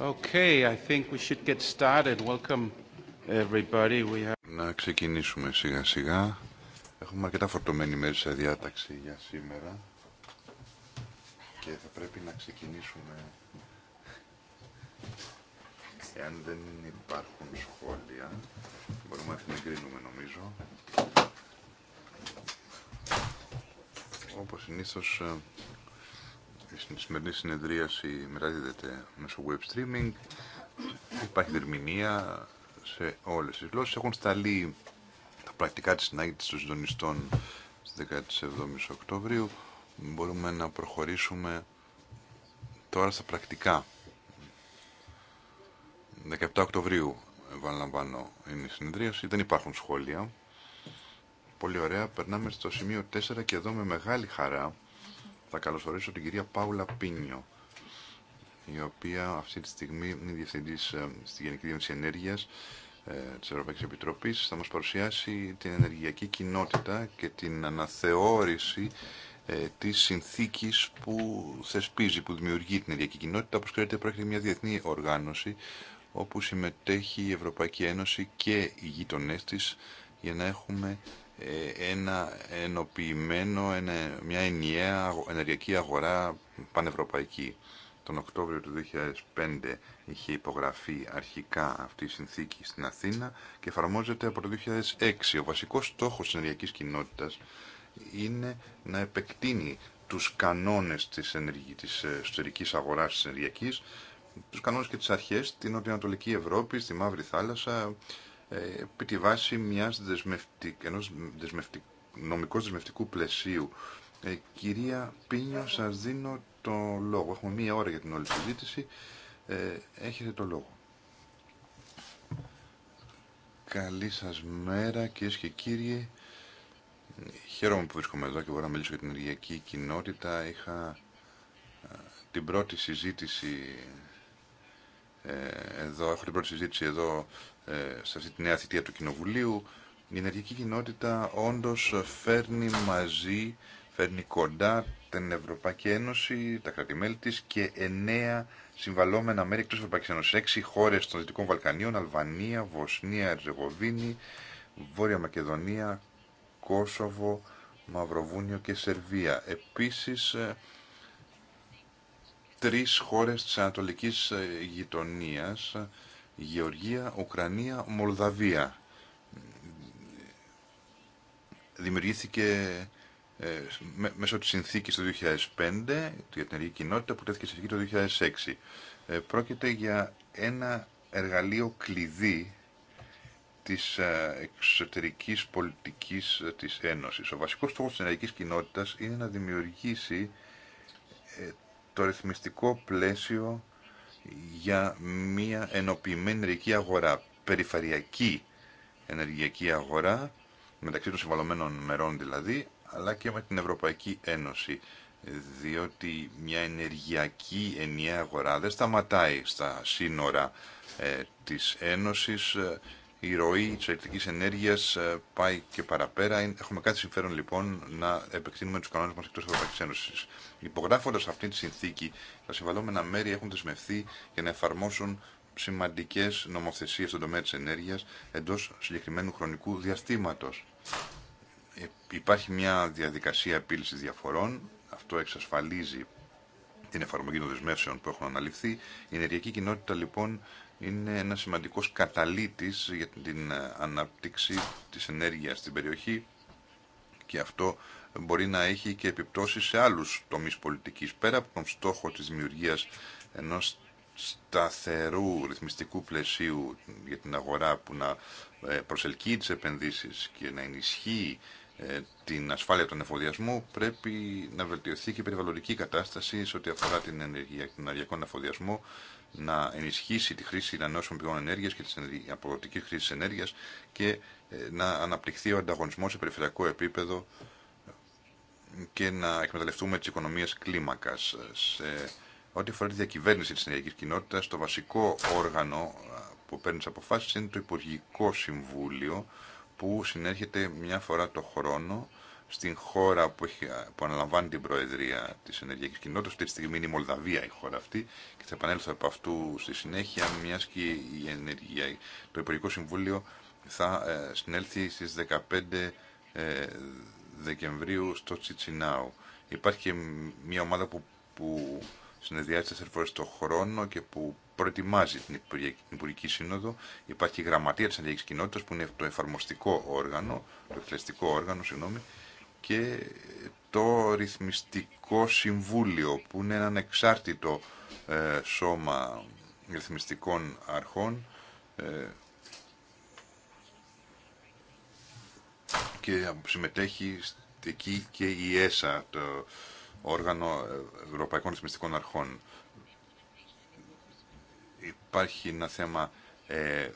Okay, I think we should get started. Welcome everybody. We have... Να ξεκινήσουμε σιγά σιγά. Έχουμε αρκετά φορτωμένη μέρη σε διάταξη για σήμερα και θα πρέπει να ξεκινήσουμε εάν δεν υπάρχουν σχόλια μπορούμε να την νομίζω όπως συνήθως ε, η σημερινή συνεδρίαση μεταδίδεται μέσω web streaming. Υπάρχει δερμηνία σε όλες τις γλώσσες. Έχουν σταλεί τα πρακτικά της συνάγκη των συντονιστών στις 17 Οκτωβρίου. Μπορούμε να προχωρήσουμε τώρα στα πρακτικά. 17 Οκτωβρίου επαναλαμβάνω είναι η συνεδρίαση. Δεν υπάρχουν σχόλια. Πολύ ωραία. Περνάμε στο σημείο 4 και εδώ με μεγάλη χαρά θα καλωσορίσω την κυρία Πάουλα Πίνιο, η οποία αυτή τη στιγμή είναι διευθυντή ε, στη Γενική Διεύθυνση Ενέργεια ε, τη Ευρωπαϊκή Επιτροπή. Θα μα παρουσιάσει την ενεργειακή κοινότητα και την αναθεώρηση ε, τη συνθήκης που θεσπίζει, που δημιουργεί την ενεργειακή κοινότητα. Όπω ξέρετε πρόκειται μια διεθνή οργάνωση όπου συμμετέχει η Ευρωπαϊκή Ένωση και οι γείτονέ τη για να έχουμε ε, ένα ενοποιημένο, ένα, μια ενιαία ενεργειακή αγορά πανευρωπαϊκή. Τον Οκτώβριο του 2005 είχε υπογραφεί αρχικά αυτή η συνθήκη στην Αθήνα και εφαρμόζεται από το 2006. Ο βασικός στόχος της ενεργειακής κοινότητας είναι να επεκτείνει τους κανόνες της, εσωτερική της εσωτερικής αγοράς της ενεργειακής, τους κανόνες και τις αρχές στην Νοτιοανατολική Ευρώπη, στη Μαύρη Θάλασσα, επί τη βάση μιας δεσμευτικ, ενός δεσμευτικ, νομικός δεσμευτικού πλαισίου. Ε, κυρία Πίνιο, σας δίνω το λόγο. Έχουμε μία ώρα για την όλη συζήτηση. Ε, έχετε το λόγο. Καλή σας μέρα κυρίες και κύριοι. Χαίρομαι που βρίσκομαι εδώ και μπορώ να μιλήσω για την ενεργειακή κοινότητα. Είχα ε, την πρώτη συζήτηση ε, εδώ, έχω την πρώτη συζήτηση εδώ ε, σε αυτή τη νέα θητεία του Κοινοβουλίου. Η ενεργική κοινότητα όντως φέρνει μαζί, φέρνει κοντά την Ευρωπαϊκή Ένωση, τα κρατημέλη της και εννέα συμβαλόμενα μέρη εκτός Ευρωπαϊκής Ένωσης. Έξι χώρες των Δυτικών Βαλκανίων, Αλβανία, Βοσνία, Ερζεγοβίνη, Βόρεια Μακεδονία, Κόσοβο, Μαυροβούνιο και Σερβία. Επίσης, ε, τρεις χώρες της Ανατολικής ε, Γειτονίας, Γεωργία, Ουκρανία, Μολδαβία. Δημιουργήθηκε ε, μέσω της συνθήκης του 2005 για την ενεργή κοινότητα που τέθηκε σε συνθήκη το 2006. Ε, πρόκειται για ένα εργαλείο κλειδί της ε, εξωτερικής πολιτικής ε, της Ένωσης. Ο βασικός στόχος της ενεργικής κοινότητας είναι να δημιουργήσει το ρυθμιστικό πλαίσιο για μια ενοποιημένη ενεργειακή αγορά, περιφερειακή ενεργειακή αγορά, μεταξύ των συμβαλωμένων μερών δηλαδή, αλλά και με την Ευρωπαϊκή Ένωση. Διότι μια ενεργειακή ενιαία αγορά δεν σταματάει στα σύνορα ε, της Ένωσης. Η ροή τη ηλεκτρικής ενέργεια ε, πάει και παραπέρα. Έχουμε κάτι συμφέρον λοιπόν να επεκτείνουμε του κανόνε μα εκτό Ευρωπαϊκή Ένωση. Υπογράφοντα αυτή τη συνθήκη, τα συμβαλόμενα μέρη έχουν δεσμευθεί για να εφαρμόσουν σημαντικέ νομοθεσίε στον τομέα τη ενέργεια εντό συγκεκριμένου χρονικού διαστήματο. Ε, υπάρχει μια διαδικασία επίλυση διαφορών. Αυτό εξασφαλίζει την εφαρμογή των δεσμεύσεων που έχουν αναλυφθεί. Η ενεργειακή κοινότητα λοιπόν είναι ένα σημαντικό καταλήτη για την ανάπτυξη τη ενέργεια στην περιοχή και αυτό μπορεί να έχει και επιπτώσεις σε άλλους τομείς πολιτικής. Πέρα από τον στόχο της δημιουργία ενός σταθερού ρυθμιστικού πλαισίου για την αγορά που να ε, προσελκύει τις επενδύσεις και να ενισχύει ε, την ασφάλεια των εφοδιασμού πρέπει να βελτιωθεί και η περιβαλλοντική κατάσταση σε ό,τι αφορά την ενεργεια, τον ενεργειακό εφοδιασμό, να ενισχύσει τη χρήση ανανεώσιμων πηγών ενέργεια και τη αποδοτική χρήση ενέργεια και ε, να αναπτυχθεί ο ανταγωνισμό σε περιφερειακό επίπεδο και να εκμεταλλευτούμε τι οικονομίε κλίμακα. Ε, σε ό,τι αφορά τη διακυβέρνηση τη ενεργειακή κοινότητα, το βασικό όργανο ε, που παίρνει τι αποφάσει είναι το Υπουργικό Συμβούλιο, που συνέρχεται μια φορά το χρόνο στην χώρα που, ε, αναλαμβάνει την Προεδρία τη Ενεργειακή Κοινότητα. Αυτή τη στιγμή είναι η Μολδαβία η χώρα αυτή και θα επανέλθω από αυτού στη συνέχεια, μια και η ενεργεια, το Υπουργικό Συμβούλιο θα συνέλθει στι 15 Δεκεμβρίου στο Τσιτσινάου. Υπάρχει μια ομάδα που, που συνεδριάζει τέσσερι φορέ το χρόνο και που προετοιμάζει την Υπουργική Σύνοδο. Υπάρχει η Γραμματεία τη Αλληλεγγύη Κοινότητα που είναι το εφαρμοστικό όργανο, το εκτελεστικό όργανο, συγγνώμη, και το Ρυθμιστικό Συμβούλιο που είναι ένα ανεξάρτητο ε, σώμα ρυθμιστικών αρχών. Ε, και συμμετέχει εκεί και η ΕΣΑ, το όργανο Ευρωπαϊκών Ρυθμιστικών Αρχών. Υπάρχει ένα θέμα ε,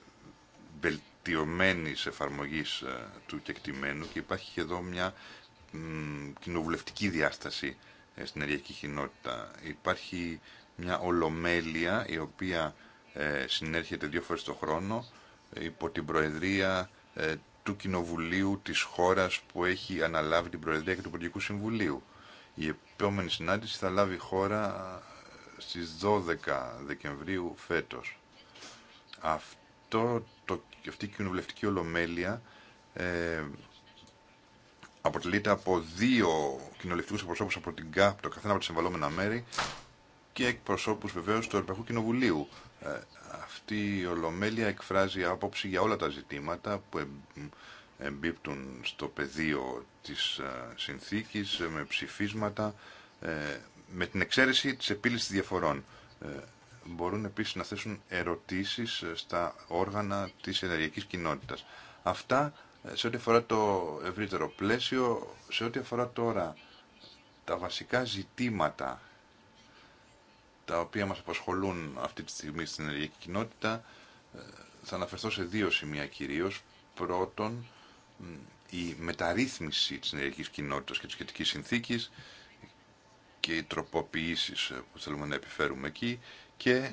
βελτιωμένης εφαρμογής ε, του κεκτημένου και υπάρχει εδώ μια κοινοβουλευτική διάσταση ε, στην ενεργειακή κοινότητα. Υπάρχει μια ολομέλεια η οποία ε, συνέρχεται δύο φορές το χρόνο υπό την Προεδρία του Κοινοβουλίου της χώρας που έχει αναλάβει την Προεδρία και του Υπουργικού Συμβουλίου. Η επόμενη συνάντηση θα λάβει χώρα ε, στις 12 Δεκεμβρίου φέτος. Αυτό αυτή η κοινοβουλευτική ολομέλεια ε, αποτελείται από δύο κοινοβουλευτικού εκπροσώπου από την ΚΑΠ, το καθένα από τα συμβαλόμενα μέρη, και εκπροσώπους βεβαίως του Ευρωπαϊκού Κοινοβουλίου. Ε, αυτή η Ολομέλεια εκφράζει άποψη για όλα τα ζητήματα που εμπίπτουν στο πεδίο της ε, συνθήκης ε, με ψηφίσματα με την εξαίρεση της επίλυση διαφορών. Μπορούν επίσης να θέσουν ερωτήσεις στα όργανα της ενεργειακής κοινότητας. Αυτά σε ό,τι αφορά το ευρύτερο πλαίσιο, σε ό,τι αφορά τώρα τα βασικά ζητήματα τα οποία μας απασχολούν αυτή τη στιγμή στην ενεργειακή κοινότητα, ε, θα αναφερθώ σε δύο σημεία κυρίως. Πρώτον, η μεταρρύθμιση της ενεργειακής κοινότητας και της σχετικής συνθήκης και οι τροποποιήσεις ε, που θέλουμε να επιφέρουμε εκεί και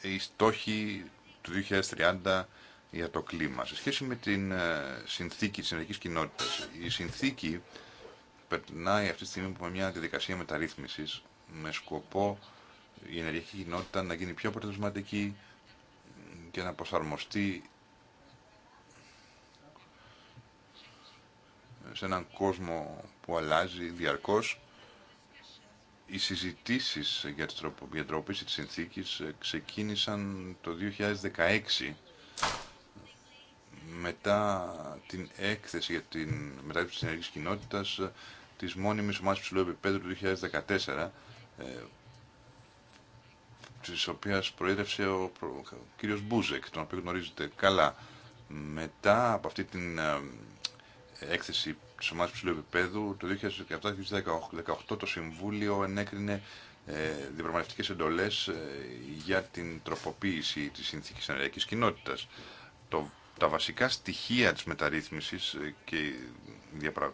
οι στόχοι του 2030 για το κλίμα. Σε σχέση με την ε, συνθήκη της ενεργειακής κοινότητας, η συνθήκη περνάει αυτή τη στιγμή από μια διαδικασία μεταρρύθμισης με σκοπό η ενεργειακή κοινότητα να γίνει πιο αποτελεσματική και να προσαρμοστεί σε έναν κόσμο που αλλάζει διαρκώς. Οι συζητήσεις για την τροποποίηση της συνθήκης ξεκίνησαν το 2016 μετά την έκθεση για την μετάδοση της ενεργής κοινότητας της μόνιμης ομάδας ψηλού επίπεδου του 2014 ε, τη οποία προέδρευσε ο κύριος Μπούζεκ, τον οποίο γνωρίζετε καλά. Μετά από αυτή την ε, έκθεση της ομάδας ψηλού επίπεδου, το 2017-2018 το Συμβούλιο ενέκρινε ε, διαπραγματευτικές εντολές για την τροποποίηση της συνθήκης ενεργειακής κοινότητας. τα βασικά στοιχεία της μεταρρύθμισης και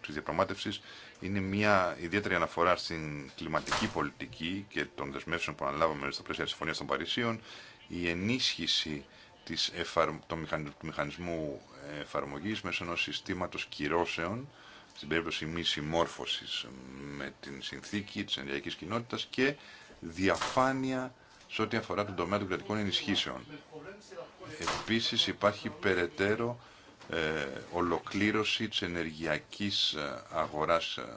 της διαπραγμάτευσης είναι μια ιδιαίτερη αναφορά στην κλιματική πολιτική και των δεσμεύσεων που αναλάβαμε στα πλαίσια της Συμφωνίας των Παρισίων, η ενίσχυση της του μηχανισμού εφαρμογής μέσω ενός συστήματος κυρώσεων, στην περίπτωση μη συμμόρφωσης με την συνθήκη της ενεργειακής κοινότητας και διαφάνεια σε ό,τι αφορά τον τομέα των κρατικών ενισχύσεων. Επίσης υπάρχει περαιτέρω ε, ολοκλήρωση της ενεργειακής ε, αγοράς ε,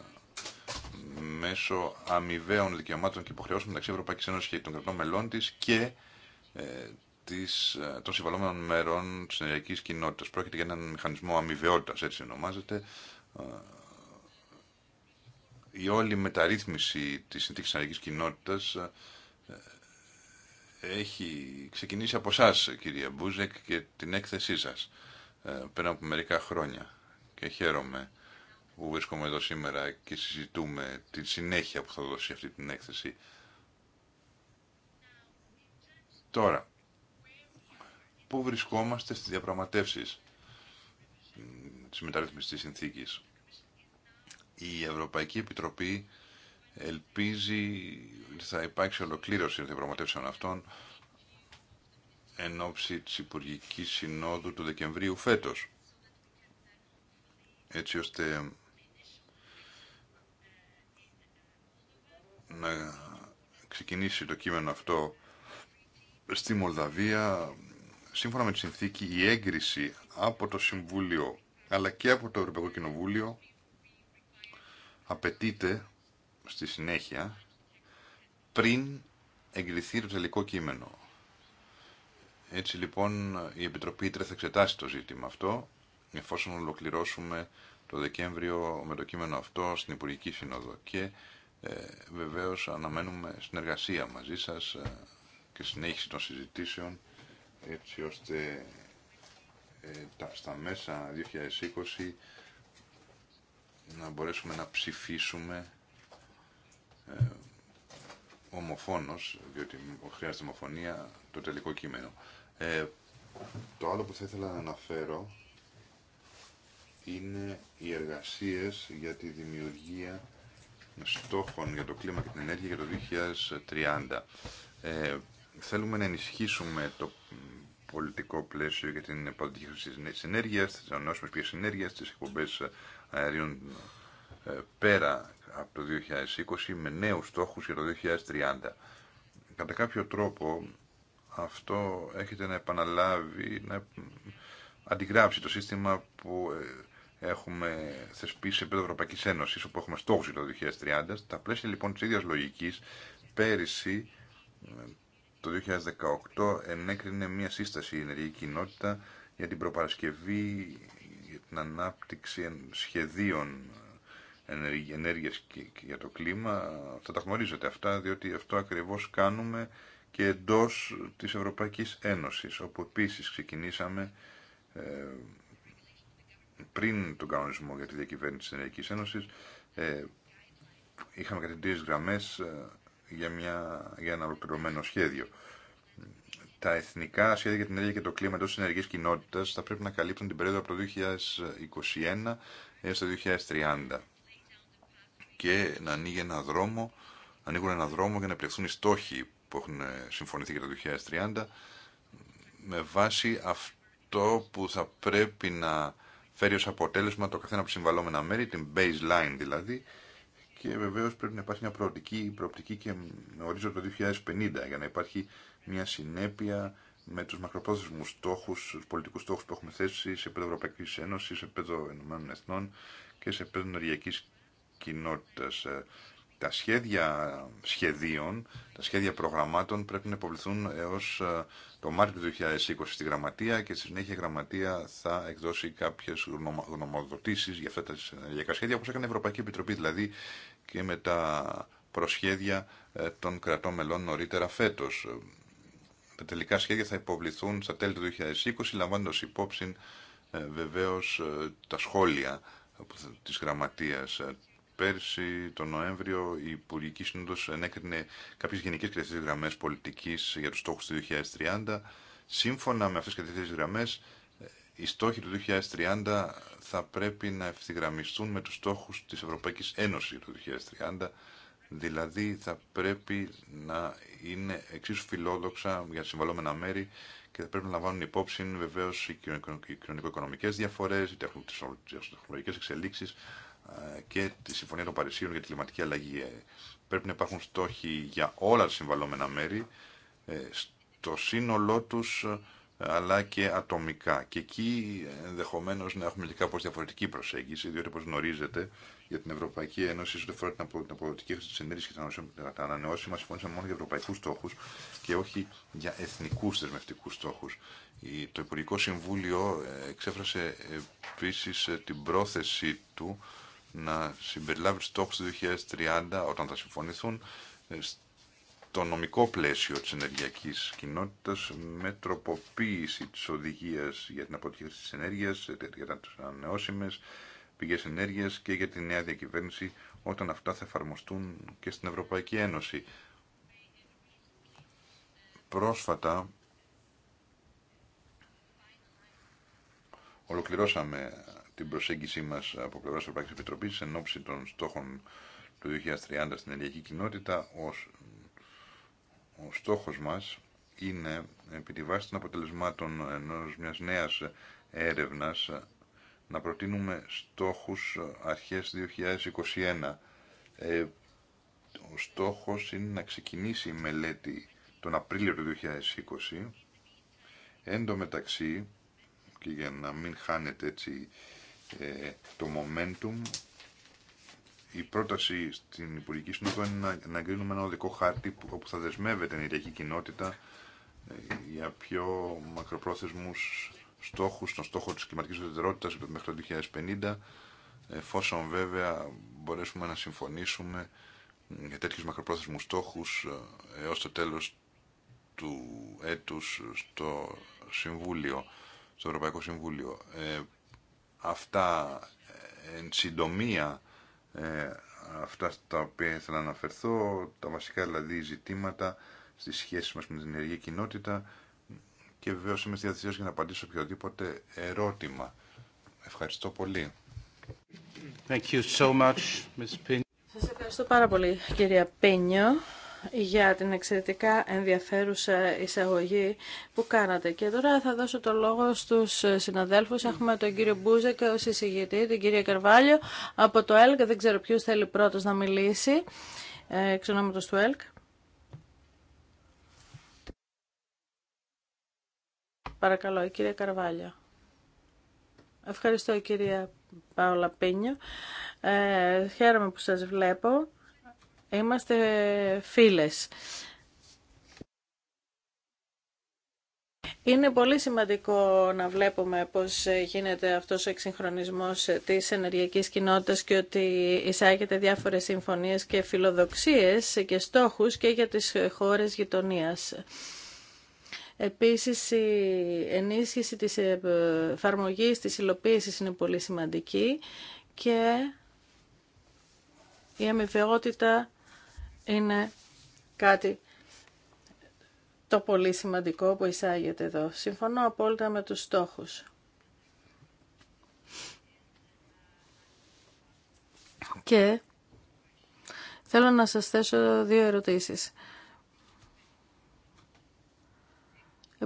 μέσω αμοιβαίων δικαιωμάτων και υποχρεώσεων μεταξύ Ευρωπαϊκής Ένωσης και των κρατών μελών της και της, των συμβαλόμενων μερών της ενεργειακής κοινότητας. Πρόκειται για έναν μηχανισμό αμοιβαιότητας, έτσι ονομάζεται. Η όλη μεταρρύθμιση της συνθήκης της ενεργειακής κοινότητας έχει ξεκινήσει από εσά, κυρία Μπούζεκ, και την έκθεσή σας. Ε, πριν από μερικά χρόνια και χαίρομαι που βρίσκομαι εδώ σήμερα και συζητούμε τη συνέχεια που θα δώσει αυτή την έκθεση. Τώρα, πού βρισκόμαστε στις διαπραγματεύσεις της μεταρρυθμιστής συνθήκης. Η Ευρωπαϊκή Επιτροπή ελπίζει ότι θα υπάρξει ολοκλήρωση των διαπραγματεύσεων αυτών εν ώψη της Υπουργικής Συνόδου του Δεκεμβρίου φέτος έτσι ώστε να ξεκινήσει το κείμενο αυτό στη Μολδαβία σύμφωνα με τη συνθήκη η έγκριση από το Συμβούλιο αλλά και από το Ευρωπαϊκό Κοινοβούλιο απαιτείται στη συνέχεια πριν εγκριθεί το τελικό κείμενο. Έτσι λοιπόν η Επιτροπή Ήτρε θα εξετάσει το ζήτημα αυτό εφόσον ολοκληρώσουμε το Δεκέμβριο με το κείμενο αυτό στην Υπουργική Σύνοδο και ε, βεβαίως αναμένουμε συνεργασία μαζί σας ε, και συνέχιση των συζητήσεων έτσι ώστε ε, τα, στα μέσα 2020 να μπορέσουμε να ψηφίσουμε ε, ομοφόνος, διότι χρειάζεται ομοφωνία, το τελικό κείμενο. Ε, το άλλο που θα ήθελα να αναφέρω είναι οι εργασίες για τη δημιουργία στόχων για το κλίμα και την ενέργεια για το 2030. Ε, θέλουμε να ενισχύσουμε το πολιτικό πλαίσιο για την πολιτική χρήση της ενέργειας, της ανανεώσιμης πηγές ενέργειας, τις εκπομπές αερίων ε, πέρα από το 2020 με νέους στόχους για το 2030. Κατά κάποιο τρόπο αυτό έχετε να επαναλάβει, να αντιγράψει το σύστημα που ε, έχουμε θεσπίσει σε επίπεδο Ευρωπαϊκή Ένωση, όπου έχουμε στόχου για το 2030. Στα πλαίσια λοιπόν τη ίδια λογική, πέρυσι το 2018 ενέκρινε μια σύσταση η ενεργή κοινότητα για την προπαρασκευή για την ανάπτυξη σχεδίων ενέργειας για το κλίμα. Θα τα γνωρίζετε αυτά, διότι αυτό ακριβώς κάνουμε και εντός της Ευρωπαϊκής Ένωσης, όπου επίσης ξεκινήσαμε ε, πριν τον κανονισμό για τη διακυβέρνηση της ευρωπαϊκής Ένωσης, ε, είχαμε κατευθυντήρες γραμμές ε, για, μια, για ένα ολοκληρωμένο σχέδιο. Τα εθνικά σχέδια για την ενέργεια και το κλίμα εντός της ενεργής κοινότητας θα πρέπει να καλύπτουν την περίοδο από το 2021 έως το 2030 και να ανοίγει ένα δρόμο, ανοίγουν ένα δρόμο για να επιλεχθούν οι στόχοι που έχουν ε, συμφωνηθεί για το 2030 με βάση αυτό που θα πρέπει να φέρει ως αποτέλεσμα το καθένα από συμβαλόμενα μέρη, την baseline δηλαδή, και βεβαίως πρέπει να υπάρχει μια προοπτική, προοπτική και με ορίζοντα το 2050 για να υπάρχει μια συνέπεια με τους μακροπρόθεσμους στόχους, τους πολιτικούς στόχους που έχουμε θέσει σε επίπεδο Ευρωπαϊκή Ένωση, σε επίπεδο Ηνωμένων Εθνών και σε επίπεδο ενεργειακή κοινότητα. Ε, τα σχέδια σχεδίων, τα σχέδια προγραμμάτων πρέπει να υποβληθούν έως ε, το Μάρτιο του 2020 στη Γραμματεία και στη συνέχεια η Γραμματεία θα εκδώσει κάποιες γνωμοδοτήσεις για αυτά τα ενεργειακά σχέδια όπως έκανε η Ευρωπαϊκή Επιτροπή δηλαδή και με τα προσχέδια ε, των κρατών μελών νωρίτερα φέτος. Τα τελικά σχέδια θα υποβληθούν στα τέλη του 2020 λαμβάνοντας υπόψη ε, βεβαίως τα σχόλια της γραμματείας πέρσι τον Νοέμβριο η Υπουργική Σύνοδος ενέκρινε κάποιες γενικές κατευθυντικές γραμμέ πολιτική για του στόχου του 2030. Σύμφωνα με αυτέ τις κατευθυντικές γραμμές, οι στόχοι του 2030 θα πρέπει να ευθυγραμμιστούν με του στόχου τη Ευρωπαϊκή Ένωση του 2030, δηλαδή θα πρέπει να είναι εξίσου φιλόδοξα για συμβαλόμενα μέρη και θα πρέπει να λαμβάνουν υπόψη βεβαίω οι κοινωνικο-οικονομικέ διαφορέ, οι τεχνολογικέ εξελίξει, ε, και τη Συμφωνία των Παρισίων για τη κλιματική αλλαγή. Ε, πρέπει να υπάρχουν στόχοι για όλα τα συμβαλώμενα μέρη, ε, στο σύνολό τους, αλλά και ατομικά. Και εκεί ενδεχομένω να έχουμε και διαφορετική προσέγγιση, διότι όπω γνωρίζετε, για την Ευρωπαϊκή Ένωση, ό,τι φορά την αποδοτική χρήση τη ενέργεια και τα ανανεώσιμα, συμφωνήσαμε μόνο για ευρωπαϊκού στόχου και όχι για εθνικού θεσμευτικού στόχου. Το Υπουργικό Συμβούλιο εξέφρασε επίση την πρόθεσή του να συμπεριλάβει στόχους του 2030 όταν θα συμφωνηθούν ε, στο νομικό πλαίσιο της ενεργειακής κοινότητας με τροποποίηση της οδηγίας για την αποτυχία της ενέργειας, ε, για τι ανανεώσιμες πηγές ενέργειας και για τη νέα διακυβέρνηση όταν αυτά θα εφαρμοστούν και στην Ευρωπαϊκή Ένωση. Πρόσφατα ολοκληρώσαμε την προσέγγιση μας από πλευρά τη Ευρωπαϊκή Επιτροπής εν ώψη των στόχων του 2030 στην ενεργειακή κοινότητα, ο στόχο μας είναι επί τη βάση των αποτελεσμάτων ενό μια νέας έρευνας να προτείνουμε στόχους αρχές 2021. Ε, ο στόχος είναι να ξεκινήσει η μελέτη τον Απρίλιο του 2020. Εν τω μεταξύ, και για να μην χάνεται έτσι ε, το momentum. Η πρόταση στην Υπουργική Συνόδο είναι να εγκρίνουμε ένα οδικό χάρτη όπου θα δεσμεύεται η ενεργειακή κοινότητα ε, για πιο μακροπρόθεσμους στόχους, τον στόχο της κλιματική ουδετερότητα μέχρι το 2050, εφόσον βέβαια μπορέσουμε να συμφωνήσουμε για τέτοιου μακροπρόθεσμους στόχους ε, έω το τέλος του έτου στο Συμβούλιο, στο Ευρωπαϊκό Συμβούλιο αυτά ε, εν συντομία ε, αυτά τα οποία ήθελα να αναφερθώ, τα βασικά δηλαδή ζητήματα στη σχέση μας με την ενεργή κοινότητα και βεβαίω είμαι στη διαθεσία για να απαντήσω οποιοδήποτε ερώτημα. Ευχαριστώ πολύ. Thank you so much, Ms. Σας ευχαριστώ πάρα πολύ, κυρία Πένιο για την εξαιρετικά ενδιαφέρουσα εισαγωγή που κάνατε. Και τώρα θα δώσω το λόγο στους συναδέλφους. Έχουμε τον κύριο Μπούζεκ ως εισηγητή, την κυρία Καρβάλιο από το ΕΛΚ. Δεν ξέρω ποιος θέλει πρώτος να μιλήσει ε, εξ του ΕΛΚ. Παρακαλώ, η κυρία Καρβάλιο. Ευχαριστώ, κυρία Παολαπίνιο. Ε, χαίρομαι που σας βλέπω. Είμαστε φίλες. Είναι πολύ σημαντικό να βλέπουμε πώς γίνεται αυτός ο εξυγχρονισμός της ενεργειακής κοινότητας και ότι εισάγεται διάφορες συμφωνίες και φιλοδοξίες και στόχους και για τις χώρες γειτονίας. Επίσης, η ενίσχυση της εφαρμογή της υλοποίησης είναι πολύ σημαντική και η αμοιβαιότητα είναι κάτι το πολύ σημαντικό που εισάγεται εδώ. Συμφωνώ απόλυτα με τους στόχους. Και θέλω να σας θέσω δύο ερωτήσεις.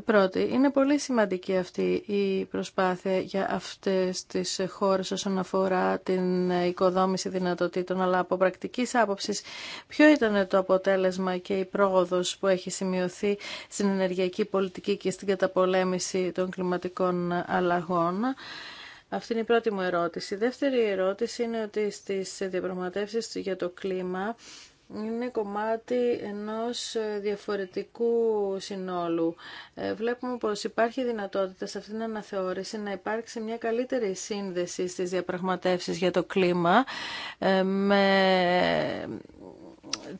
Πρώτη, είναι πολύ σημαντική αυτή η προσπάθεια για αυτές τις χώρες όσον αφορά την οικοδόμηση δυνατοτήτων, αλλά από πρακτικής άποψης ποιο ήταν το αποτέλεσμα και η πρόοδος που έχει σημειωθεί στην ενεργειακή πολιτική και στην καταπολέμηση των κλιματικών αλλαγών. Αυτή είναι η πρώτη μου ερώτηση. Η δεύτερη ερώτηση είναι ότι στις διαπραγματεύσεις για το κλίμα είναι κομμάτι ενός ε, διαφορετικού συνόλου. Ε, βλέπουμε πως υπάρχει δυνατότητα σε αυτήν την αναθεώρηση να υπάρξει μια καλύτερη σύνδεση στις διαπραγματεύσεις για το κλίμα ε, με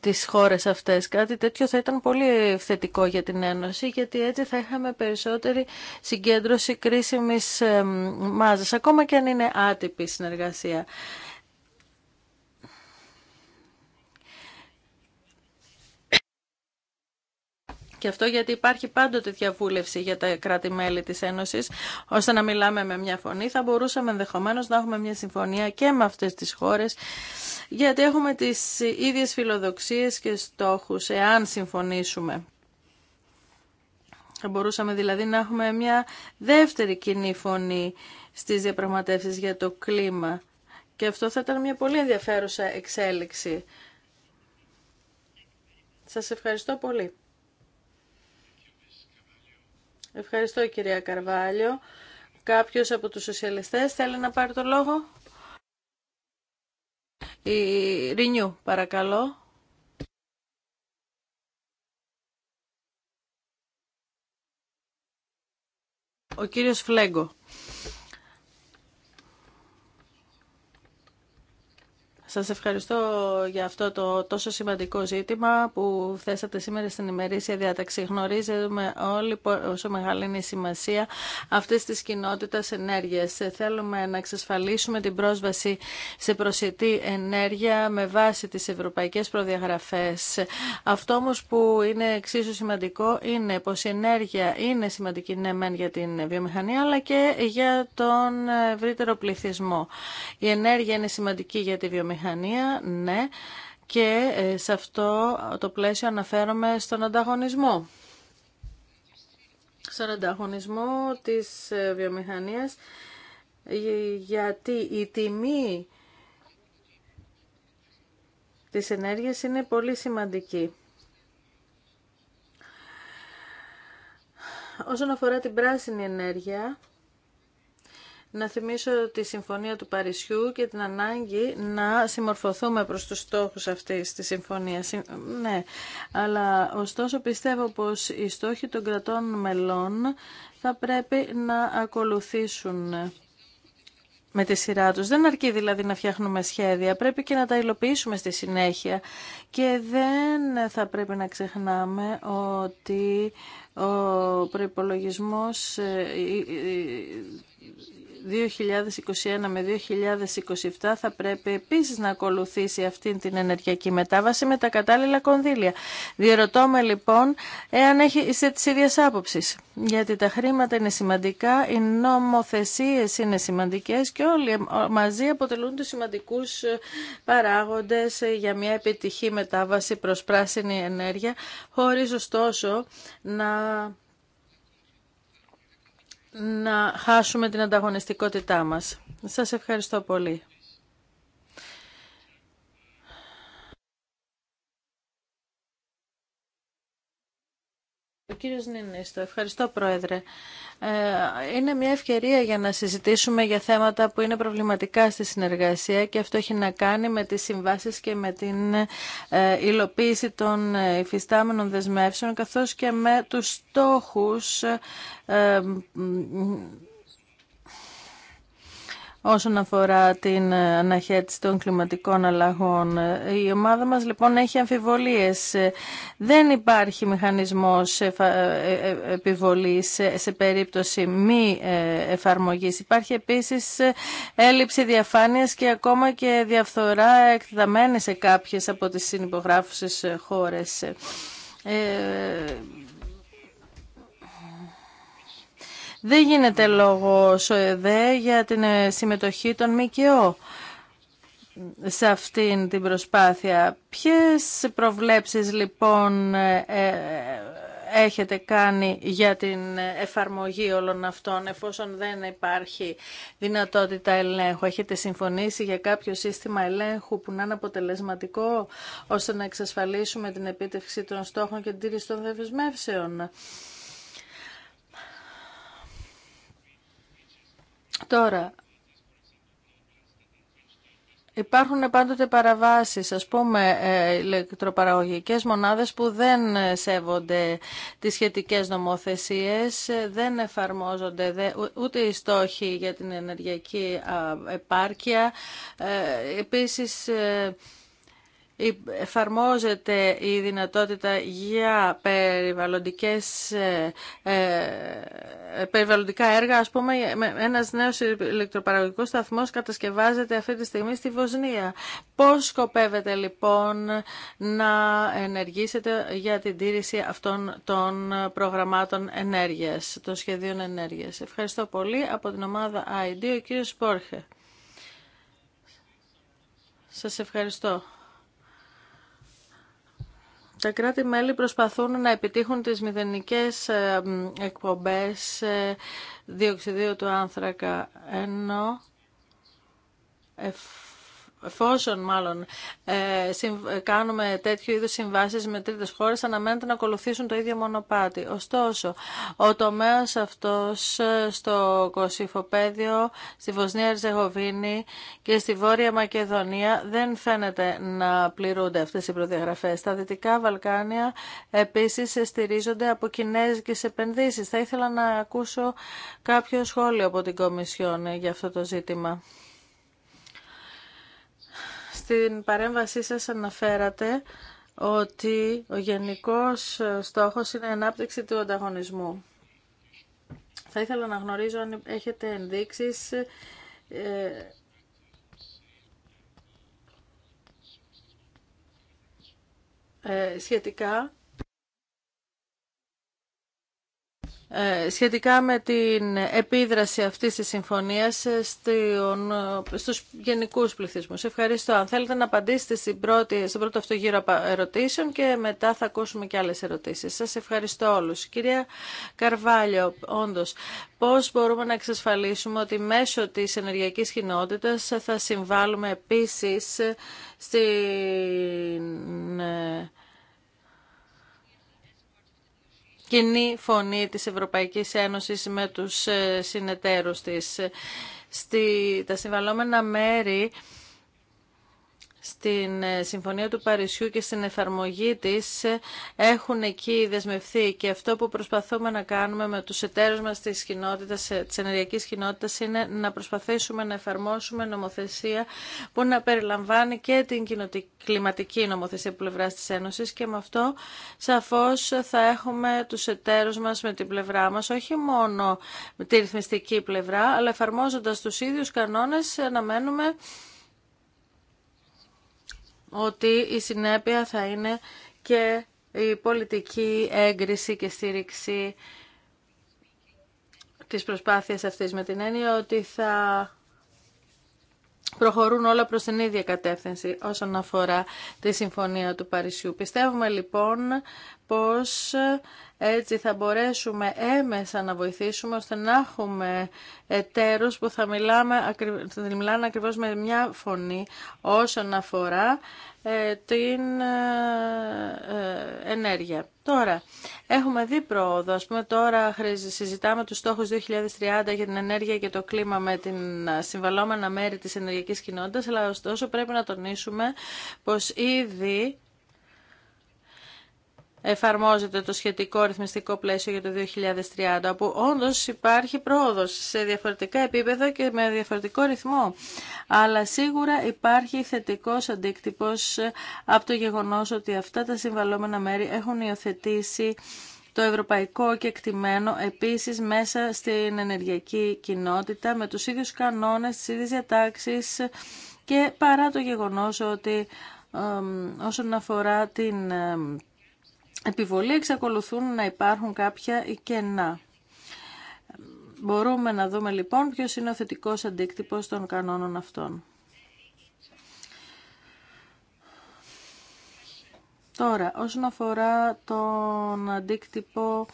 τις χώρες αυτές. Κάτι τέτοιο θα ήταν πολύ θετικό για την Ένωση, γιατί έτσι θα είχαμε περισσότερη συγκέντρωση κρίσιμης μάζας, ακόμα και αν είναι άτυπη συνεργασία. Και αυτό γιατί υπάρχει πάντοτε διαβούλευση για τα κράτη-μέλη της Ένωσης, ώστε να μιλάμε με μια φωνή. Θα μπορούσαμε ενδεχομένως να έχουμε μια συμφωνία και με αυτές τις χώρες, γιατί έχουμε τις ίδιες φιλοδοξίες και στόχους, εάν συμφωνήσουμε. Θα μπορούσαμε δηλαδή να έχουμε μια δεύτερη κοινή φωνή στις διαπραγματεύσεις για το κλίμα. Και αυτό θα ήταν μια πολύ ενδιαφέρουσα εξέλιξη. Σας ευχαριστώ πολύ. Ευχαριστώ κυρία Καρβάλιο. Κάποιος από τους σοσιαλιστές θέλει να πάρει το λόγο. Η Ρινιού, παρακαλώ. Ο κύριος Φλέγκο. Σας ευχαριστώ για αυτό το τόσο σημαντικό ζήτημα που θέσατε σήμερα στην ημερήσια διάταξη. Γνωρίζουμε όλοι πόσο μεγάλη είναι η σημασία αυτής τη κοινότητας ενέργειας. Θέλουμε να εξασφαλίσουμε την πρόσβαση σε προσιτή ενέργεια με βάση τις ευρωπαϊκές προδιαγραφές. Αυτό όμω που είναι εξίσου σημαντικό είναι πως η ενέργεια είναι σημαντική ναι μεν για την βιομηχανία αλλά και για τον ευρύτερο πληθυσμό. Η ενέργεια είναι σημαντική για τη βιομηχανία βιομηχανία, ναι, και ε, σε αυτό το πλαίσιο αναφέρομαι στον ανταγωνισμό. Στον ανταγωνισμό της ε, βιομηχανίας, ε, γιατί η τιμή της ενέργειας είναι πολύ σημαντική. Όσον αφορά την πράσινη ενέργεια, να θυμίσω τη Συμφωνία του Παρισιού και την ανάγκη να συμμορφωθούμε προς τους στόχους αυτής της συμφωνίας. Ναι, αλλά ωστόσο πιστεύω πως οι στόχοι των κρατών μελών θα πρέπει να ακολουθήσουν με τη σειρά τους. Δεν αρκεί δηλαδή να φτιάχνουμε σχέδια, πρέπει και να τα υλοποιήσουμε στη συνέχεια. Και δεν θα πρέπει να ξεχνάμε ότι ο προϋπολογισμός ε, 2021 με 2027 θα πρέπει επίσης να ακολουθήσει αυτή την ενεργειακή μετάβαση με τα κατάλληλα κονδύλια. Διερωτώ με λοιπόν εάν έχει, είστε της ίδιας άποψης. Γιατί τα χρήματα είναι σημαντικά, οι νομοθεσίες είναι σημαντικές και όλοι μαζί αποτελούν τους σημαντικούς ε, παράγοντες ε, για μια επιτυχή μετάβαση προς πράσινη ενέργεια, χωρίς ωστόσο να να χάσουμε την ανταγωνιστικότητά μας. Σας ευχαριστώ πολύ. κύριος Νίνιστο. Ευχαριστώ, Πρόεδρε. Ε, είναι μια ευκαιρία για να συζητήσουμε για θέματα που είναι προβληματικά στη συνεργασία και αυτό έχει να κάνει με τις συμβάσεις και με την ε, υλοποίηση των ε, υφιστάμενων δεσμεύσεων καθώς και με τους στόχους όσον αφορά την ε, αναχέτηση των κλιματικών αλλαγών. Η ομάδα μας λοιπόν έχει αμφιβολίες. Ε, δεν υπάρχει μηχανισμός ε, επιβολής σε περίπτωση μη εφαρμογής. Υπάρχει επίσης έλλειψη διαφάνειας και ακόμα και διαφθορά εκτεταμένη σε κάποιες από τις συνυπογράφουσες χώρες. Δεν γίνεται λόγο ΣΟΕΔΕ για την ε, συμμετοχή των ΜΚΟ σε αυτήν την προσπάθεια. Ποιες προβλέψεις λοιπόν ε, ε, έχετε κάνει για την εφαρμογή όλων αυτών εφόσον δεν υπάρχει δυνατότητα ελέγχου. Έχετε συμφωνήσει για κάποιο σύστημα ελέγχου που να είναι αποτελεσματικό ώστε να εξασφαλίσουμε την επίτευξη των στόχων και την τήρηση των δεσμεύσεων. Τώρα, Υπάρχουν πάντοτε παραβάσεις, ας πούμε, ε, ηλεκτροπαραγωγικές μονάδες που δεν ε, σέβονται τις σχετικές νομοθεσίες, ε, δεν εφαρμόζονται ούτε οι στόχοι για την ενεργειακή επάρκεια. Επίσης, εφαρμόζεται η δυνατότητα για περιβαλλοντικές, ε, ε, περιβαλλοντικά έργα. Ας πούμε, ένας νέος ηλεκτροπαραγωγικός σταθμός κατασκευάζεται αυτή τη στιγμή στη Βοσνία. Πώς σκοπεύετε λοιπόν να ενεργήσετε για την τήρηση αυτών των προγραμμάτων ενέργειας, των σχεδίων ενέργειας. Ευχαριστώ πολύ. Από την ομάδα ID, ο κύριος Πόρχε. Σας ευχαριστώ. Τα κράτη-μέλη προσπαθούν να επιτύχουν τις μηδενικές ε, εκπομπές ε, διοξιδίου του άνθρακα, ενώ εφόσον μάλλον ε, ε, κάνουμε τέτοιου είδους συμβάσεις με τρίτες χώρες αναμένεται να ακολουθήσουν το ίδιο μονοπάτι. Ωστόσο, ο τομέας αυτός ε, στο Κωσυφοπαίδιο, στη Βοσνία Ριζεγοβίνη και στη Βόρεια Μακεδονία δεν φαίνεται να πληρούνται αυτές οι προδιαγραφές. Τα Δυτικά Βαλκάνια επίσης στηρίζονται από κινέζικες επενδύσεις. Θα ήθελα να ακούσω κάποιο σχόλιο από την Κομισιόν για αυτό το ζήτημα. Στην παρέμβασή σας αναφέρατε ότι ο γενικός στόχος είναι η ανάπτυξη του ανταγωνισμού. Θα ήθελα να γνωρίζω αν έχετε ενδείξεις ε, ε, σχετικά Ε, σχετικά με την επίδραση αυτής της συμφωνίας ε, ε, στους γενικούς πληθυσμούς. Ευχαριστώ. Αν θέλετε να απαντήσετε στην πρώτη, στον πρώτο αυτό γύρο ερωτήσεων και μετά θα ακούσουμε και άλλες ερωτήσεις. Σας ευχαριστώ όλους. Κυρία Καρβάλιο, όντως, πώς μπορούμε να εξασφαλίσουμε ότι μέσω της ενεργειακής κοινότητας θα συμβάλλουμε επίσης στην κοινή φωνή της Ευρωπαϊκής Ένωσης με τους ε, συνεταίρους της. Στη, τα συμβαλόμενα μέρη στην ε, Συμφωνία του Παρισιού και στην εφαρμογή της ε, έχουν εκεί δεσμευθεί και αυτό που προσπαθούμε να κάνουμε με τους εταίρους μας της, κοινότητας, ε, της ενεργειακής κοινότητας είναι να προσπαθήσουμε να εφαρμόσουμε νομοθεσία που να περιλαμβάνει και την κλιματική νομοθεσία από πλευρά της Ένωσης και με αυτό σαφώς θα έχουμε τους εταίρους μας με την πλευρά μας, όχι μόνο με τη ρυθμιστική πλευρά, αλλά εφαρμόζοντας τους ίδιους κανόνες αναμένουμε ότι η συνέπεια θα είναι και η πολιτική έγκριση και στήριξη της προσπάθειας αυτής με την έννοια ότι θα προχωρούν όλα προς την ίδια κατεύθυνση όσον αφορά τη Συμφωνία του Παρισιού. Πιστεύουμε λοιπόν πως έτσι θα μπορέσουμε έμεσα να βοηθήσουμε ώστε να έχουμε εταίρους που θα, μιλάμε, θα μιλάνε ακριβώς με μια φωνή όσον αφορά ε, την ε, ε, ενέργεια. Τώρα, έχουμε δει πρόοδο. Ας πούμε, τώρα συζητάμε τους στόχους 2030 για την ενέργεια και το κλίμα με την συμβαλόμενα μέρη της ενεργειακής κοινότητας, αλλά ωστόσο πρέπει να τονίσουμε πως ήδη εφαρμόζεται το σχετικό ρυθμιστικό πλαίσιο για το 2030, όπου όντως υπάρχει πρόοδος σε διαφορετικά επίπεδα και με διαφορετικό ρυθμό. Αλλά σίγουρα υπάρχει θετικός αντίκτυπος ε, από το γεγονός ότι αυτά τα συμβαλώμενα μέρη έχουν υιοθετήσει το ευρωπαϊκό και εκτιμένο επίσης μέσα στην ενεργειακή κοινότητα με τους ίδιους κανόνες, τις ίδιες διατάξεις και παρά το γεγονός ότι ε, ε, όσον αφορά την επιβολή εξακολουθούν να υπάρχουν κάποια κενά. Μπορούμε να δούμε λοιπόν ποιος είναι ο θετικός αντίκτυπος των κανόνων αυτών. Τώρα, όσον αφορά τον αντίκτυπο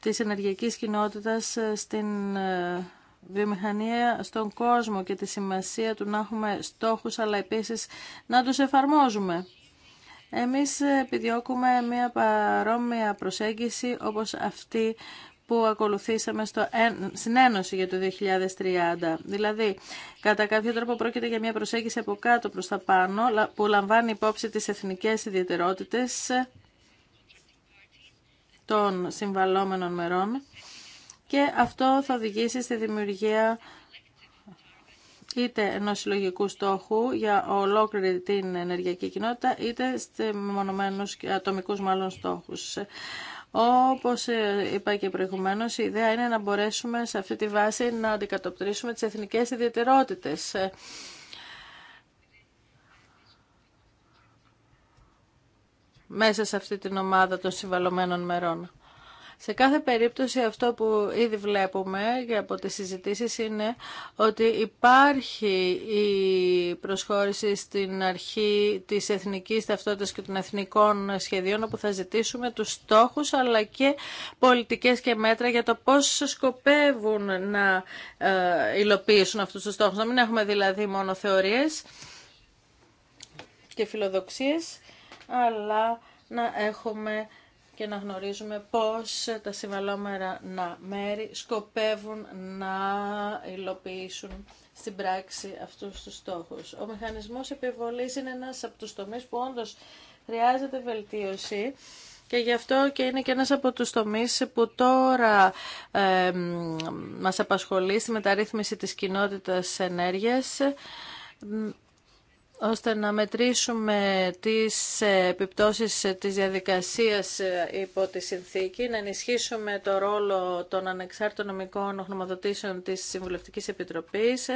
της ενεργειακής κοινότητας στην ε, βιομηχανία στον κόσμο και τη σημασία του να έχουμε στόχους αλλά επίσης να τους εφαρμόζουμε. Εμείς επιδιώκουμε μια παρόμοια προσέγγιση όπως αυτή που ακολουθήσαμε στο, στην Ένωση για το 2030. Δηλαδή, κατά κάποιο τρόπο πρόκειται για μια προσέγγιση από κάτω προς τα πάνω που λαμβάνει υπόψη τις εθνικές ιδιαιτερότητες των συμβαλόμενων μερών και αυτό θα οδηγήσει στη δημιουργία είτε ενός συλλογικού στόχου για ολόκληρη την ενεργειακή κοινότητα, είτε σε μονομένους ατομικούς μάλλον στόχους. Όπως ε, είπα και προηγουμένως, η ιδέα είναι να μπορέσουμε σε αυτή τη βάση να αντικατοπτρίσουμε τις εθνικές ιδιαιτερότητες. μέσα σε αυτή την ομάδα των συμβαλωμένων μερών. Σε κάθε περίπτωση αυτό που ήδη βλέπουμε και από τις συζητήσεις είναι ότι υπάρχει η προσχώρηση στην αρχή της εθνικής ταυτότητας και των εθνικών σχεδίων όπου θα ζητήσουμε τους στόχους αλλά και πολιτικές και μέτρα για το πώς σκοπεύουν να ε, υλοποιήσουν αυτούς τους στόχους. Να μην έχουμε δηλαδή μόνο θεωρίες και φιλοδοξίες αλλά να έχουμε και να γνωρίζουμε πώς τα συμβαλόμερα να μέρη σκοπεύουν να υλοποιήσουν στην πράξη αυτούς τους στόχους. Ο μηχανισμός επιβολής είναι ένας από τους τομείς που όντως χρειάζεται βελτίωση και γι' αυτό και είναι και ένας από τους τομείς που τώρα ε, μας απασχολεί στη μεταρρύθμιση της κοινότητας ενέργειας ώστε να μετρήσουμε τις ε, επιπτώσεις ε, της διαδικασίας ε, υπό τη συνθήκη, να ενισχύσουμε το ρόλο των ανεξάρτητων νομικών χρηματοδοτήσεων της Συμβουλευτικής Επιτροπής,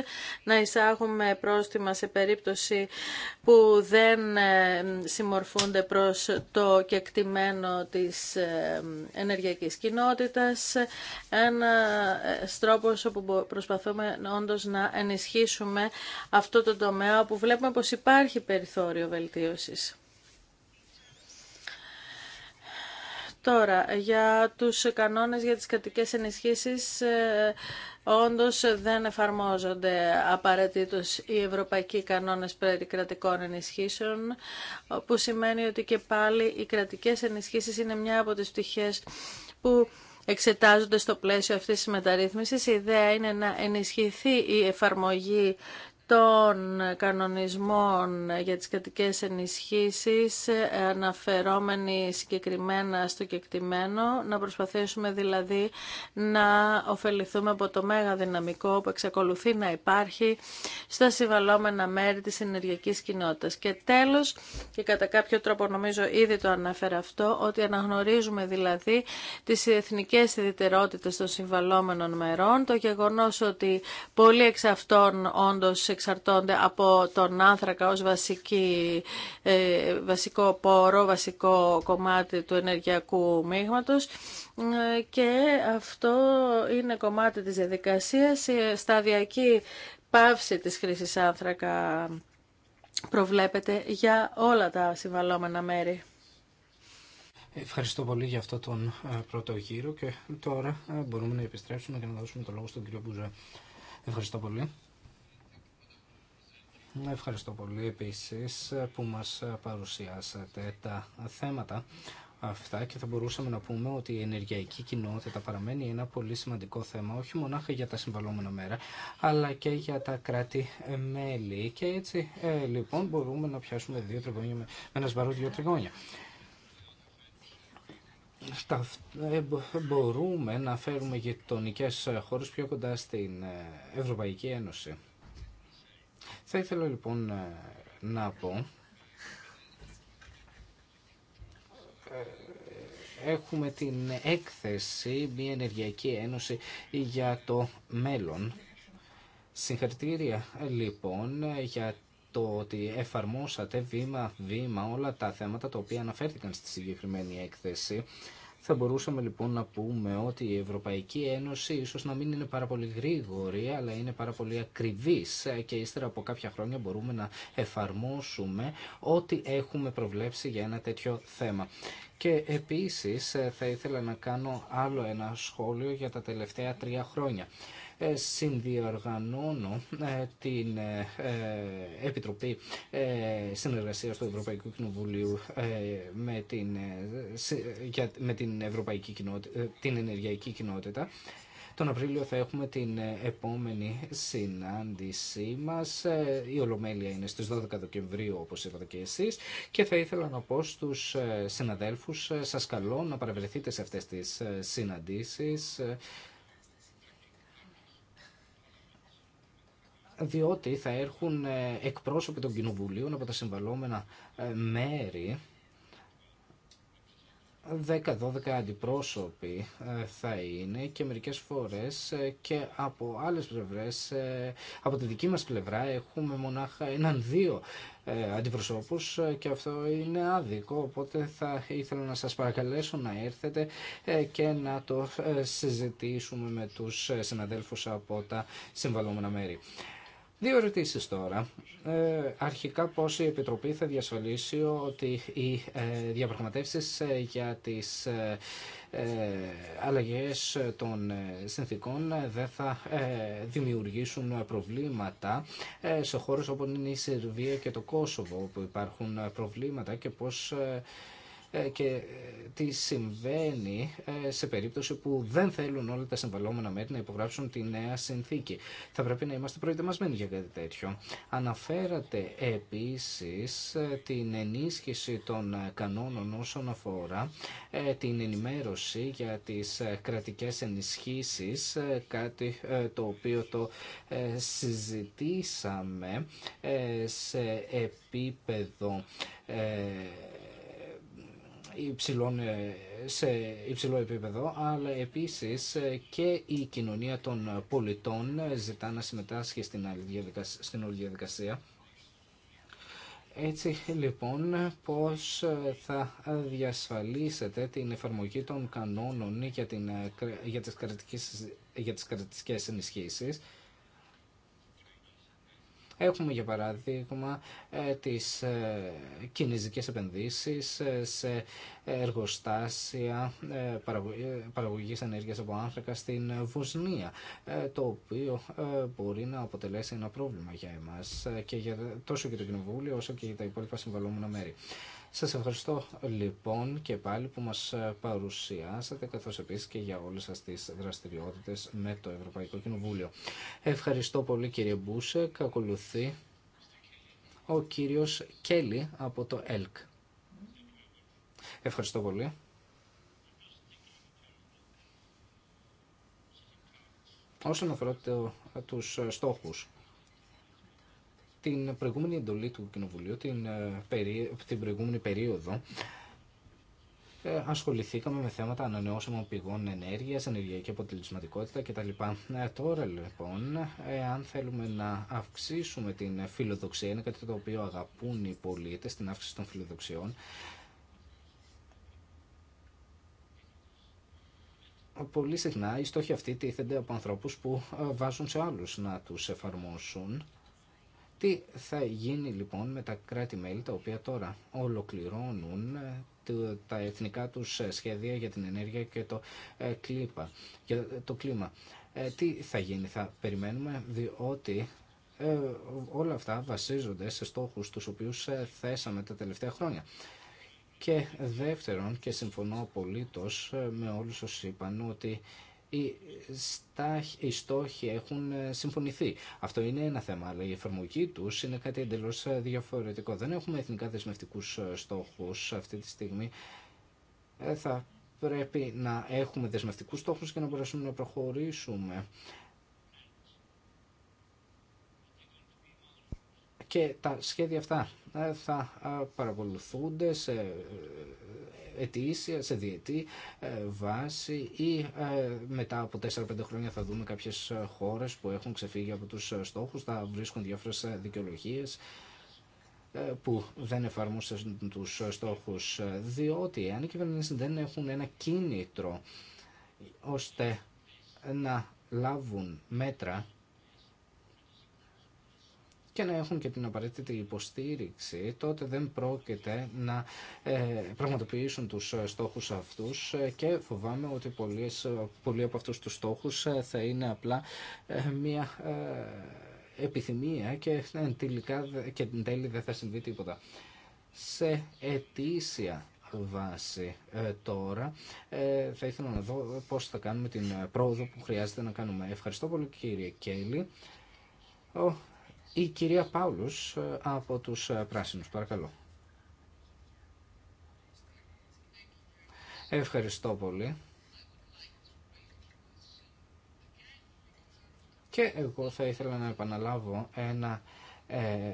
να εισάγουμε πρόστιμα σε περίπτωση που δεν συμμορφούνται προς το κεκτημένο της ενεργειακής κοινότητας, ένα τρόπος όπου προσπαθούμε όντως να ενισχύσουμε αυτό το τομέα που βλέπουμε πως υπάρχει περιθώριο βελτίωσης. Τώρα, για τους κανόνες για τις κρατικές ενισχύσεις, ε, όντως δεν εφαρμόζονται απαραίτητος οι ευρωπαϊκοί κανόνες περί κρατικών ενισχύσεων, που σημαίνει ότι και πάλι οι κρατικές ενισχύσεις είναι μια από τις πτυχές που εξετάζονται στο πλαίσιο αυτής της μεταρρύθμισης. Η ιδέα είναι να ενισχυθεί η εφαρμογή των κανονισμών για τις κρατικές ενισχύσεις ε, αναφερόμενοι συγκεκριμένα στο κεκτημένο, να προσπαθήσουμε δηλαδή να ωφεληθούμε από το μέγα δυναμικό που εξακολουθεί να υπάρχει στα συμβαλόμενα μέρη της ενεργειακής κοινότητας. Και τέλος, και κατά κάποιο τρόπο νομίζω ήδη το αναφέρα αυτό, ότι αναγνωρίζουμε δηλαδή τις εθνικές ιδιαιτερότητες των συμβαλόμενων μερών, το γεγονός ότι πολλοί εξ αυτών όντως εξαρτώνται από τον άνθρακα ως βασική, ε, βασικό πόρο, βασικό κομμάτι του ενεργειακού μείγματος ε, και αυτό είναι κομμάτι της διαδικασίας, η σταδιακή πάυση της χρήσης άνθρακα προβλέπεται για όλα τα συμβαλόμενα μέρη. Ευχαριστώ πολύ για αυτό τον ε, πρώτο γύρο και τώρα μπορούμε να επιστρέψουμε και να δώσουμε το λόγο στον κύριο Μπουζά. Ευχαριστώ πολύ. Ευχαριστώ πολύ επίσης που μας παρουσιάσατε τα θέματα αυτά και θα μπορούσαμε να πούμε ότι η ενεργειακή κοινότητα παραμένει ένα πολύ σημαντικό θέμα όχι μονάχα για τα συμβαλόμενα μέρα αλλά και για τα κράτη-μέλη και έτσι ε, λοιπόν μπορούμε να πιάσουμε δύο τριγώνια με ένα σβαρό δύο τριγώνια. Ε, μπορούμε να φέρουμε γειτονικέ χώρε πιο κοντά στην ε, Ευρωπαϊκή Ένωση. Θα ήθελα λοιπόν ε, να πω ε, έχουμε την έκθεση Μια Ενεργειακή Ένωση για το μέλλον. Συγχαρητήρια λοιπόν για το ότι εφαρμόσατε βήμα-βήμα όλα τα θέματα τα οποία αναφέρθηκαν στη συγκεκριμένη έκθεση. Θα μπορούσαμε λοιπόν να πούμε ότι η Ευρωπαϊκή Ένωση ίσως να μην είναι πάρα πολύ γρήγορη, αλλά είναι πάρα πολύ ακριβής και ύστερα από κάποια χρόνια μπορούμε να εφαρμόσουμε ό,τι έχουμε προβλέψει για ένα τέτοιο θέμα. Και επίσης ε, θα ήθελα να κάνω άλλο ένα σχόλιο για τα τελευταία τρία χρόνια. Ε, συνδιοργανώνω ε, την ε, Επιτροπή Συνεργασίας του Ευρωπαϊκού Κοινοβουλίου με την, με την, Ευρωπαϊκή κοινότητα, την Ενεργειακή Κοινότητα τον Απρίλιο θα έχουμε την επόμενη συνάντησή μας. Η Ολομέλεια είναι στις 12 Δεκεμβρίου, όπως είπατε και εσείς. Και θα ήθελα να πω στους συναδέλφους, σας καλώ να παραβρεθείτε σε αυτές τις συναντήσεις. διότι θα έρχουν ε, εκπρόσωποι των κοινοβουλίων από τα συμβαλόμενα ε, μέρη 10-12 αντιπρόσωποι ε, θα είναι και μερικές φορές και από άλλες πλευρές, από τη δική μας πλευρά έχουμε μονάχα έναν-δύο αντιπροσώπους και αυτό είναι άδικο, οπότε θα ήθελα να σας παρακαλέσω να έρθετε και να το συζητήσουμε με τους συναδέλφους από τα συμβαλόμενα μέρη. Δύο ερωτήσει τώρα. Ε, αρχικά, πώ η Επιτροπή θα διασφαλίσει ότι οι ε, διαπραγματεύσει ε, για τι ε, ε αλλαγέ των συνθήκων δεν θα δημιουργήσουν προβλήματα σε χώρε όπω είναι η Σερβία και το Κόσοβο, όπου υπάρχουν προβλήματα και πώ ε, και ε, τι συμβαίνει ε, σε περίπτωση που δεν θέλουν όλα τα συμβαλόμενα μέρη να υπογράψουν τη νέα συνθήκη. Θα πρέπει να είμαστε προετοιμασμένοι για κάτι τέτοιο. Αναφέρατε επίσης την ενίσχυση των κανόνων όσον αφορά την ενημέρωση για τις κρατικές ενισχύσεις, κάτι το οποίο το συζητήσαμε σε επίπεδο ε, σε υψηλό επίπεδο, αλλά επίσης ε, και η κοινωνία των πολιτών ε, ζητά να συμμετάσχει στην, στην όλη διαδικασία. Έτσι λοιπόν πώς θα διασφαλίσετε την εφαρμογή των κανόνων για, την, για τις κρατικές, για τις Έχουμε για παράδειγμα ε, τις ε, κινέζικες επενδύσεις ε, σε εργοστάσια παραγωγής ενέργειας από άνθρακα στην Βοσνία, το οποίο μπορεί να αποτελέσει ένα πρόβλημα για εμάς και για, τόσο για το Κοινοβούλιο όσο και για τα υπόλοιπα συμβαλόμενα μέρη. Σας ευχαριστώ λοιπόν και πάλι που μας ε, παρουσιάσατε καθώς επίσης και για όλες σας τις δραστηριότητες με το Ευρωπαϊκό Κοινοβούλιο. Ευχαριστώ πολύ κύριε Μπούσεκ. Ακολουθεί ο κύριος Κέλλη από το ΕΛΚ. Ευχαριστώ πολύ. Όσον αφορά το, τους ε, στόχους την προηγούμενη εντολή του Κοινοβουλίου, την, ε, την προηγούμενη περίοδο, ε, ασχοληθήκαμε με θέματα ανανεώσιμων πηγών ενέργειας, ενεργειακή αποτελεσματικότητα κτλ. Ε, τώρα λοιπόν, αν θέλουμε να αυξήσουμε την φιλοδοξία, είναι κάτι το οποίο αγαπούν οι πολίτες, την αύξηση των φιλοδοξιών, πολύ συχνά οι στόχοι αυτοί τίθενται από ανθρώπους που βάζουν σε άλλους να τους εφαρμόσουν τι θα γίνει λοιπόν με τα κράτη-μέλη τα οποία τώρα ολοκληρώνουν ε, τα εθνικά τους ε, σχέδια για την ενέργεια και το, ε, κλίπα, για το κλίμα. τι θα γίνει, θα περιμένουμε, διότι όλα αυτά βασίζονται σε στόχους τους οποίους θέσαμε τα τελευταία χρόνια. Και δεύτερον, και συμφωνώ απολύτως με όλους όσους είπαν ότι οι στόχοι έχουν ε, συμφωνηθεί. Αυτό είναι ένα θέμα, αλλά η εφαρμογή του είναι κάτι εντελώ ε, διαφορετικό. Δεν έχουμε εθνικά δεσμευτικού ε, στόχου αυτή τη στιγμή. Θα πρέπει να έχουμε δεσμευτικούς στόχους και να μπορέσουμε να προχωρήσουμε. και τα σχέδια αυτά θα παρακολουθούνται σε ετήσια, σε διετή ε, βάση ή ε, μετά από 4-5 χρόνια θα δούμε κάποιες ε, χώρες που έχουν ξεφύγει από τους στόχους, θα βρίσκουν διάφορες δικαιολογίες που δεν εφαρμόσαν τους στόχους, διότι αν οι κυβερνήσει δεν έχουν ένα κίνητρο ώστε να λάβουν μέτρα και να έχουν και την απαραίτητη υποστήριξη, τότε δεν πρόκειται να ε, πραγματοποιήσουν τους ε, στόχους αυτούς ε, και φοβάμαι ότι πολλοί από αυτούς τους στόχους θα είναι απλά μια επιθυμία και τελικά και εν τέλει δεν θα συμβεί τίποτα. Σε αιτήσια βάση τώρα θα ήθελα να δω πώς θα κάνουμε την πρόοδο που χρειάζεται να κάνουμε. Ευχαριστώ πολύ κύριε Κέλλη. Η κυρία Πάουλους ε, από τους ε, Πράσινους, παρακαλώ. Ευχαριστώ πολύ. Και εγώ θα ήθελα να επαναλάβω ένα ε,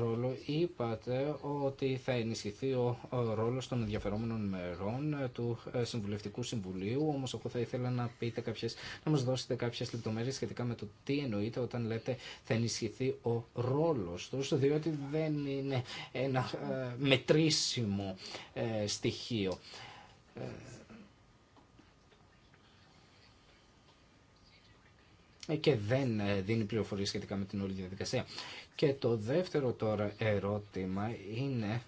ρόλο είπατε ότι θα ενισχυθεί ο ρόλος των ενδιαφερόμενων μερών ε, του ε, Συμβουλευτικού Συμβουλίου, όμως εγώ θα ήθελα να, πείτε κάποιες, να μας δώσετε κάποιες λεπτομέρειες σχετικά με το τι εννοείται όταν λέτε θα ενισχυθεί ο ρόλος τους, διότι δεν είναι ένα μετρήσιμο στοιχείο. Ε, και δεν ε, δίνει πληροφορίες σχετικά με την όλη διαδικασία. Και το δεύτερο τώρα ερώτημα είναι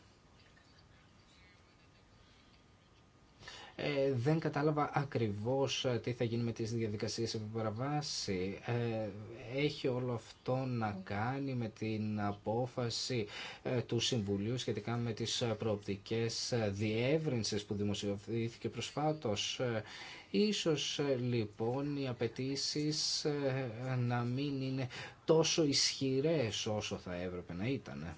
Ε, δεν κατάλαβα ακριβώς ε, τι θα γίνει με τις διαδικασίες επιπαραβάση. Ε, έχει όλο αυτό να κάνει με την απόφαση ε, του Συμβουλίου σχετικά με τις ε, προοπτικές διεύρυνσης που δημοσιοποιήθηκε προσφάτως. Ίσως λοιπόν οι απαιτήσει να μην είναι τόσο ισχυρές όσο θα έπρεπε να ήταν.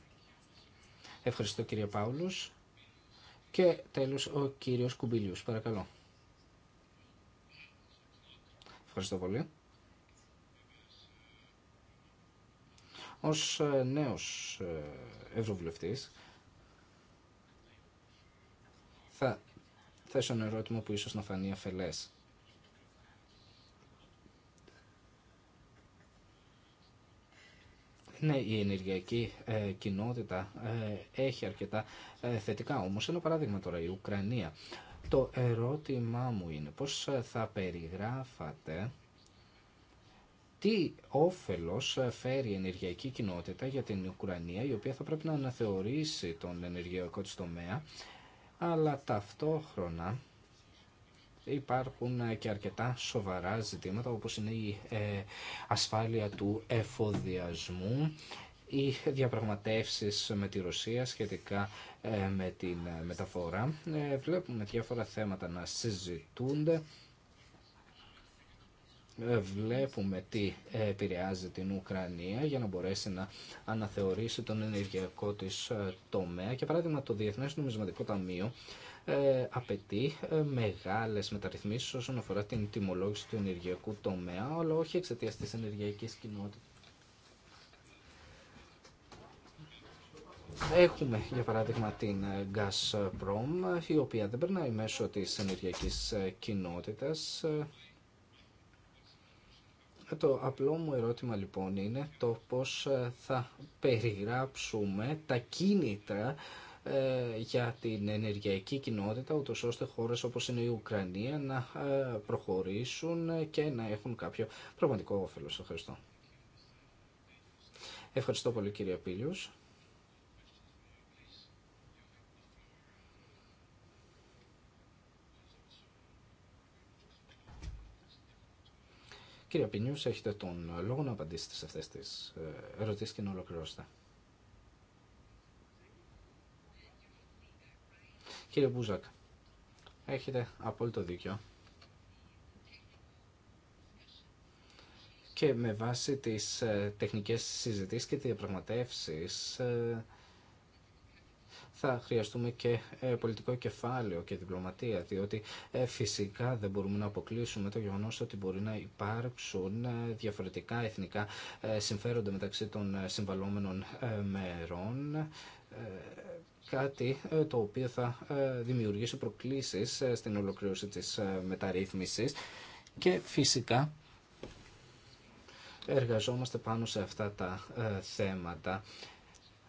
Ευχαριστώ κύριε Παύλος. Και τέλος ο κύριος Κουμπίλιους. Παρακαλώ. Ευχαριστώ πολύ. Ως ε, νέος ε, ευρωβουλευτής θα θέσω ένα ερώτημα που ίσως να φανεί αφελές. Ναι, η ενεργειακή ε, κοινότητα ε, έχει αρκετά ε, θετικά. Όμως ένα παράδειγμα τώρα, η Ουκρανία. Το ερώτημά μου είναι πώς θα περιγράφατε τι όφελος φέρει η ενεργειακή κοινότητα για την Ουκρανία, η οποία θα πρέπει να αναθεωρήσει τον ενεργειακό της τομέα, αλλά ταυτόχρονα υπάρχουν ε, και αρκετά σοβαρά ζητήματα όπως είναι η ε, ασφάλεια του εφοδιασμού ή διαπραγματεύσεις με τη Ρωσία σχετικά ε, με την μεταφορά. Βλέπουμε διάφορα θέματα να συζητούνται. Βλέπουμε τι επηρεάζει την Ουκρανία για να μπορέσει να αναθεωρήσει τον ενεργειακό της τομέα. Και παράδειγμα το Διεθνές Νομισματικό Ταμείο ε, απαιτεί ε, μεγάλες μεταρρυθμίσεις όσον αφορά την τιμολόγηση του ενεργειακού τομέα, αλλά όχι εξαιτίας της ενεργειακής κοινότητας. Έχουμε για παράδειγμα την ε, Gazprom η οποία δεν περνάει μέσω της ενεργειακής κοινότητας. Το απλό μου ερώτημα λοιπόν είναι το πώς θα περιγράψουμε τα κίνητρα ε, για την ενεργειακή κοινότητα, ούτως ώστε χώρες όπως είναι η Ουκρανία να ε, προχωρήσουν και να έχουν κάποιο πραγματικό όφελος. Ευχαριστώ. Ευχαριστώ πολύ κύριε Πίλιους. Κύριε Πινιούς, έχετε τον λόγο να απαντήσετε σε αυτές τις ε, ερωτήσεις και να ολοκληρώσετε. Κύριε Μπούζακ, έχετε απόλυτο δίκιο. Και με βάση τις ε, τεχνικές συζητήσεις και τις διαπραγματεύσεις ε, θα χρειαστούμε και ε, πολιτικό κεφάλαιο και διπλωματία, διότι φυσικά δεν μπορούμε να αποκλείσουμε το γεγονός ότι μπορεί να υπάρξουν διαφορετικά εθνικά συμφέροντα μεταξύ των συμβαλόμενων μερών κάτι ε, το οποίο θα ε, δημιουργήσει προκλήσεις ε, στην ολοκλήρωση της μεταρρύθμισης και φυσικά εργαζόμαστε πάνω σε αυτά τα θέματα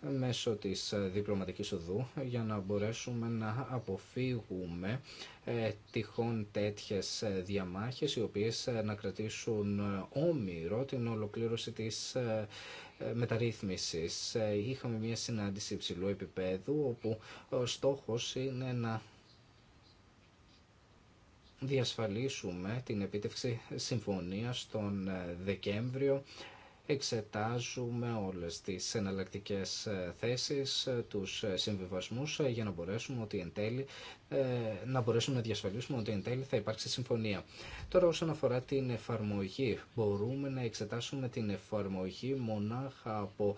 μέσω της ε, διπλωματικής οδού για να μπορέσουμε να αποφύγουμε ε, τυχόν τέτοιες ε, διαμάχες οι οποίες να κρατήσουν όμοιρο την ολοκλήρωση της μεταρρύθμισης. Είχαμε μια συνάντηση υψηλού επίπεδου όπου ο στόχος είναι να διασφαλίσουμε την επίτευξη συμφωνίας τον Δεκέμβριο εξετάζουμε όλες τις εναλλακτικέ ε, θέσεις, ε, τους ε, συμβιβασμούς για να μπορέσουμε ότι εν να μπορέσουμε να διασφαλίσουμε ότι εν τέλει θα υπάρξει συμφωνία. Τώρα όσον αφορά την εφαρμογή, μπορούμε να εξετάσουμε την εφαρμογή μονάχα από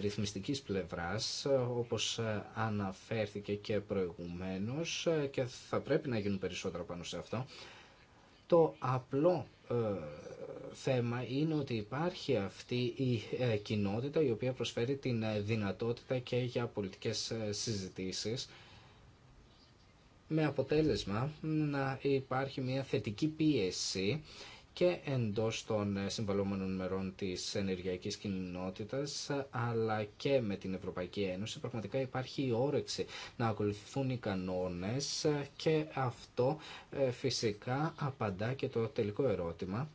ρυθμιστικής πλευράς, όπως αναφέρθηκε και προηγουμένως και θα πρέπει να γίνουν περισσότερα πάνω σε αυτό. Το απλό ε, θέμα είναι ότι υπάρχει αυτή η ε, κοινότητα η οποία προσφέρει την ε, δυνατότητα και για πολιτικές συζητήσεις με αποτέλεσμα να υπάρχει μια θετική πίεση και εντός των ε, συμβαλόμενων μερών της ενεργειακής κοινότητας αλλά και με την Ευρωπαϊκή Ένωση πραγματικά υπάρχει η όρεξη να ακολουθούν οι κανόνες και αυτό ε, φυσικά απαντά και το τελικό ερώτημα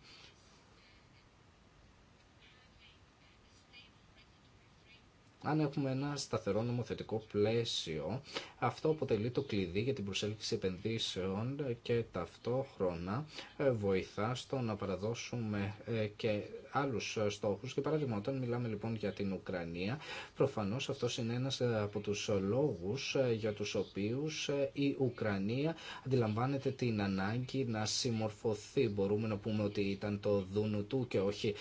Αν έχουμε ένα σταθερό νομοθετικό πλαίσιο, αυτό αποτελεί το κλειδί για την προσέλκυση επενδύσεων και ταυτόχρονα ε, βοηθά στο να παραδώσουμε ε, και άλλους ε, στόχους. Και παράδειγμα, όταν μιλάμε λοιπόν για την Ουκρανία, προφανώς αυτό είναι ένας από τους λόγους για τους οποίους η Ουκρανία αντιλαμβάνεται την ανάγκη να συμμορφωθεί. Μπορούμε να πούμε ότι ήταν το δούνου του και όχι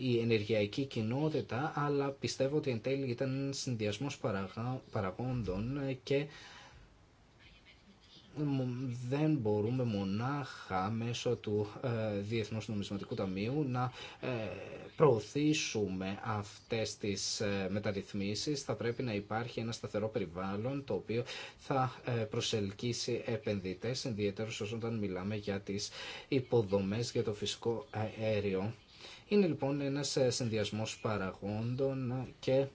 η ενεργειακή κοινότητα, αλλά πιστεύω πιστεύω ότι εν τέλει ήταν συνδυασμό παραγόντων και δεν μπορούμε μονάχα μέσω του ε, Διεθνούς Νομισματικού Ταμείου να ε, προωθήσουμε αυτές τις ε, μεταρρυθμίσεις. Θα πρέπει να υπάρχει ένα σταθερό περιβάλλον το οποίο θα ε, προσελκύσει επενδυτές, ιδιαίτερα όταν μιλάμε για τις υποδομές για το φυσικό ε, αέριο είναι λοιπόν ένας ε, συνδυασμός παραγόντων και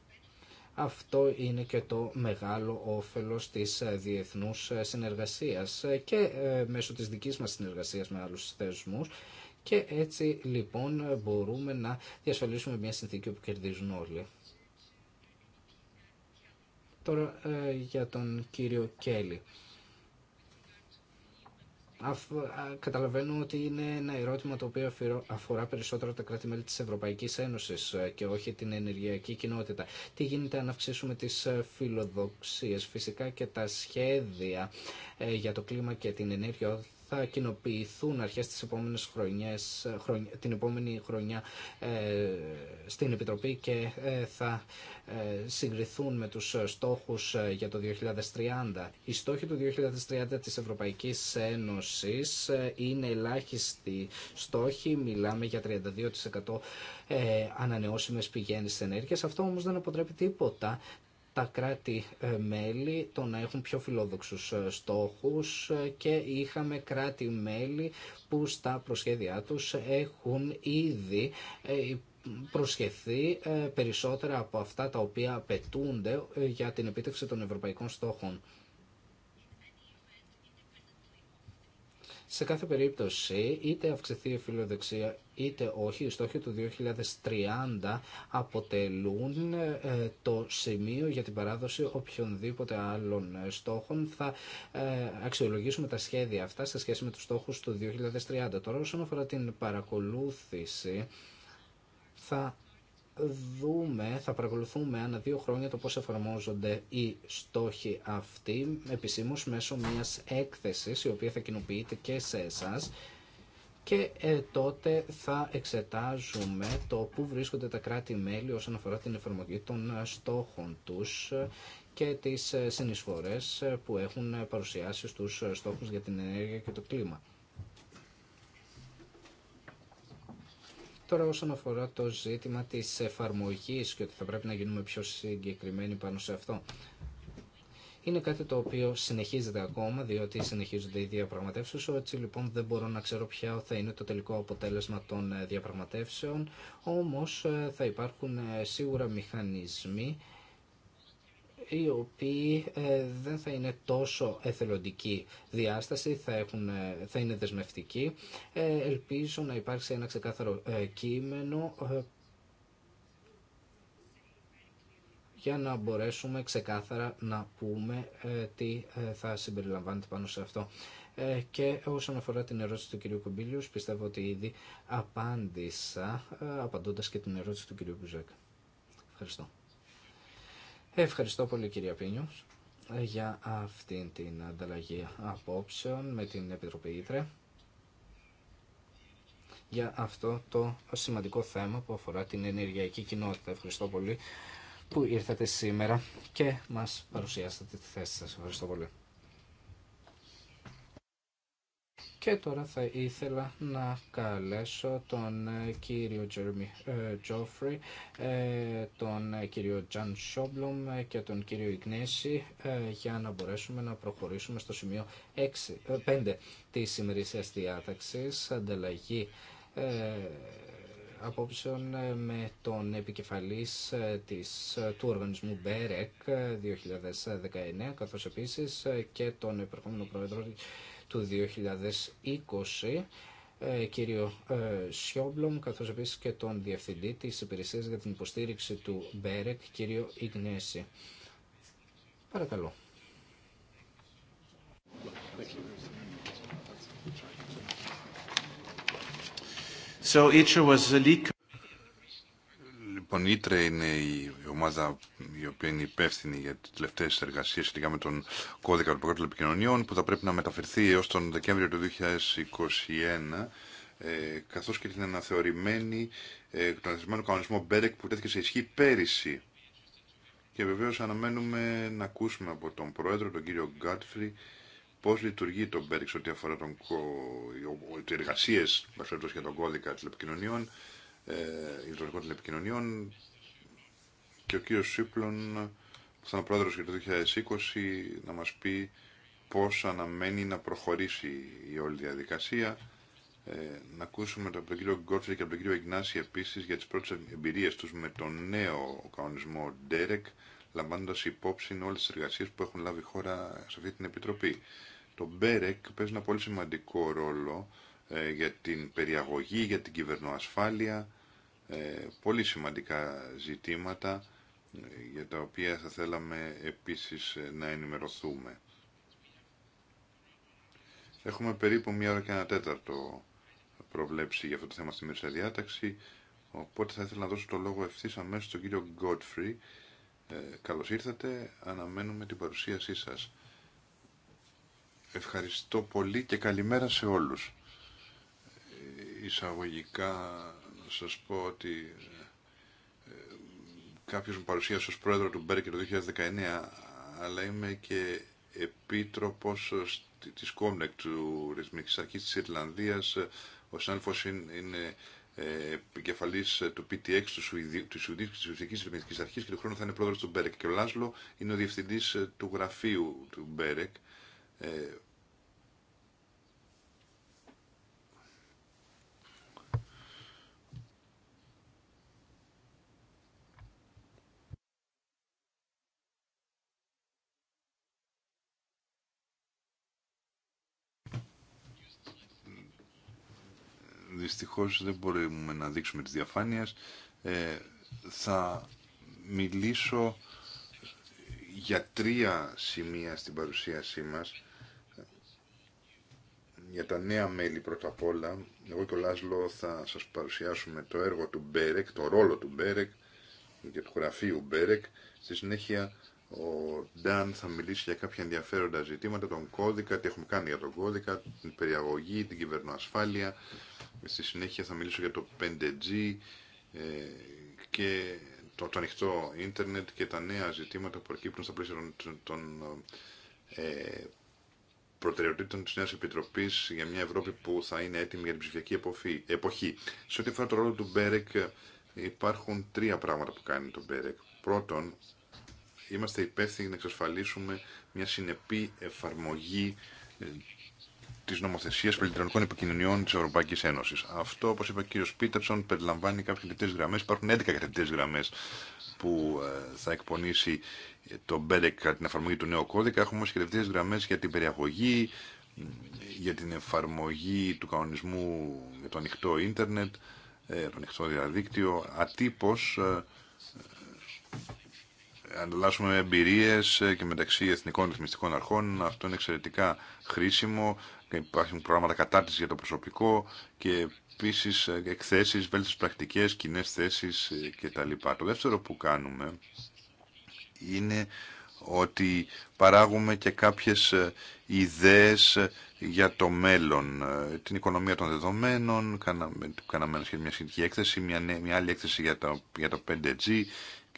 αυτό είναι και το μεγάλο όφελος της ε, διεθνούς ε, συνεργασίας και μέσω της δικής μας συνεργασίας με άλλους θεσμούς και έτσι λοιπόν μπορούμε να διασφαλίσουμε μια συνθήκη που κερδίζουν όλοι. Τώρα για τον κύριο Κέλλη. Καταλαβαίνω ότι είναι ένα ερώτημα το οποίο αφορά περισσότερο τα κράτη-μέλη της Ευρωπαϊκής Ένωσης ε, και όχι την ενεργειακή κοινότητα. Τι γίνεται αν αυξήσουμε τις ε, φιλοδοξίες. Φυσικά και τα σχέδια ε, για το κλίμα και την ενέργεια θα κοινοποιηθούν αρχές της επόμενης την επόμενη χρονιά ε, στην Επιτροπή και ε, θα ε, συγκριθούν με τους στόχους για το 2030. Οι στόχοι του 2030 της Ευρωπαϊκής Ένωσης είναι ελάχιστοι στόχοι. Μιλάμε για 32% ανανεώσιμες πηγές ενέργειας. Αυτό όμως δεν αποτρέπει τίποτα τα κράτη-μέλη ε, το να έχουν πιο φιλόδοξους ε, στόχους ε, και είχαμε κράτη-μέλη που στα προσχέδιά τους έχουν ήδη προσχεθεί περισσότερα από αυτά τα οποία απαιτούνται για την επίτευξη των ευρωπαϊκών στόχων. Σε κάθε περίπτωση, είτε αυξηθεί η φιλοδεξία είτε όχι, οι στόχοι του 2030 αποτελούν ε, το σημείο για την παράδοση οποιονδήποτε άλλων στόχων. Θα ε, αξιολογήσουμε τα σχέδια αυτά σε σχέση με τους στόχους του 2030. Τώρα, όσον αφορά την παρακολούθηση, θα δούμε, θα παρακολουθούμε ανά δύο χρόνια το πώς εφαρμόζονται οι στόχοι αυτοί επισήμως μέσω μιας έκθεσης η οποία θα κοινοποιείται και σε εσάς και ε, τότε θα εξετάζουμε το πού βρίσκονται τα κράτη-μέλη όσον αφορά την εφαρμογή των ε, στόχων τους ε, και τις συνεισφορές που έχουν παρουσιάσει στους στόχους για την ενέργεια και το κλίμα. Τώρα όσον αφορά το ζήτημα της εφαρμογής και ότι θα πρέπει να γίνουμε πιο συγκεκριμένοι πάνω σε αυτό. Είναι κάτι το οποίο συνεχίζεται ακόμα, διότι συνεχίζονται οι διαπραγματεύσει. Έτσι λοιπόν δεν μπορώ να ξέρω ποια θα είναι το τελικό αποτέλεσμα των ε, διαπραγματεύσεων. Όμω ε, θα υπάρχουν ε, σίγουρα μηχανισμοί οι οποίοι ε, δεν θα είναι τόσο εθελοντική διάσταση, θα, έχουν, ε, θα είναι δεσμευτικοί. Ε, ελπίζω να υπάρξει ένα ξεκάθαρο κείμενο για να μπορέσουμε ξεκάθαρα να πούμε τι θα συμπεριλαμβάνεται πάνω σε αυτό. Και όσον αφορά την ερώτηση του κυρίου Κουμπίλιους, πιστεύω ότι ήδη απάντησα, απαντώντας και την ερώτηση του κυρίου Μπουζέκ. Ευχαριστώ. Ευχαριστώ πολύ κυρία Πίνιος για αυτήν την ανταλλαγή απόψεων με την Επιτροπή Ήτρε για αυτό το σημαντικό θέμα που αφορά την ενεργειακή κοινότητα. Ευχαριστώ πολύ που ήρθατε σήμερα και μας παρουσιάσατε τη θέση σας. Ευχαριστώ πολύ. Και τώρα θα ήθελα να καλέσω τον ε, κύριο Τζέρμι ε, Τζόφρι, ε, τον κύριο Τζαν Σόμπλουμ και τον κύριο Ιγνέση για να μπορέσουμε να προχωρήσουμε στο σημείο 6, 5 της σημερισίας διάταξης, ανταλλαγή απόψεων με τον επικεφαλής της, του οργανισμού BEREC 2019, καθώς επίσης και τον επερχόμενο πρόεδρο του 2020 ε, κύριο ε, Σιόμπλομ, καθώς επίσης και τον Διευθυντή της Υπηρεσίας για την Υποστήριξη του Μπέρεκ, κύριο Ιγνέση. Παρακαλώ. So, was a leak. Ο λοιπόν, Νίτρε είναι η ομάδα η οποία είναι υπεύθυνη για τι τελευταίε εργασίε σχετικά με τον κώδικα του προκάτου επικοινωνιών που θα πρέπει να μεταφερθεί έω τον Δεκέμβριο του 2021 ε, καθώς και την αναθεωρημένη ε, τον κανονισμό Μπέρεκ που τέθηκε σε ισχύ πέρυσι. Και βεβαίω αναμένουμε να ακούσουμε από τον πρόεδρο, τον κύριο Γκάτφρι, πώ λειτουργεί το Μπέρεκ σε ό,τι αφορά τι εργασίε για τον κώδικα τηλεπικοινωνιών ε, ηλεκτρονικών τηλεπικοινωνιών και ο κύριος Σύπλων που θα είναι πρόεδρος για το 2020 να μας πει πώς αναμένει να προχωρήσει η όλη διαδικασία. Ε, να ακούσουμε τον κύριο Γκόρτσερ και τον κύριο Εγνάση επίσης για τις πρώτες εμπειρίες τους με τον νέο κανονισμό Derek λαμβάνοντας υπόψη όλες τις εργασίες που έχουν λάβει χώρα σε αυτή την Επιτροπή. Το Μπέρεκ παίζει ένα πολύ σημαντικό ρόλο ε, για την περιαγωγή, για την κυβερνοασφάλεια, ε, πολύ σημαντικά ζητήματα ε, για τα οποία θα θέλαμε επίσης να ενημερωθούμε. Έχουμε περίπου μία ώρα και ένα τέταρτο προβλέψει για αυτό το θέμα στη Μέση Διάταξη, οπότε θα ήθελα να δώσω το λόγο ευθύς αμέσως στον κύριο Godfrey. Ε, καλώς ήρθατε, αναμένουμε την παρουσίασή σας. Ευχαριστώ πολύ και καλημέρα σε όλους εισαγωγικά να σας πω ότι ε, κάποιος μου παρουσίασε ως πρόεδρο του και το 2019, αλλά είμαι και επίτροπος της Κόμνεκ του Ρυθμικής Αρχής της Ιρλανδίας. Ο Σάνφος είναι ε, επικεφαλή του PTX, του Σουηδίου, της Σουηδική Ρυθμικής Αρχή και του χρόνου θα είναι πρόεδρο του Μπέρεκ. Και ο Λάσλο είναι ο διευθυντής του γραφείου του Μπέρεκ. Ε, Δυστυχώς δεν μπορούμε να δείξουμε τις διαφάνειες. Ε, θα μιλήσω για τρία σημεία στην παρουσίασή μας. Για τα νέα μέλη πρώτα απ' όλα. Εγώ και ο Λάσλο θα σας παρουσιάσουμε το έργο του Μπέρεκ, το ρόλο του Μπέρεκ και του γραφείου Μπέρεκ. Στη συνέχεια ο Νταν θα μιλήσει για κάποια ενδιαφέροντα ζητήματα, τον κώδικα, τι έχουμε κάνει για τον κώδικα, την περιαγωγή, την κυβερνοασφάλεια. Στη συνέχεια θα μιλήσω για το 5G ε, και το, το ανοιχτό ίντερνετ και τα νέα ζητήματα που προκύπτουν στα πλαίσια των, των ε, προτεραιοτήτων της Νέας Επιτροπής για μια Ευρώπη που θα είναι έτοιμη για την ψηφιακή εποχή. Σε ό,τι αφορά το ρόλο του Μπέρεκ υπάρχουν τρία πράγματα που κάνει τον Μπέρεκ. Πρώτον, είμαστε υπεύθυνοι να εξασφαλίσουμε μια συνεπή εφαρμογή ε, της νομοθεσίας πολιτερονικών επικοινωνιών της Ευρωπαϊκής Ένωσης. Αυτό, όπως είπε ο κύριος Πίτερσον, περιλαμβάνει κάποιες λεπτές γραμμές. Υπάρχουν 11 κατευθυντές γραμμές που ε, θα εκπονήσει το ΜΠΕΡΕΚ κατά την εφαρμογή του νέου κώδικα. Έχουμε όμως γραμμές για την περιαγωγή, για την εφαρμογή του κανονισμού για το ανοιχτό ίντερνετ, ε, το ανοιχτό διαδίκτυο, ατύπως ανταλλάσσουμε εμπειρίες ε, και μεταξύ εθνικών ρυθμιστικών αρχών. Αυτό είναι εξαιρετικά χρήσιμο. Υπάρχουν προγράμματα κατάρτιση για το προσωπικό και επίση ε, εκθέσεις, βέλτιστες πρακτικές, κοινέ θέσεις ε, κτλ. Το δεύτερο που κάνουμε είναι ότι παράγουμε και κάποιες ιδέες για το μέλλον, την οικονομία των δεδομένων, κάναμε, μια σχετική έκθεση, μια, άλλη έκθεση για το 5G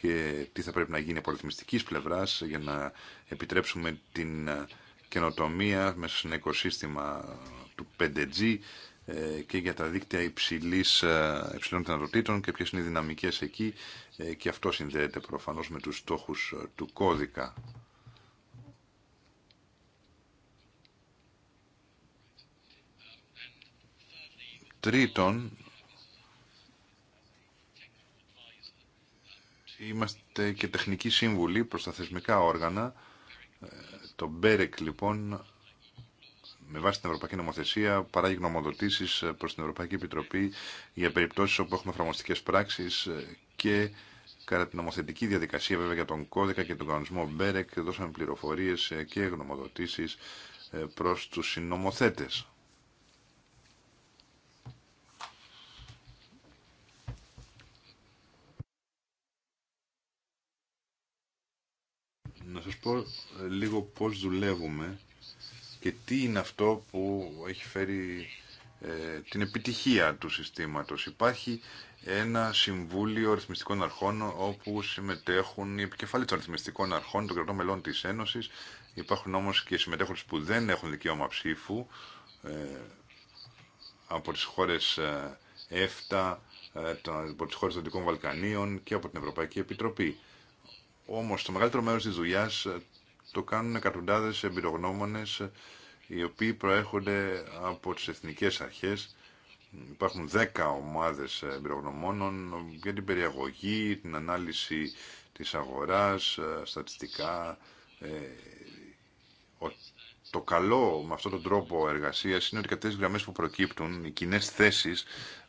και τι θα πρέπει να γίνει από ρυθμιστικής πλευράς για να επιτρέψουμε την ε, καινοτομία μέσα στο οικοσύστημα του 5G ε, και για τα δίκτυα υψηλής, ε, υψηλών δυνατοτήτων και ποιες είναι οι δυναμικές εκεί και αυτό συνδέεται προφανώς με τους στόχους του κώδικα. Τρίτον, Είμαστε και τεχνικοί σύμβουλοι προς τα θεσμικά όργανα. Ε, το Μπέρεκ λοιπόν με βάση την Ευρωπαϊκή Νομοθεσία παράγει γνωμοδοτήσει ε, προς την Ευρωπαϊκή Επιτροπή για περιπτώσεις όπου έχουμε εφαρμοστικές πράξεις ε, και κατά την νομοθετική διαδικασία βέβαια για τον κώδικα και τον κανονισμό Μπέρεκ δώσαμε πληροφορίες και γνωμοδοτήσεις προς τους συνομοθέτες. σας πω ε, λίγο πώς δουλεύουμε και τι είναι αυτό που έχει φέρει ε, την επιτυχία του συστήματος. Υπάρχει ένα συμβούλιο ρυθμιστικών αρχών όπου συμμετέχουν οι επικεφαλή των ρυθμιστικών αρχών των κρατών μελών της Ένωσης. Υπάρχουν όμως και συμμετέχοντες που δεν έχουν δικαίωμα ψήφου ε, από τις χώρες ΕΦΤΑ, από τις χώρες των Δυτικών Βαλκανίων και από την Ευρωπαϊκή Επιτροπή. Όμως το μεγαλύτερο μέρος της δουλειά ε, το κάνουν εκατοντάδε εμπειρογνώμονες ε, οι οποίοι προέρχονται από τις εθνικές αρχές. Υπάρχουν 10 ομάδες ε, εμπειρογνωμόνων για την περιαγωγή, την ανάλυση της αγοράς, στατιστικά. Το καλό με αυτόν τον τρόπο εργασίας είναι ότι αυτέ τις γραμμές που προκύπτουν, οι κοινέ θέσει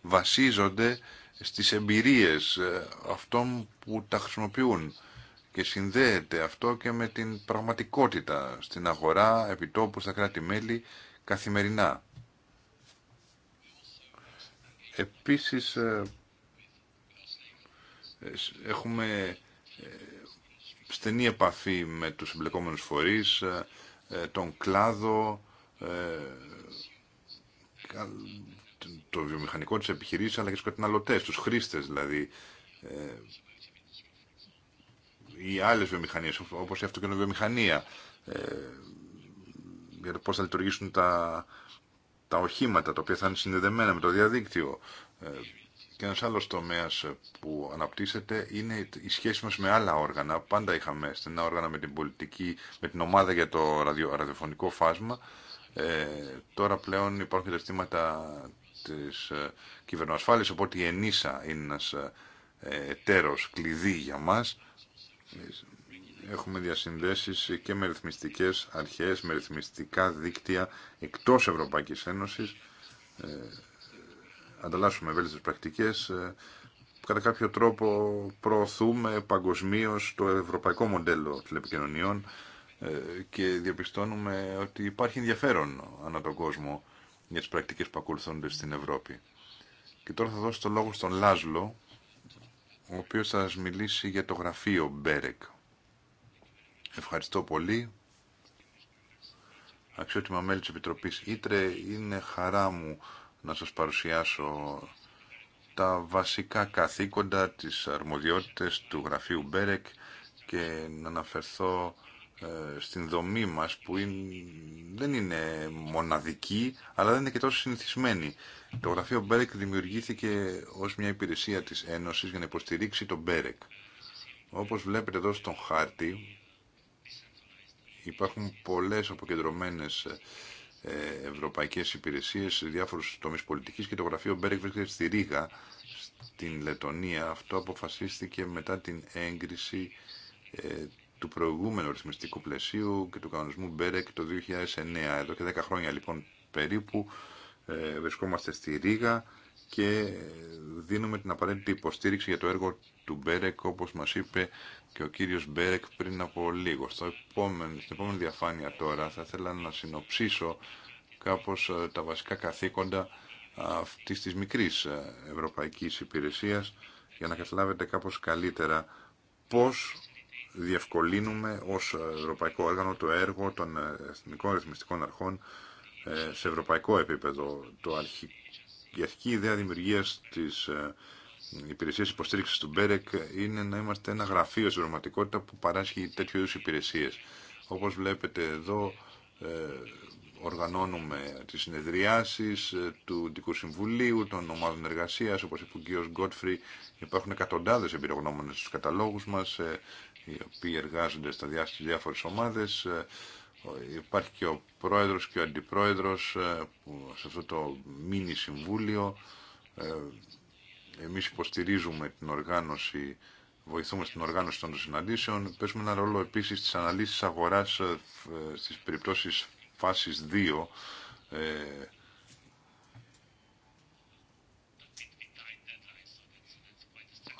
βασίζονται στις εμπειρίες αυτών που τα χρησιμοποιούν και συνδέεται αυτό και με την πραγματικότητα στην αγορά, επιτόπου, στα κράτη-μέλη, καθημερινά. Επίσης, ε, ε, έχουμε ε, στενή επαφή με τους εμπλεκόμενους φορείς, τον κλάδο, το βιομηχανικό της επιχειρήσης, αλλά και τους καταναλωτές, τους χρήστες δηλαδή ή άλλες βιομηχανίες, όπως η αλλε βιομηχανιε οπω η αυτοκινοβιομηχανια ε, για το πώ θα λειτουργήσουν τα, τα οχήματα, τα οποία θα είναι συνδεδεμένα με το διαδίκτυο. Ε, και ένα άλλο τομέα που αναπτύσσεται είναι η σχέση μα με άλλα όργανα. Πάντα είχαμε στενά όργανα με την πολιτική, με την ομάδα για το ραδιο, ραδιοφωνικό φάσμα. Ε, τώρα πλέον υπάρχουν τα αισθήματα τη ε, κυβερνοασφάλειας, οπότε η ΕΝΙΣΑ είναι ένα ε, εταίρο κλειδί για μας. Έχουμε διασυνδέσεις και με ρυθμιστικές αρχές, με ρυθμιστικά δίκτυα εκτός Ευρωπαϊκής Ένωσης. Ε, ανταλλάσσουμε βέλτιστες πρακτικές. Ε, κατά κάποιο τρόπο προωθούμε παγκοσμίω το ευρωπαϊκό μοντέλο τηλεπικοινωνιών ε, και διαπιστώνουμε ότι υπάρχει ενδιαφέρον ανά τον κόσμο για τις πρακτικές που ακολουθούνται στην Ευρώπη. Και τώρα θα δώσω το λόγο στον Λάζλο, ο οποίος θα σας μιλήσει για το γραφείο Μπέρεκ. Ευχαριστώ πολύ. Αξιότιμα μέλη της Επιτροπής Ήτρε, είναι χαρά μου να σας παρουσιάσω τα βασικά καθήκοντα, της αρμοδιότητες του γραφείου Μπέρεκ και να αναφερθώ ε, στην δομή μας που είναι, δεν είναι μοναδική αλλά δεν είναι και τόσο συνηθισμένη. Το γραφείο Μπέρεκ δημιουργήθηκε ως μια υπηρεσία της Ένωσης για να υποστηρίξει τον Μπέρεκ. Όπως βλέπετε εδώ στον χάρτη υπάρχουν πολλές αποκεντρωμένες ε, ευρωπαϊκές υπηρεσίες σε διάφορους τομείς πολιτικής και το γραφείο Μπέρεκ βρίσκεται στη Ρήγα, στην Λετωνία. Αυτό αποφασίστηκε μετά την έγκριση ε, του προηγούμενου ρυθμιστικού πλαισίου και του κανονισμού Μπέρεκ το 2009. Εδώ και 10 χρόνια λοιπόν περίπου ε, βρισκόμαστε στη Ρήγα και δίνουμε την απαραίτητη υποστήριξη για το έργο του Μπέρεκ όπως μας είπε και ο κύριος Μπέρεκ πριν από λίγο. Στο επόμενο, στην επόμενη διαφάνεια τώρα θα ήθελα να συνοψίσω κάπως ε, τα βασικά καθήκοντα αυτής της μικρής ε, ευρωπαϊκής υπηρεσίας για να καταλάβετε κάπως καλύτερα πώς διευκολύνουμε ως ευρωπαϊκό όργανο το έργο των εθνικών ρυθμιστικών αρχών ε, σε ευρωπαϊκό επίπεδο. Το αρχι... Η αρχική ιδέα δημιουργίας της ε, υπηρεσίας υποστήριξης του Μπέρεκ είναι να είμαστε ένα γραφείο στην πραγματικότητα που παράσχει τέτοιου είδους υπηρεσίες. Όπως βλέπετε εδώ ε, οργανώνουμε τις συνεδριάσεις του Δικού Συμβουλίου, των ομάδων εργασίας, όπως είπε ο κ. Γκότφρι, υπάρχουν εκατοντάδες εμπειρογνώμονες στους καταλόγους μας, οι οποίοι εργάζονται στα διάφορες ομάδες. Ε, υπάρχει και ο πρόεδρος και ο αντιπρόεδρος ε, σε αυτό το μίνι συμβούλιο. Ε, εμείς υποστηρίζουμε την οργάνωση, βοηθούμε στην οργάνωση των συναντήσεων. Παίζουμε ένα ρόλο επίσης στις αναλύσεις αγοράς στις περιπτώσεις φάσης 2,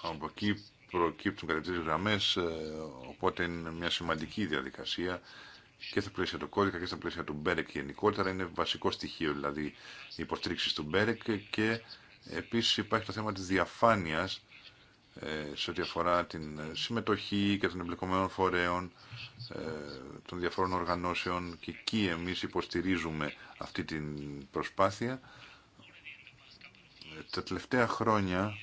από εκεί προκύπτουν κατά τις γραμμές, ε, οπότε είναι μια σημαντική διαδικασία και στα πλαίσια του κώδικα και στα πλαίσια του Μπέρεκ γενικότερα. Είναι βασικό στοιχείο δηλαδή η υποστήριξη του Μπέρεκ και επίσης υπάρχει το θέμα της διαφάνειας ε, σε ό,τι αφορά την συμμετοχή και των εμπλεκομένων φορέων, ε, των διαφορών οργανώσεων και εκεί εμείς υποστηρίζουμε αυτή την προσπάθεια. Τα τελευταία χρόνια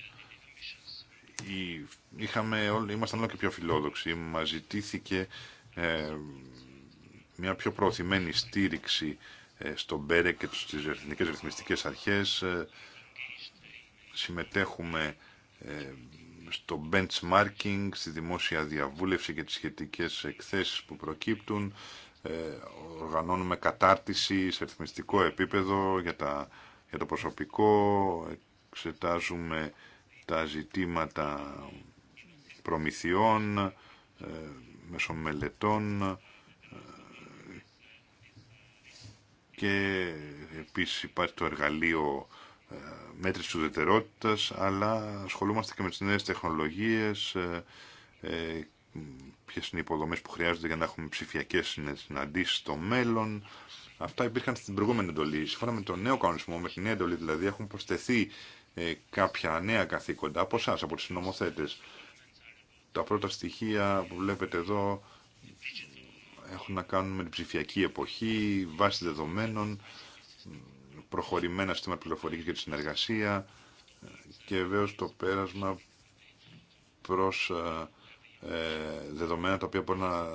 είχαμε, όλοι, ήμασταν όλο και πιο φιλόδοξοι. Μα ζητήθηκε ε, μια πιο προωθημένη στήριξη ε, στον Μπέρε και στι εθνικέ ρυθμιστικές αρχές. Ε, συμμετέχουμε στο benchmarking, στη δημόσια διαβούλευση και τις σχετικές εκθέσεις που προκύπτουν. οργανώνουμε κατάρτιση σε ρυθμιστικό επίπεδο για, τα, για το προσωπικό. Εξετάζουμε τα ζητήματα προμηθειών, ε, μεσομελετών ε, και επίσης υπάρχει το εργαλείο ε, μέτρησης του δετερότητας, αλλά ασχολούμαστε και με τις νέες τεχνολογίες, ποιε είναι οι υποδομές που χρειάζονται για να έχουμε ψηφιακές συναντήσεις στο μέλλον. Αυτά υπήρχαν στην προηγούμενη εντολή. Σύμφωνα με τον νέο κανονισμό, με την νέα εντολή δηλαδή, έχουν προσθεθεί ε, κάποια νέα καθήκοντα από εσά, από του νομοθέτες. Τα πρώτα στοιχεία που βλέπετε εδώ έχουν να κάνουν με την ψηφιακή εποχή, βάση δεδομένων, προχωρημένα σύστημα πληροφορική για τη συνεργασία και βεβαίω το πέρασμα προς ε, ε, δεδομένα τα οποία μπορούν να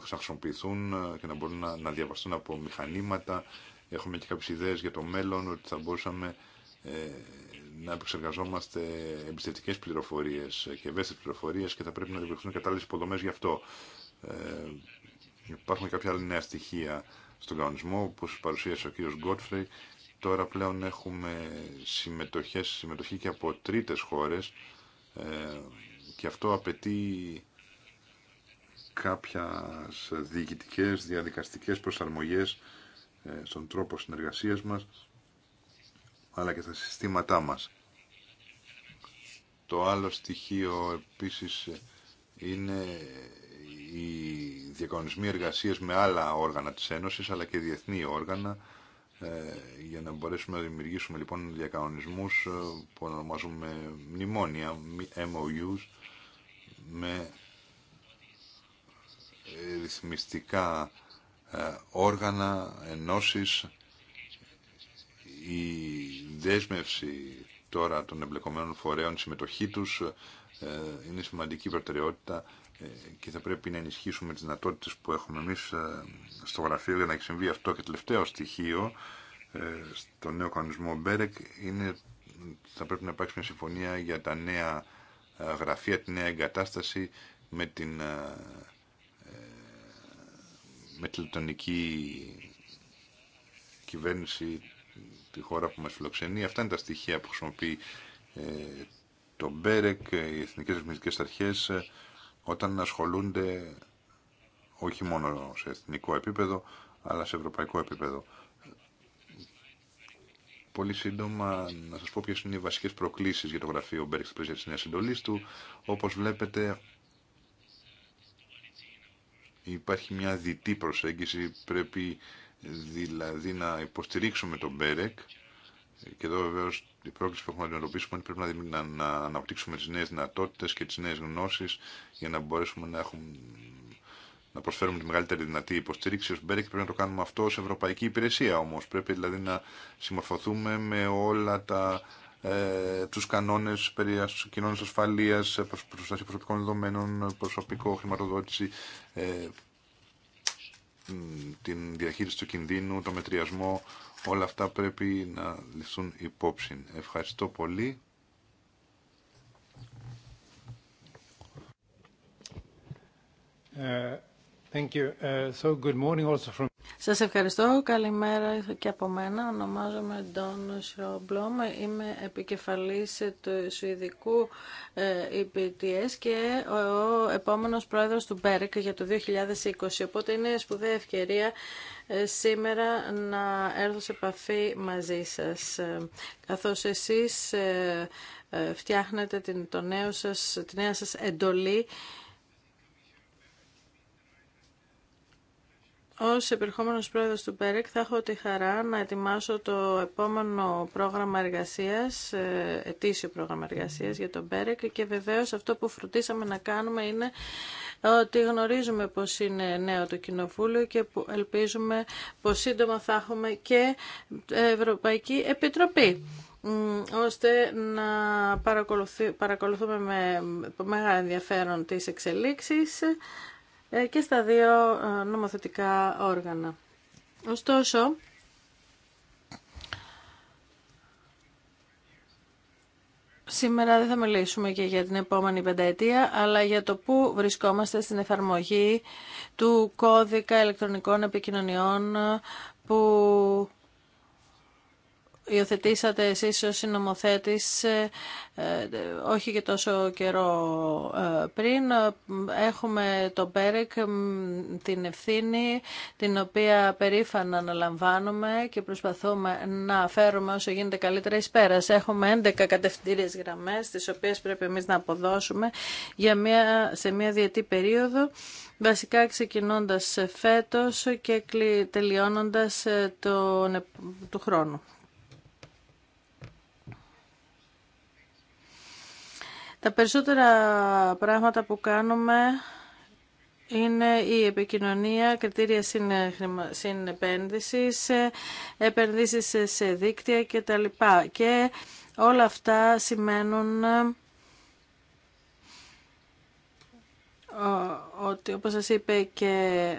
χρησιμοποιηθούν και να μπορούν να, να διαβαστούν από μηχανήματα. Έχουμε και κάποιες ιδέες για το μέλλον, ότι θα μπορούσαμε να επεξεργαζόμαστε εμπιστευτικέ πληροφορίε και ευαίσθητε πληροφορίε και θα πρέπει να δημιουργηθούν κατάλληλε υποδομέ γι' αυτό. Ε, υπάρχουν κάποια άλλη νέα στοιχεία στον κανονισμό, όπω παρουσίασε ο κ. Γκότφρεϊ. Τώρα πλέον έχουμε συμμετοχές, συμμετοχή και από τρίτες χώρες ε, και αυτό απαιτεί κάποια διοικητικέ, διαδικαστικέ προσαρμογέ ε, στον τρόπο συνεργασίας μας αλλά και στα συστήματά μας. Το άλλο στοιχείο επίσης είναι οι διακονισμοί εργασίας με άλλα όργανα της Ένωσης αλλά και διεθνή όργανα ε, για να μπορέσουμε να δημιουργήσουμε λοιπόν διακανονισμούς ε, που ονομάζουμε μνημόνια, MOUs, με ε, ρυθμιστικά όργανα, ενώσεις η δέσμευση τώρα των εμπλεκομένων φορέων, η συμμετοχή τους ε, είναι σημαντική προτεραιότητα ε, και θα πρέπει να ενισχύσουμε τις δυνατότητες που έχουμε εμείς ε, στο γραφείο για να συμβεί αυτό. Και τελευταίο στοιχείο στο νέο κανονισμό Μπέρεκ είναι θα πρέπει να υπάρξει μια συμφωνία για τα νέα γραφεία, τη νέα εγκατάσταση με την με τη κυβέρνηση η χώρα που μας φιλοξενεί. Αυτά είναι τα στοιχεία που χρησιμοποιεί ε, το Μπέρεκ, ε, οι Εθνικές Ρυθμιστικές Αρχές, ε, όταν ασχολούνται όχι μόνο σε εθνικό επίπεδο, αλλά σε ευρωπαϊκό επίπεδο. Πολύ σύντομα να σας πω ποιες είναι οι βασικές προκλήσεις για το γραφείο Μπέρεκ στην πλαίσια της νέας συντολής του. Όπως βλέπετε, υπάρχει μια διτή προσέγγιση, πρέπει δηλαδή να υποστηρίξουμε τον Μπέρεκ και εδώ βεβαίω η πρόκληση που έχουμε να αντιμετωπίσουμε είναι πρέπει να, να αναπτύξουμε τι νέε δυνατότητε και τι νέε γνώσει για να μπορέσουμε να, έχουμε, να προσφέρουμε τη μεγαλύτερη δυνατή υποστήριξη. Ω Μπέρεκ πρέπει να το κάνουμε αυτό ω Ευρωπαϊκή Υπηρεσία όμω. Πρέπει δηλαδή να συμμορφωθούμε με όλα τα. Ε, τους κανόνες περί κοινών ασφαλείας, προστασία προσωπικών δεδομένων, προσωπικό χρηματοδότηση, ε, την διαχείριση του κινδύνου, το μετριασμό, όλα αυτά πρέπει να ληφθούν υπόψη. Ευχαριστώ πολύ. Ε, Thank uh, Σας ευχαριστώ. Καλημέρα και από μένα. Ονομάζομαι Ντόν Σρόμπλομ. Είμαι επικεφαλής του Σουηδικού EPTS ε, και ο επόμενος πρόεδρος του ΜΠΕΡΚ για το 2020. Οπότε είναι σπουδαία ευκαιρία ε, σήμερα να έρθω σε επαφή μαζί σας. Καθώς εσείς ε, φτιάχνετε την, το νέο σας, τη νέα σας εντολή Ως επερχόμενος πρόεδρος του ΠΕΡΕΚ θα έχω τη χαρά να ετοιμάσω το επόμενο πρόγραμμα εργασίας, ε, ετήσιο πρόγραμμα εργασίας για τον ΠΕΡΕΚ και βεβαίως αυτό που φροντίσαμε να κάνουμε είναι ότι γνωρίζουμε πως είναι νέο το Κοινοβούλιο και ελπίζουμε πως σύντομα θα έχουμε και Ευρωπαϊκή Επιτροπή ώστε να παρακολουθούμε με μεγάλο ενδιαφέρον τις εξελίξεις ε, και στα δύο ε, νομοθετικά όργανα. Ωστόσο, Σήμερα δεν θα μιλήσουμε και για την επόμενη πενταετία, αλλά για το πού βρισκόμαστε στην εφαρμογή του κώδικα ηλεκτρονικών επικοινωνιών που υιοθετήσατε εσείς ως συνομοθέτης ε, ε, όχι και τόσο καιρό ε, πριν. Έχουμε το ΠΕΡΕΚ, την ευθύνη, την οποία περήφανα αναλαμβάνουμε και προσπαθούμε να φέρουμε όσο γίνεται καλύτερα εις πέρας. Έχουμε 11 κατευθυντήριες γραμμές, τις οποίες πρέπει εμείς να αποδώσουμε για μια, σε μια διετή περίοδο βασικά ξεκινώντας φέτος και τελειώνοντας του χρόνου. Τα περισσότερα πράγματα που κάνουμε είναι η επικοινωνία, κριτήρια συνεπένδυσης, επενδύσεις σε δίκτυα κτλ. Και όλα αυτά σημαίνουν ότι όπως σας είπε και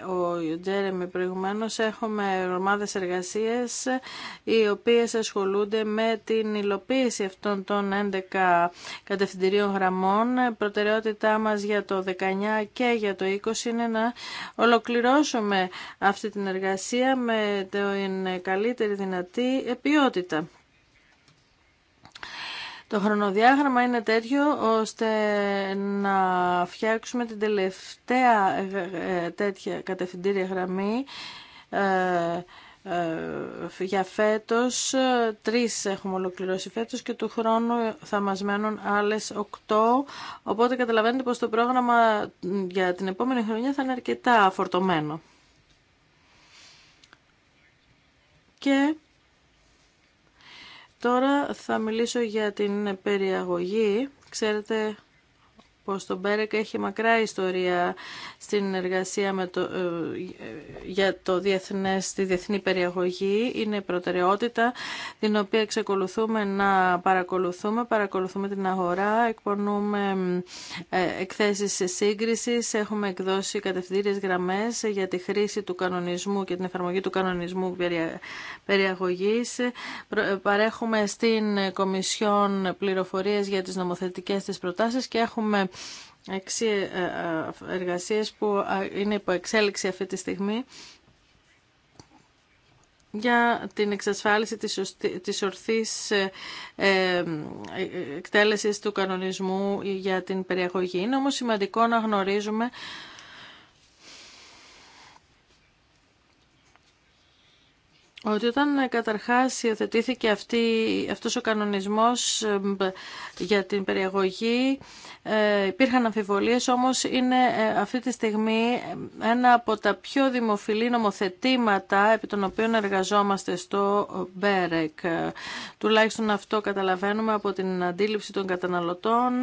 ο Τζέρεμι προηγουμένως έχουμε ομάδες εργασίες οι οποίες ασχολούνται με την υλοποίηση αυτών των 11 κατευθυντηρίων γραμμών. Προτεραιότητά μας για το 19 και για το 20 είναι να ολοκληρώσουμε αυτή την εργασία με την καλύτερη δυνατή ποιότητα. Το χρονοδιάγραμμα είναι τέτοιο ώστε να φτιάξουμε την τελευταία ε, ε, τέτοια κατευθυντήρια γραμμή ε, για φέτος. Τρεις έχουμε ολοκληρώσει φέτος και του χρόνου θα μας μένουν άλλες οκτώ. Οπότε καταλαβαίνετε πως το πρόγραμμα για την επόμενη χρονιά θα είναι αρκετά αφορτωμένο. Και Τώρα θα μιλήσω για την περιαγωγή. Ξέρετε πως το Μπέρεκ έχει μακρά ιστορία στην εργασία με το, ε, για το διεθνές, τη διεθνή περιαγωγή. Είναι προτεραιότητα την οποία εξακολουθούμε να παρακολουθούμε. Παρακολουθούμε την αγορά, εκπονούμε ε, εκθέσεις σύγκριση, έχουμε εκδώσει κατευθυντήριες γραμμές για τη χρήση του κανονισμού και την εφαρμογή του κανονισμού περιαγωγής. Ε, παρέχουμε στην Κομισιόν πληροφορίες για τις νομοθετικές της προτάσεις και έχουμε ε, ε, ε, εργασίες που είναι υπό εξέλιξη αυτή τη στιγμή για την εξασφάλιση της, της ορθής εκτέλεσης του κανονισμού για την περιεχογή. Είναι όμως σημαντικό να γνωρίζουμε ότι όταν ε, καταρχάς υιοθετήθηκε αυτή, αυτός ο κανονισμός ε, για την περιαγωγή ε, υπήρχαν αμφιβολίες, όμως είναι αυτή τη στιγμή ένα από τα πιο δημοφιλή νομοθετήματα επί των οποίων εργαζόμαστε στο Μπέρεκ. Τουλάχιστον αυτό καταλαβαίνουμε από την αντίληψη των καταναλωτών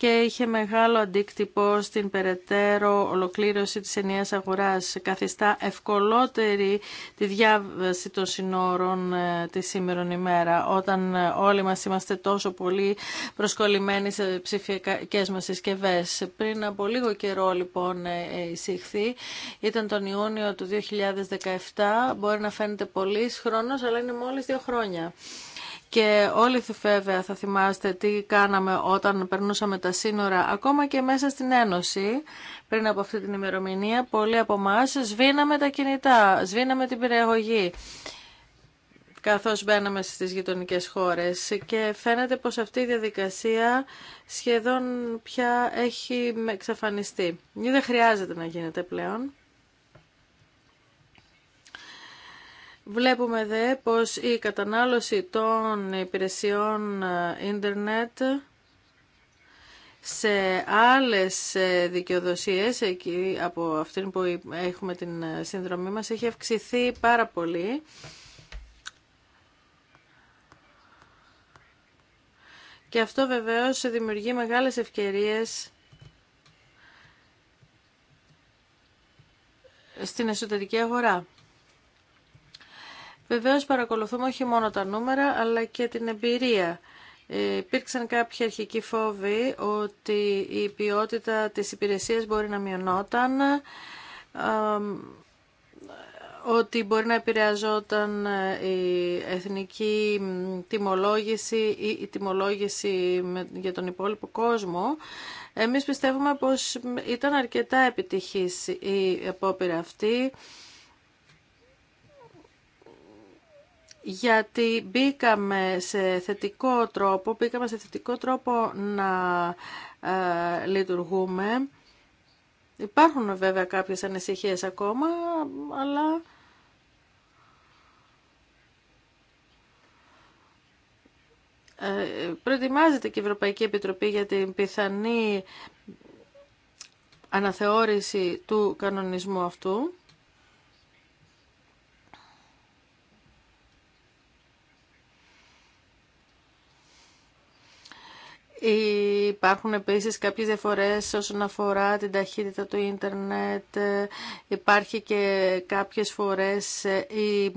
και είχε μεγάλο αντίκτυπο στην περαιτέρω ολοκλήρωση της ενιαίας αγοράς. Καθιστά ευκολότερη τη διάβαση των συνόρων ε, τη σήμερα ημέρα, όταν ε, όλοι μας είμαστε τόσο πολύ προσκολλημένοι σε ψηφιακές μας συσκευέ. Πριν από λίγο καιρό λοιπόν ε, εισήχθη, ήταν τον Ιούνιο του 2017, μπορεί να φαίνεται πολύ χρόνος, αλλά είναι μόλις δύο χρόνια. Και όλοι βέβαια θα θυμάστε τι κάναμε όταν περνούσαμε τα σύνορα, ακόμα και μέσα στην Ένωση, πριν από αυτή την ημερομηνία, πολλοί από εμά σβήναμε τα κινητά, σβήναμε την περιαγωγή καθώς μπαίναμε στις γειτονικές χώρες και φαίνεται πως αυτή η διαδικασία σχεδόν πια έχει εξαφανιστεί. Δεν χρειάζεται να γίνεται πλέον. Βλέπουμε δε πως η κατανάλωση των υπηρεσιών ε, ίντερνετ σε άλλες ε, δικαιοδοσίες εκεί από αυτήν που έχουμε την ε, συνδρομή μας έχει αυξηθεί πάρα πολύ και αυτό βεβαίως δημιουργεί μεγάλες ευκαιρίες στην εσωτερική αγορά. Βεβαίως παρακολουθούμε όχι μόνο τα νούμερα αλλά και την εμπειρία. Ε, υπήρξαν κάποιοι αρχικοί φόβοι ότι η ποιότητα της υπηρεσίας μπορεί να μειωνόταν, ότι μπορεί να επηρεαζόταν ε, η εθνική τιμολόγηση ή η τιμολόγηση για τον υπόλοιπο κόσμο. Εμείς πιστεύουμε πως ήταν αρκετά επιτυχής η απόπειρα αυτή. γιατί μπήκαμε σε θετικό τρόπο, μπήκαμε σε θετικό τρόπο να ε, λειτουργούμε. Υπάρχουν βέβαια κάποιες ανησυχίες ακόμα, αλλά... Ε, προετοιμάζεται και η Ευρωπαϊκή Επιτροπή για την πιθανή αναθεώρηση του κανονισμού αυτού. Υπάρχουν επίσης κάποιες διαφορές όσον αφορά την ταχύτητα του ίντερνετ. Υπάρχει και κάποιες φορές ε, η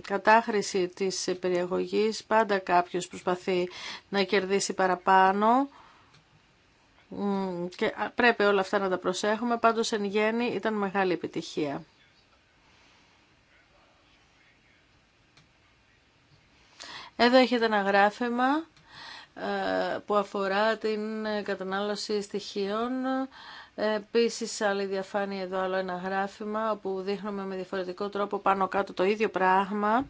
κατάχρηση της περιεχογής. Πάντα κάποιος προσπαθεί να κερδίσει παραπάνω. Και πρέπει όλα αυτά να τα προσέχουμε. Πάντως εν γέννη ήταν μεγάλη επιτυχία. Εδώ έχετε ένα γράφημα ε, που αφορά την κατανάλωση στοιχείων. Επίση, άλλη διαφάνεια εδώ, άλλο ένα γράφημα όπου δείχνουμε με διαφορετικό τρόπο πάνω κάτω το ίδιο πράγμα.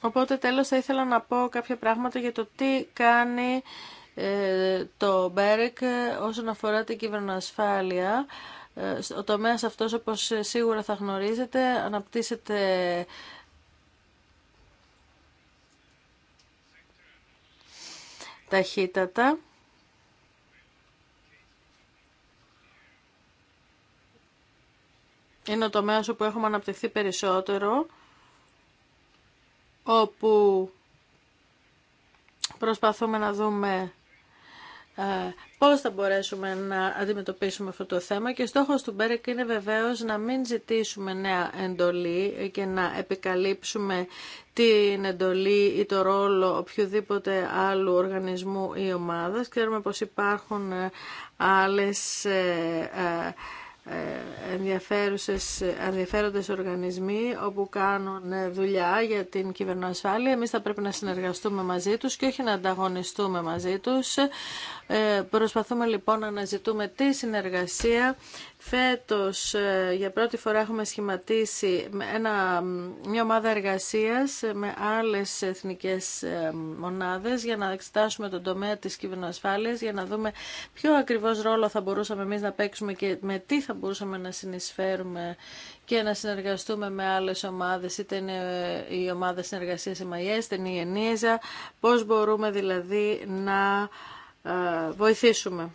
Οπότε τέλος θα ήθελα να πω κάποια πράγματα για το τι κάνει ε, το Μπέρεκ όσον αφορά την κυβερνοασφάλεια. Ε, ο τομέας αυτός, όπως ε, σίγουρα θα γνωρίζετε, αναπτύσσεται ταχύτατα. Είναι ο τομέας όπου έχουμε αναπτυχθεί περισσότερο, όπου προσπαθούμε να δούμε ε, πώς θα μπορέσουμε να αντιμετωπίσουμε αυτό το θέμα και στόχος του Μπέρεκ είναι βεβαίως να μην ζητήσουμε νέα εντολή και να επικαλύψουμε την εντολή ή το ρόλο οποιοδήποτε άλλου οργανισμού ή ομάδας. Ξέρουμε πως υπάρχουν ε, άλλες ε, ε, ενδιαφέροντες οργανισμοί όπου κάνουν ε, δουλειά για την κυβερνοασφάλεια. Εμείς θα πρέπει να συνεργαστούμε μαζί τους και όχι να ανταγωνιστούμε μαζί τους. Ε, προσπαθούμε λοιπόν να αναζητούμε τη συνεργασία Φέτος ε, για πρώτη φορά έχουμε σχηματίσει ένα, μια ομάδα εργασίας με άλλες εθνικές ε, μονάδες για να εξετάσουμε τον τομέα της κυβερνοασφάλειας, για να δούμε ποιο ακριβώς ρόλο θα μπορούσαμε εμείς να παίξουμε και με τι θα μπορούσαμε να συνεισφέρουμε και να συνεργαστούμε με άλλες ομάδες, είτε είναι ε, η ομάδα συνεργασίας ΕΜΑΙΕΣ, είτε είναι η ΕΝΙΖΑ, πώς μπορούμε δηλαδή να βοηθήσουμε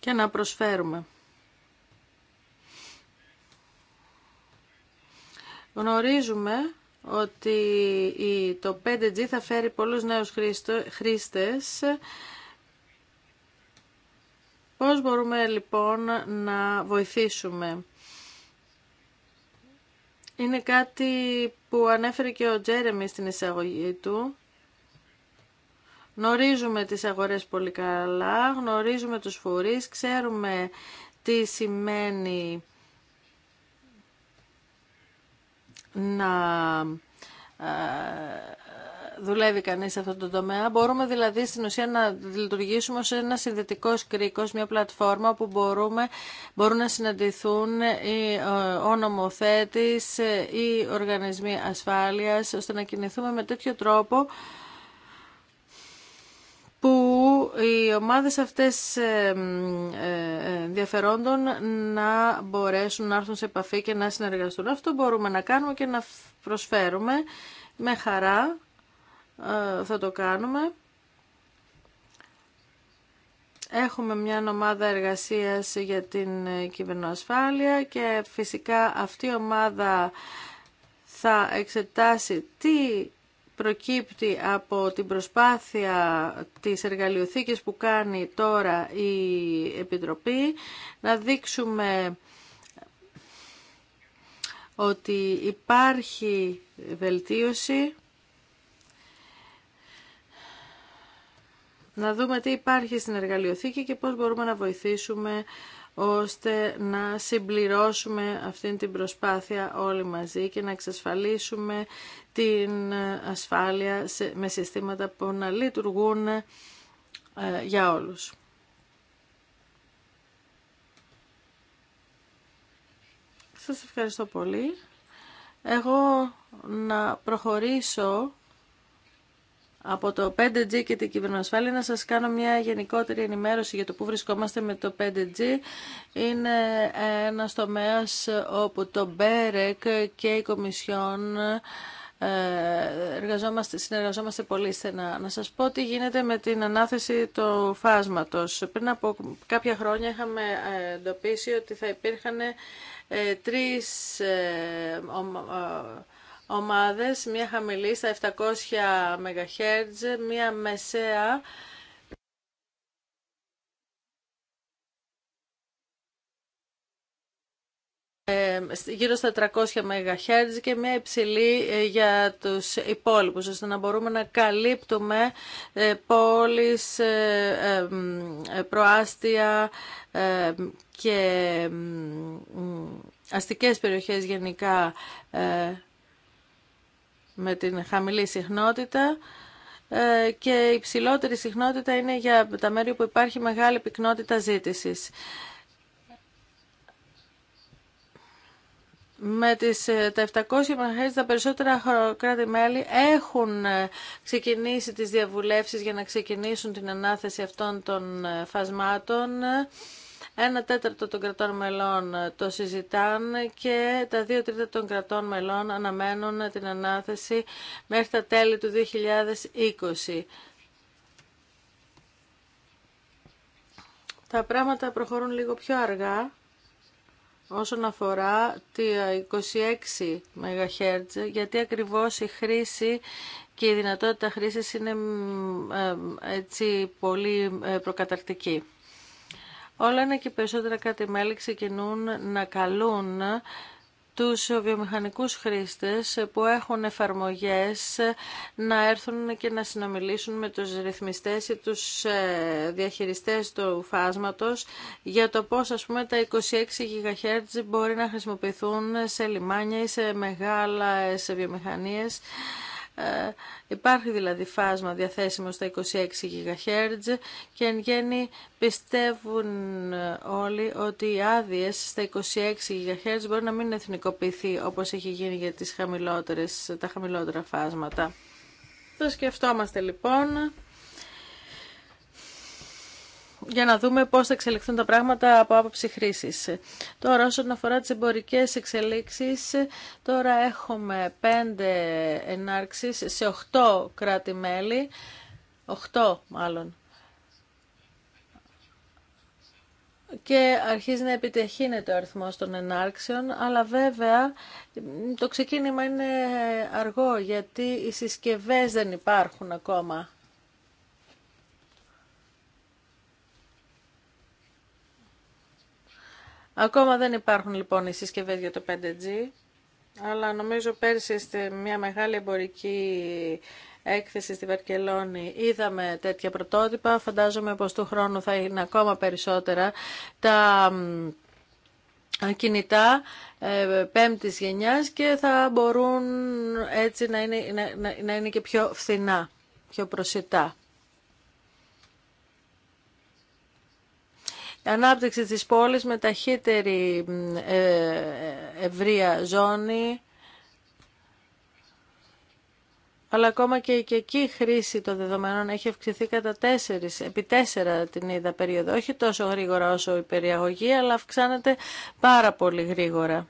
και να προσφέρουμε. Γνωρίζουμε ότι το 5G θα φέρει πολλούς νέους χρήστες. Πώς μπορούμε λοιπόν να βοηθήσουμε. Είναι κάτι που ανέφερε και ο Τζέρεμι στην εισαγωγή του. Γνωρίζουμε τις αγορές πολύ καλά, γνωρίζουμε τους φορείς, ξέρουμε τι σημαίνει να ε, δουλεύει κανείς σε αυτό το τομέα. Μπορούμε δηλαδή στην ουσία να λειτουργήσουμε ως ένα συνδετικό κρίκος, μια πλατφόρμα που μπορούμε, μπορούν να συναντηθούν οι, ε, ο νομοθέτης ή ε, οργανισμοί ασφάλειας, ώστε να κινηθούμε με τέτοιο τρόπο που οι ομάδες αυτές ε, ε, ε, διαφερόντων να μπορέσουν να έρθουν σε επαφή και να συνεργαστούν. Αυτό μπορούμε να κάνουμε και να προσφέρουμε με χαρά θα το κάνουμε. Έχουμε μια ομάδα εργασίας για την κυβερνοασφάλεια και φυσικά αυτή η ομάδα θα εξετάσει τι προκύπτει από την προσπάθεια της εργαλειοθήκης που κάνει τώρα η Επιτροπή να δείξουμε ότι υπάρχει βελτίωση να δούμε τι υπάρχει στην εργαλειοθήκη και πώς μπορούμε να βοηθήσουμε ώστε να συμπληρώσουμε αυτή την προσπάθεια όλοι μαζί και να εξασφαλίσουμε την ασφάλεια με συστήματα που να λειτουργούν ε, για όλους. Σας ευχαριστώ πολύ. Εγώ να προχωρήσω από το 5G και την κυβερνοασφάλεια να σας κάνω μια γενικότερη ενημέρωση για το που βρισκόμαστε με το 5G. Είναι ένα τομέας όπου το BEREC και η Κομισιόν ε, εργαζόμαστε, συνεργαζόμαστε πολύ στενά. Να σας πω τι γίνεται με την ανάθεση του φάσματος. Πριν από κάποια χρόνια είχαμε ε, εντοπίσει ότι θα υπήρχαν ε, τρεις ομάδες, μία χαμηλή στα 700 MHz, μία μεσαία ε, γύρω στα 300 MHz και μια υψηλή ε, για τους υπόλοιπους, ώστε να μπορούμε να καλύπτουμε ε, πόλεις, προάστια και αστικές περιοχές γενικά με την χαμηλή συχνότητα ε, και η ψηλότερη συχνότητα είναι για τα μέρη που υπάρχει μεγάλη πυκνότητα ζήτησης. με τις, ε, τα 700 MHz τα περισσότερα κράτη-μέλη έχουν ε, ξεκινήσει τις διαβουλεύσεις για να ξεκινήσουν την ανάθεση αυτών των φασμάτων ένα τέταρτο των κρατών μελών ε, το συζητάνε και τα δύο τρίτα των κρατών μελών αναμένουν την ανάθεση μέχρι τα τέλη του 2020. Τα πράγματα προχωρούν λίγο πιο αργά όσον αφορά τη 26 ε, MHz, γιατί ακριβώς η χρήση και η δυνατότητα χρήσης είναι ε, έτσι πολύ προκαταρκτική. Όλα ένα και περισσότερα κάτι μέλη ξεκινούν να καλούν τους βιομηχανικούς χρήστες που έχουν εφαρμογές να έρθουν και να συνομιλήσουν με τους ρυθμιστές ή τους ε, διαχειριστές του φάσματος για το πώς ας πούμε τα 26 GHz μπορεί να χρησιμοποιηθούν σε λιμάνια ή σε μεγάλες βιομηχανίες ε, υπάρχει δηλαδή φάσμα διαθέσιμο στα 26 GHz και εν γέννη πιστεύουν όλοι ότι οι άδειε στα 26 GHz μπορεί να μην εθνικοποιηθεί όπως έχει γίνει για τις χαμηλότερες, τα χαμηλότερα φάσματα. Το σκεφτόμαστε λοιπόν για να δούμε πώς θα εξελιχθούν τα πράγματα από άποψη χρήση. Τώρα όσον αφορά τις εμπορικές εξελίξεις, τώρα έχουμε πέντε ενάρξεις σε οχτώ κράτη-μέλη, οχτώ μάλλον, και αρχίζει να επιτεχύνεται ο αριθμός των ενάρξεων, αλλά βέβαια το ξεκίνημα είναι αργό γιατί οι συσκευές δεν υπάρχουν ακόμα. Ακόμα δεν υπάρχουν λοιπόν οι συσκευέ για το 5G, αλλά νομίζω πέρσι στη μια μεγάλη εμπορική έκθεση στη Βαρκελόνη είδαμε τέτοια πρωτότυπα. Φαντάζομαι πως του χρόνου θα είναι ακόμα περισσότερα τα κινητά ε, πέμπτης γενιάς και θα μπορούν έτσι να είναι, να, να είναι και πιο φθηνά, πιο προσιτά. ανάπτυξη της πόλης με ταχύτερη ε, ευρεία ζώνη, αλλά ακόμα και, και εκεί η χρήση των δεδομένων έχει αυξηθεί κατά τέσσερις επί τέσσερα την είδα περίοδο. Όχι τόσο γρήγορα όσο η περιαγωγή, αλλά αυξάνεται πάρα πολύ γρήγορα.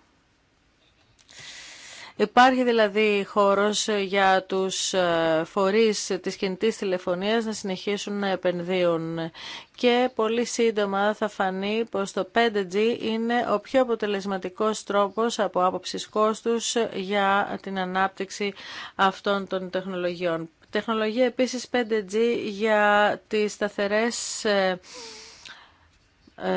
Υπάρχει δηλαδή χώρος για τους ε, φορείς της κινητής τηλεφωνίας να συνεχίσουν να επενδύουν και πολύ σύντομα θα φανεί πως το 5G είναι ο πιο αποτελεσματικός τρόπος από άποψη κόστους για την ανάπτυξη αυτών των τεχνολογιών. Τεχνολογία επίσης 5G για τις σταθερές ε, ε,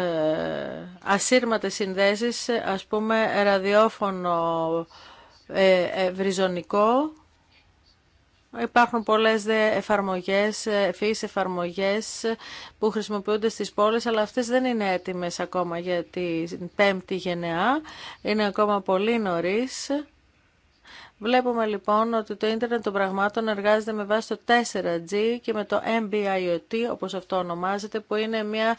ασύρματες συνδέσεις, ας πούμε ραδιόφωνο ε, ε, βριζονικό. Υπάρχουν πολλές δε εφαρμογές, ε, φύσεις εφαρμογές που χρησιμοποιούνται στις πόλεις, αλλά αυτές δεν είναι έτοιμες ακόμα για την πέμπτη γενεά. Είναι ακόμα πολύ νωρίς. Βλέπουμε λοιπόν ότι το ίντερνετ των πραγμάτων εργάζεται με βάση το 4G και με το MBIOT, όπως αυτό ονομάζεται, που είναι μια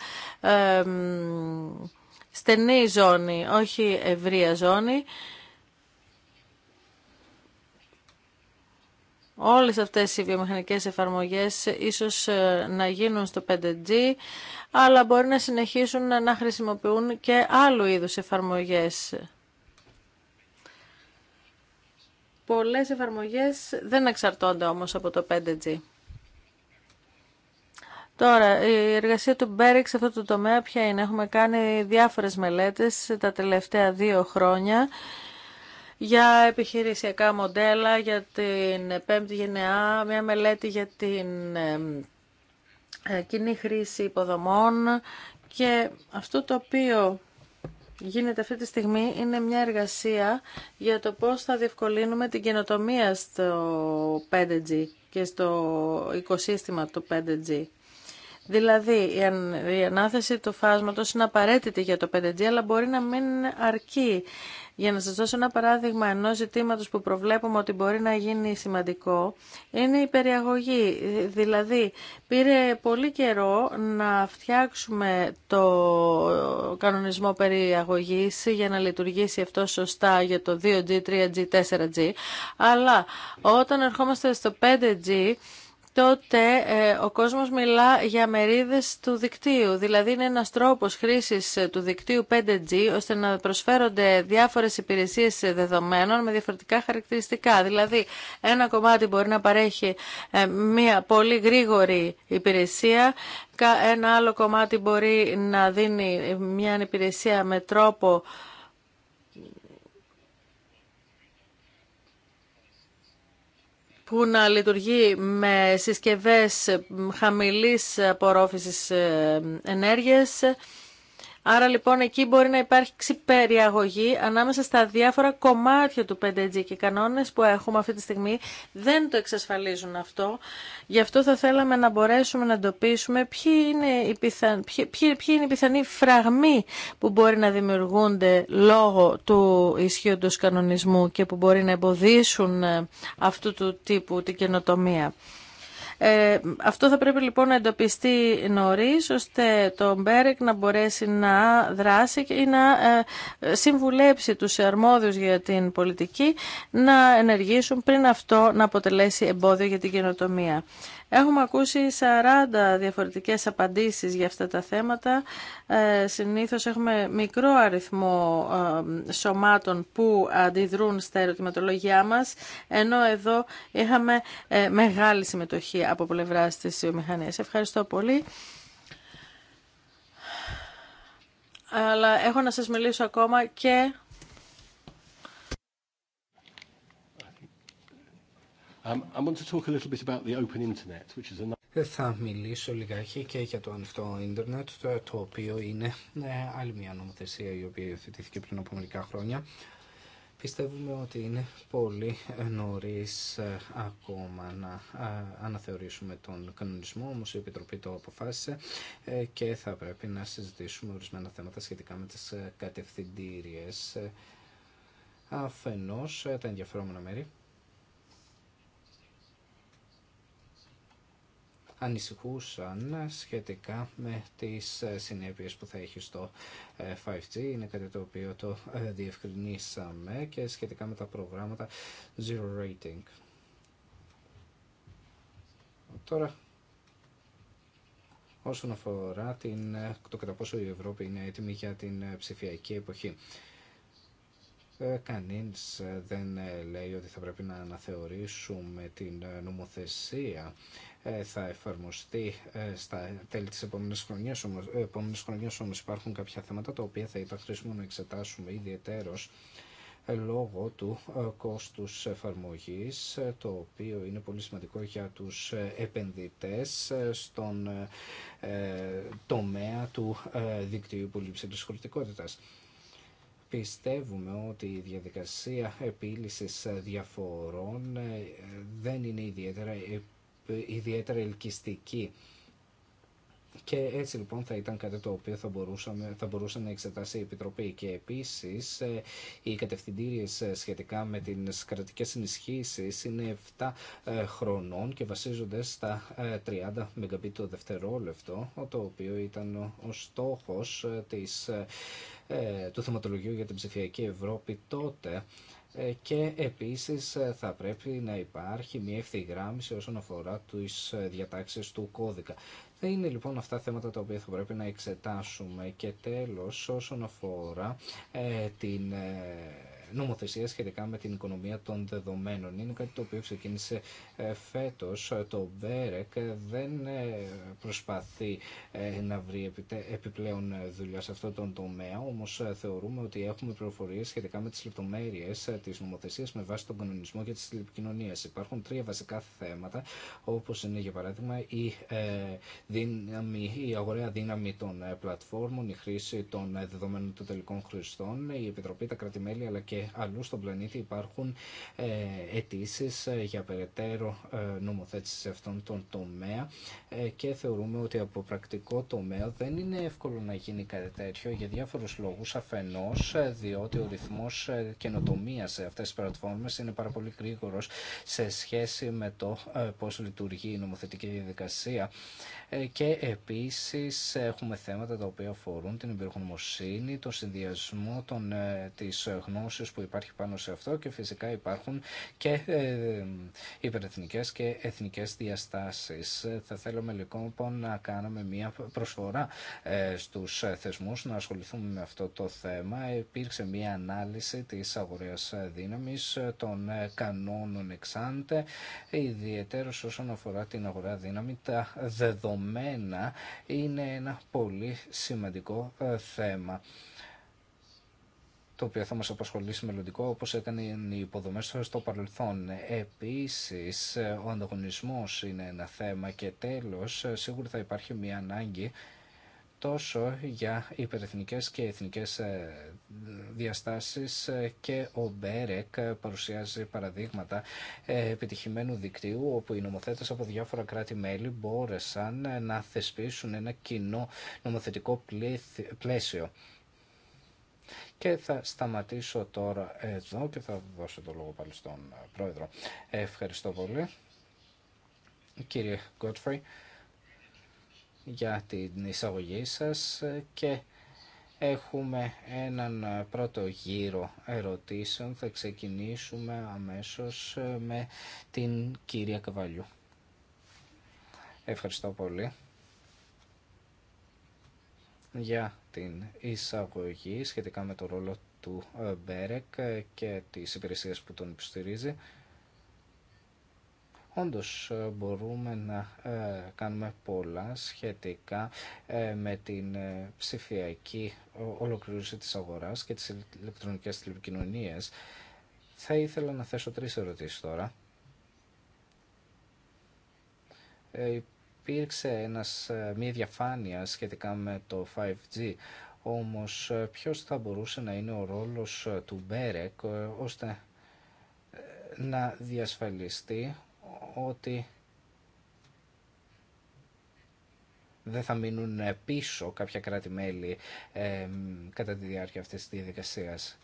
στενή ζώνη, όχι ευρεία ζώνη. Όλες αυτές οι βιομηχανικές εφαρμογές ίσως ε, να γίνουν στο 5G, αλλά μπορεί να συνεχίσουν να χρησιμοποιούν και άλλου είδους εφαρμογές. Πολλές εφαρμογές δεν εξαρτώνται όμως από το 5G. Τώρα, η εργασία του Μπέριξ σε αυτό το τομέα πια είναι. Έχουμε κάνει διάφορες μελέτες τα τελευταία δύο χρόνια για επιχειρησιακά μοντέλα, για την πέμπτη γενεά, μια μελέτη για την ε, κοινή χρήση υποδομών και αυτό το οποίο γίνεται αυτή τη στιγμή είναι μια εργασία για το πώς θα διευκολύνουμε την καινοτομία στο 5G και στο οικοσύστημα του 5G. Δηλαδή, η ανάθεση του φάσματος είναι απαραίτητη για το 5G, αλλά μπορεί να μην αρκεί. Για να σας δώσω ένα παράδειγμα ενός ζητήματος που προβλέπουμε ότι μπορεί να γίνει σημαντικό, είναι η περιαγωγή. Δηλαδή, πήρε πολύ καιρό να φτιάξουμε το κανονισμό περιαγωγής για να λειτουργήσει αυτό σωστά για το 2G, 3G, 4G, αλλά όταν ερχόμαστε στο 5G, τότε ε, ο κόσμος μιλά για μερίδες του δικτύου. Δηλαδή είναι ένας τρόπος χρήσης ε, του δικτύου 5G ώστε να προσφέρονται διάφορες υπηρεσίες ε, δεδομένων με διαφορετικά χαρακτηριστικά. Δηλαδή ένα κομμάτι μπορεί να παρέχει μια πολύ γρήγορη υπηρεσία, ένα άλλο κομμάτι μπορεί να δίνει μια υπηρεσία με τρόπο που να λειτουργεί με συσκευές χαμηλής απορρόφησης ε, ενέργειας Άρα λοιπόν εκεί μπορεί να υπάρχει περιαγωγή ανάμεσα στα διάφορα κομμάτια του 5G και οι κανόνες που έχουμε αυτή τη στιγμή δεν το εξασφαλίζουν αυτό. Γι' αυτό θα θέλαμε να μπορέσουμε να εντοπίσουμε ποιοι είναι οι, πιθαν... ποιοι... Ποιοι είναι οι πιθανοί φραγμοί που μπορεί να δημιουργούνται λόγω του ισχύοντο κανονισμού και που μπορεί να εμποδίσουν ε, αυτού του τύπου την καινοτομία. Ε, αυτό θα πρέπει λοιπόν να εντοπιστεί νωρί ώστε το Μπέρεκ να μπορέσει να δράσει ή να ε, συμβουλέψει τους αρμόδιους για την πολιτική να ενεργήσουν πριν αυτό να αποτελέσει εμπόδιο για την καινοτομία. Έχουμε ακούσει 40 διαφορετικές απαντήσεις για αυτά τα θέματα. Ε, συνήθως έχουμε μικρό αριθμό ε, σωμάτων που αντιδρούν στα ερωτηματολογιά μας, ενώ εδώ είχαμε ε, μεγάλη συμμετοχή από πλευρά της βιομηχανίας. Ευχαριστώ πολύ. Αλλά έχω να σας μιλήσω ακόμα και Θα μιλήσω λιγάκι και για το ανοιχτό ίντερνετ, το οποίο είναι ε, άλλη μια νομοθεσία η οποία υιοθετήθηκε πριν από μερικά χρόνια. Πιστεύουμε ότι είναι πολύ ε, νωρίς ε, ακόμα να αναθεωρήσουμε τον κανονισμό, όμως η Επιτροπή το αποφάσισε και θα πρέπει να συζητήσουμε ορισμένα θέματα σχετικά με τις κατευθυντήριες αφενός τα ενδιαφερόμενα μέρη ανησυχούσαν σχετικά με τις ε, συνέπειες που θα έχει στο 5G. Ε, είναι κάτι το οποίο το ε, διευκρινίσαμε και σχετικά με τα προγράμματα Zero Rating. Τώρα, όσον αφορά την, το κατά πόσο η Ευρώπη είναι έτοιμη για την ψηφιακή εποχή. Ε, κανείς ε, δεν ε, λέει ότι θα πρέπει να αναθεωρήσουμε την νομοθεσία. Θα εφαρμοστεί στα τέλη της επόμενης χρονιάς, όμως, επόμενης χρονιάς όμως υπάρχουν κάποια θέματα τα οποία θα ήταν χρήσιμο να εξετάσουμε ιδιαιτέρως λόγω του κόστους εφαρμογής, το οποίο είναι πολύ σημαντικό για τους επενδυτές στον τομέα του δικτύου της χωρητικότητας. Πιστεύουμε ότι η διαδικασία επίλυσης διαφορών ε, δεν είναι ιδιαίτερα ε, ιδιαίτερα ελκυστική και έτσι λοιπόν θα ήταν κάτι το οποίο θα, μπορούσαμε, θα μπορούσε να εξετάσει η Επιτροπή. Και επίση ε, οι κατευθυντήριε ε, σχετικά με τι κρατικέ ενισχύσει είναι 7 ε, χρονών και βασίζονται στα 30 Mbit το δευτερόλεπτο, το οποίο ήταν ο στόχο του θεματολογίου για την ψηφιακή Ευρώπη τότε και επίσης θα πρέπει να υπάρχει μια ευθυγράμμιση όσον αφορά τις διατάξεις του κώδικα. Είναι λοιπόν αυτά θέματα τα οποία θα πρέπει να εξετάσουμε και τέλος όσον αφορά ε, την ε, νομοθεσία σχετικά με την οικονομία των δεδομένων. Είναι κάτι το οποίο ξεκίνησε ε, φέτο. Το ΜΠΕΡΕΚ δεν ε, προσπαθεί ε, να βρει επιπλέον δουλειά σε αυτό τον τομέα, όμω θεωρούμε ότι έχουμε πληροφορίε σχετικά με τι λεπτομέρειε τη νομοθεσία με βάση τον κανονισμό για τις τηλεπικοινωνίε. Υπάρχουν τρία βασικά θέματα, όπω είναι για παράδειγμα η, δύναμη, η αγοραία δύναμη των πλατφόρμων, η χρήση των δεδομένων των τελικών χρηστών, η Επιτροπή, τα κρατημέλη αλλά και αλλού στον πλανήτη υπάρχουν ε, αιτήσει ε, για περαιτέρω ε, νομοθέτηση σε αυτόν τον τομέα και θεωρούμε ότι από πρακτικό τομέα δεν είναι εύκολο να γίνει κάτι τέτοιο για διάφορους λόγους αφενός διότι ο ρυθμός καινοτομία σε αυτές τις πλατφόρμες είναι πάρα πολύ γρήγορο σε σχέση με το πώ λειτουργεί η νομοθετική διαδικασία και επίση έχουμε θέματα τα οποία αφορούν την εμπειρογνωμοσύνη, το συνδυασμό των, της γνώσης που υπάρχει πάνω σε αυτό και φυσικά υπάρχουν και ε, υπερεθνικές και εθνικές διαστάσεις. Θα θέλαμε λοιπόν να κάνουμε μια προσφορά ε, στους θεσμούς να ασχοληθούμε με αυτό το θέμα. Υπήρξε μια ανάλυση της αγορίας δύναμης ε, των κανόνων εξάντε, ιδιαίτερα όσον αφορά την αγορά δύναμη. Τα δεδομένα είναι ένα πολύ σημαντικό θέμα το οποίο θα μας απασχολήσει μελλοντικό όπως έκανε οι υποδομές στο παρελθόν. Επίσης, ο ανταγωνισμός είναι ένα θέμα και τέλος, σίγουρα θα υπάρχει μια ανάγκη τόσο για υπερεθνικές και εθνικές ε, διαστάσεις ε, και ο Μπέρεκ παρουσιάζει παραδείγματα ε, επιτυχημένου δικτύου όπου οι νομοθέτες από διάφορα κράτη-μέλη μπόρεσαν να θεσπίσουν ένα κοινό νομοθετικό πλαίσιο. Και θα σταματήσω τώρα εδώ και θα δώσω το λόγο πάλι στον ε, πρόεδρο. Ευχαριστώ πολύ. Κύριε Godfrey, για την εισαγωγή σας και έχουμε έναν πρώτο γύρο ερωτήσεων. Θα ξεκινήσουμε αμέσως ε, με την κυρία Καβαλιού. Ευχαριστώ πολύ για την εισαγωγή σχετικά με το ρόλο του ε, Μπέρεκ ε, και τις υπηρεσίες που τον υποστηρίζει. Όντως ε, μπορούμε να κάνουμε πολλά σχετικά με την ψηφιακή ολοκλήρωση της αγοράς και τις ηλεκτρονικές τηλεπικοινωνίες. Θα ήθελα να θέσω τρεις ερωτήσεις τώρα υπήρξε ένας, ε, μια διαφάνεια σχετικά με το 5G. Όμως ε, ποιος θα μπορούσε να είναι ο ρόλος ε, του Μπέρεκ ώστε να διασφαλιστεί ότι δεν θα μείνουν πίσω κάποια κράτη-μέλη κατά τη διάρκεια αυτής της διαδικασίας.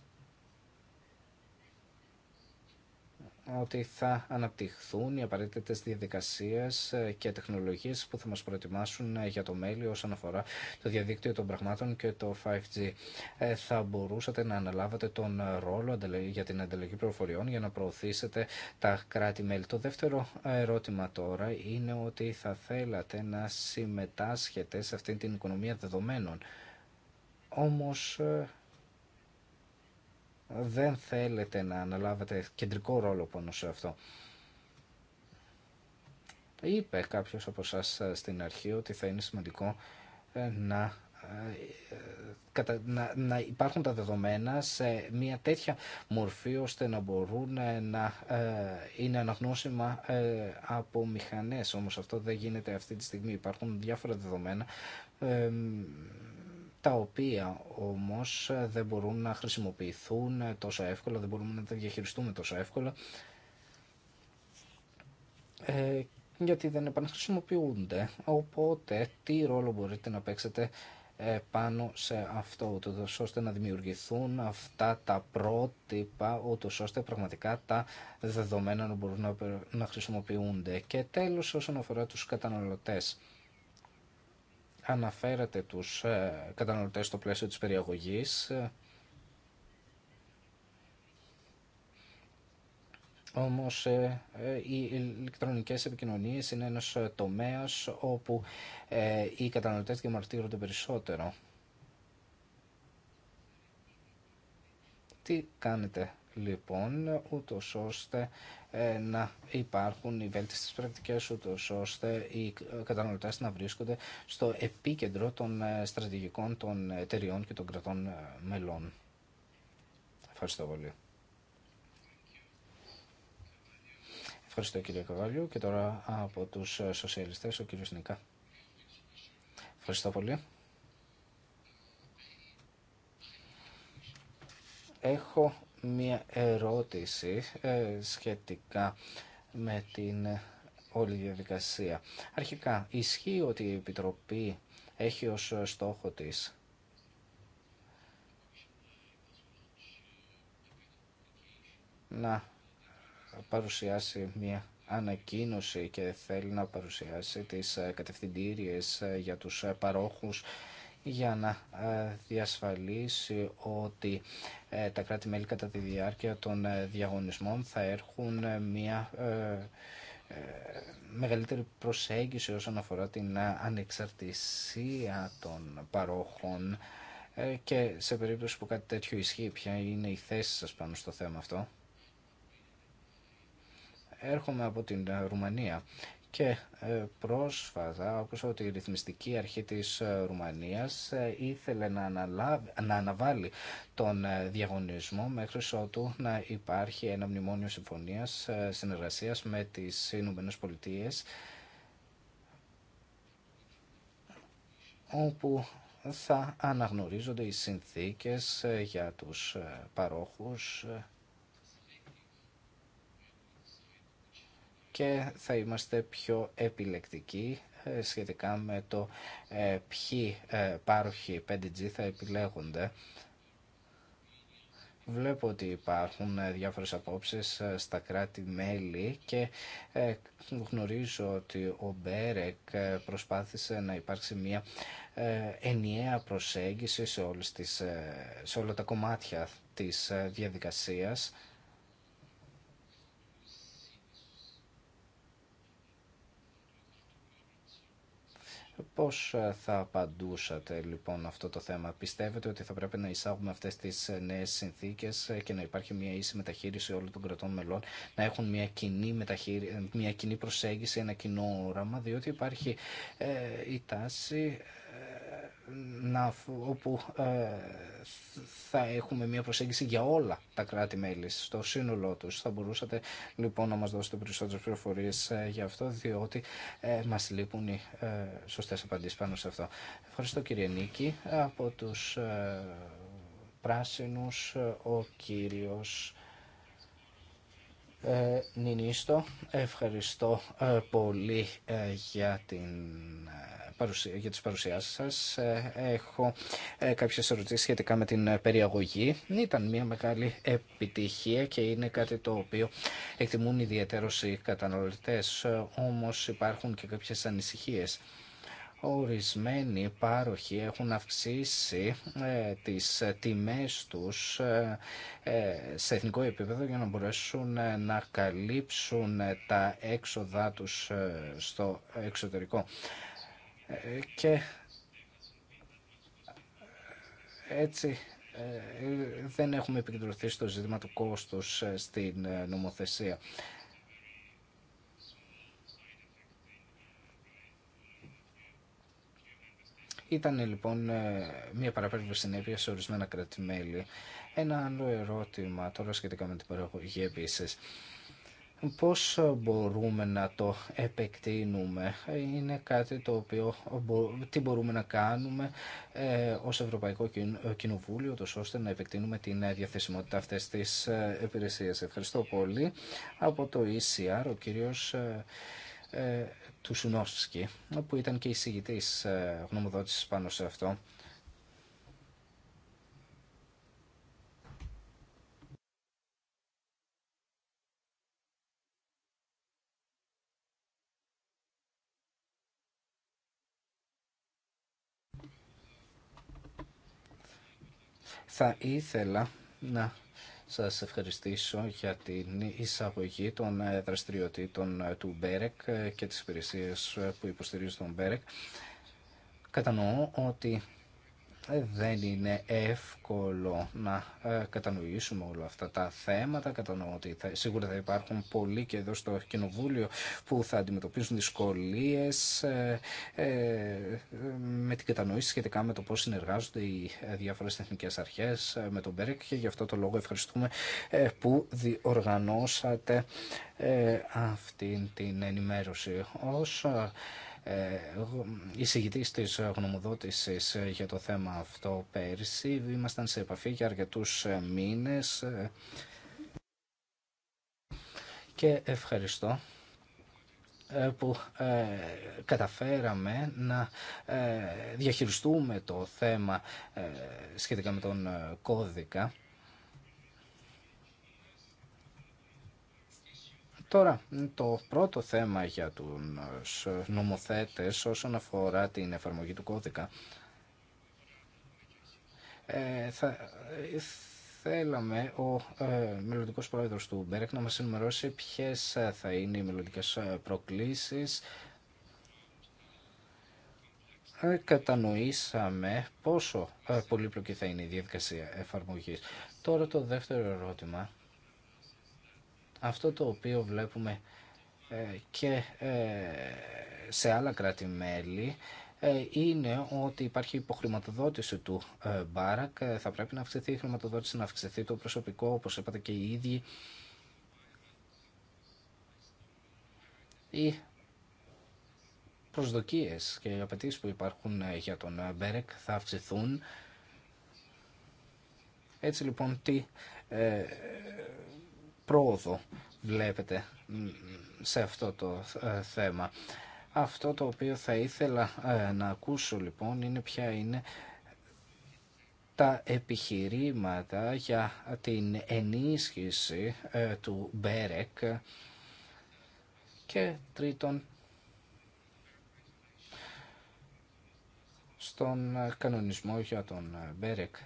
ότι θα αναπτυχθούν οι απαραίτητε διαδικασίε ε, και τεχνολογίε που θα μα προετοιμάσουν ε, για το μέλλον όσον αφορά το διαδίκτυο των πραγμάτων και το 5G. Ε, θα μπορούσατε να αναλάβετε τον ρόλο για την ανταλλαγή πληροφοριών για να προωθήσετε τα κράτη-μέλη. Το δεύτερο ερώτημα τώρα είναι ότι θα θέλατε να συμμετάσχετε σε αυτή την οικονομία δεδομένων. Όμως δεν θέλετε να αναλάβετε κεντρικό ρόλο πάνω σε αυτό. Είπε κάποιος από εσά στην αρχή ότι θα είναι σημαντικό ε, να ε, ε, να, να υπάρχουν τα δεδομένα σε μια τέτοια μορφή ώστε να μπορούν να είναι αναγνώσιμα από μηχανές. Όμως αυτό δεν γίνεται αυτή τη στιγμή. Υπάρχουν διάφορα δεδομένα τα οποία όμως δεν μπορούν να χρησιμοποιηθούν τόσο εύκολα, δεν μπορούμε να τα διαχειριστούμε τόσο εύκολα, ε, γιατί δεν επαναχρησιμοποιούνται. Οπότε, τι ρόλο μπορείτε να παίξετε ε, πάνω σε αυτό, ώστε να δημιουργηθούν αυτά τα πρότυπα, ούτως ώστε πραγματικά τα δεδομένα να μπορούν να χρησιμοποιούνται. Και τέλος, όσον αφορά τους καταναλωτές αναφέρατε τους ε, καταναλωτές στο πλαίσιο της περιαγωγής. Όμως ε, ε, οι ηλεκτρονικές επικοινωνίες είναι ένας τομέας όπου οι καταναλωτές διαμαρτύρονται περισσότερο. Τι κάνετε λοιπόν, ούτω ώστε ε, να υπάρχουν οι βέλτιστες πρακτικές, ούτω ώστε οι ε, καταναλωτές να βρίσκονται στο επίκεντρο των ε, στρατηγικών των εταιριών και των κρατών μελών. Ευχαριστώ πολύ. Ευχαριστώ κύριε Καβάλιο και τώρα από τους σοσιαλιστές ο κύριος Νικά. Ευχαριστώ πολύ. Έχω μία ερώτηση ε, σχετικά με την όλη διαδικασία. Αρχικά, ισχύει ότι η Επιτροπή έχει ως στόχο της να παρουσιάσει μία ανακοίνωση και θέλει να παρουσιάσει τις κατευθυντήριες για τους παρόχους για να ε, διασφαλίσει ότι ε, τα κράτη-μέλη κατά τη διάρκεια των ε, διαγωνισμών θα έρχουν μια μεγαλύτερη προσέγγιση όσον αφορά την ανεξαρτησία των παρόχων και σε περίπτωση που κάτι τέτοιο ισχύει, ποια είναι η θέση σας πάνω στο θέμα αυτό. Έρχομαι από την Ρουμανία και ε, πρόσφατα όπως ότι η ρυθμιστική αρχή της ε, Ρουμανίας ε, ήθελε να, αναβάλει τον διαγωνισμό μέχρι ότου να υπάρχει ένα μνημόνιο συμφωνίας συνεργασίας με τις Ηνωμένες Πολιτείες όπου θα αναγνωρίζονται οι συνθήκες για τους παρόχους και θα είμαστε πιο επιλεκτικοί ε, σχετικά με το ε, ποιοι ε, πάροχοι 5G θα επιλέγονται. Βλέπω ότι υπάρχουν διάφορες απόψεις στα κράτη-μέλη και γνωρίζω ότι ο Μπέρεκ προσπάθησε να υπάρξει μια ενιαία προσέγγιση σε, όλες σε όλα τα κομμάτια της διαδικασίας Πώς ε, θα απαντούσατε λοιπόν αυτό το θέμα. Πιστεύετε ότι θα πρέπει να εισάγουμε αυτές τις ε, νέες συνθήκες ε, και να υπάρχει μια ίση μεταχείριση όλων των κρατών μελών, να έχουν μια κοινή, μεταχείρι... μια κοινή προσέγγιση, ένα κοινό όραμα, διότι υπάρχει η τάση να, όπου ε, θα έχουμε μια προσέγγιση για όλα τα κράτη-μέλη στο σύνολό τους. Θα μπορούσατε λοιπόν να μας δώσετε περισσότερες πληροφορίες ε, για αυτό, διότι ε, μας λείπουν οι ε, σωστές απαντήσεις πάνω σε αυτό. Ευχαριστώ κύριε Νίκη. Από τους πράσινους ο κύριος ε, Νινίστο, ευχαριστώ ε, πολύ ε, για, την, ε, παρουσία, για τις παρουσιάσεις σας. έχω κάποιες ερωτήσεις σχετικά με την περιαγωγή. Ήταν μια μεγάλη επιτυχία και είναι κάτι το οποίο εκτιμούν ιδιαίτερως οι καταναλωτές. Όμως υπάρχουν και κάποιες ανησυχίες Ορισμένοι πάροχοι έχουν αυξήσει ε, τις τιμές τους ε, ε, σε εθνικό επίπεδο για να μπορέσουν να καλύψουν τα έξοδά τους στο εξωτερικό. Και έτσι δεν έχουμε επικεντρωθεί στο ζήτημα του κόστους στην νομοθεσία. Ήταν λοιπόν ε, μια παραπέμπτωση συνέπεια σε ορισμένα κρατημέλη. Ένα άλλο ερώτημα τώρα σχετικά με την παραγωγή επίση. Πώς μπορούμε να το επεκτείνουμε, είναι κάτι το οποίο, τι μπορούμε να κάνουμε ε, ως Ευρωπαϊκό Κοινοβούλιο, τόσο ώστε να επεκτείνουμε την διαθεσιμότητα αυτές της ε, υπηρεσίας. Ευχαριστώ πολύ. Από το ECR, ο κύριος ε, ε του Σουνόφσκι, όπου ήταν και εισηγητής ε, γνωμοδότηση πάνω σε αυτό. Θα ήθελα να σας ευχαριστήσω για την εισαγωγή των ε, δραστηριοτήτων ε, του Μπέρεκ ε, και τις υπηρεσίες που υποστηρίζουν τον Μπέρεκ. Κατανοώ ότι ε, δεν είναι εύκολο να ε, κατανοήσουμε όλα αυτά τα θέματα. Κατανοώ ότι σίγουρα θα υπάρχουν πολλοί και εδώ στο Κοινοβούλιο που θα αντιμετωπίζουν δυσκολίες ε, με την κατανοήση σχετικά με το πώς συνεργάζονται οι διάφορες τεχνικές αρχές με τον ΠΕΡΕΚ και γι' αυτό το λόγο ευχαριστούμε που διοργανώσατε αυτή την ενημέρωση εισηγητής της γνωμοδότησης για το θέμα αυτό πέρσι. Ήμασταν σε επαφή για αρκετούς ε, μήνες ε, και ευχαριστώ ε, που καταφέραμε να διαχειριστούμε το θέμα σχετικά με τον κώδικα Τώρα, το πρώτο θέμα για τους νομοθέτες όσον αφορά την εφαρμογή του κώδικα ε, θα ε, θέλαμε ο ε, μελλοντικός πρόεδρος του Μπέρεκ να μας ενημερώσει ποιες ε, θα είναι οι μελλοντικές προκλήσεις. κατανοήσαμε πόσο πολύπλοκη θα είναι η διαδικασία εφαρμογής. Τώρα το δεύτερο ερώτημα αυτό το οποίο βλέπουμε ε, και ε, σε άλλα κράτη-μέλη ε, είναι ότι υπάρχει υποχρηματοδότηση του Μπάρακ. Θα πρέπει να αυξηθεί η χρηματοδότηση, να αυξηθεί το προσωπικό, όπως είπατε και οι ίδιοι. Οι προσδοκίες και οι απαιτήσει που υπάρχουν για τον Μπέρεκ θα αυξηθούν. Έτσι λοιπόν, τι πρόοδο βλέπετε σε αυτό το ε, θέμα. Αυτό το οποίο θα ήθελα ε, να ακούσω λοιπόν είναι ποια είναι τα επιχειρήματα για την ενίσχυση ε, του Μπέρεκ και τρίτον στον κανονισμό για τον Μπέρεκ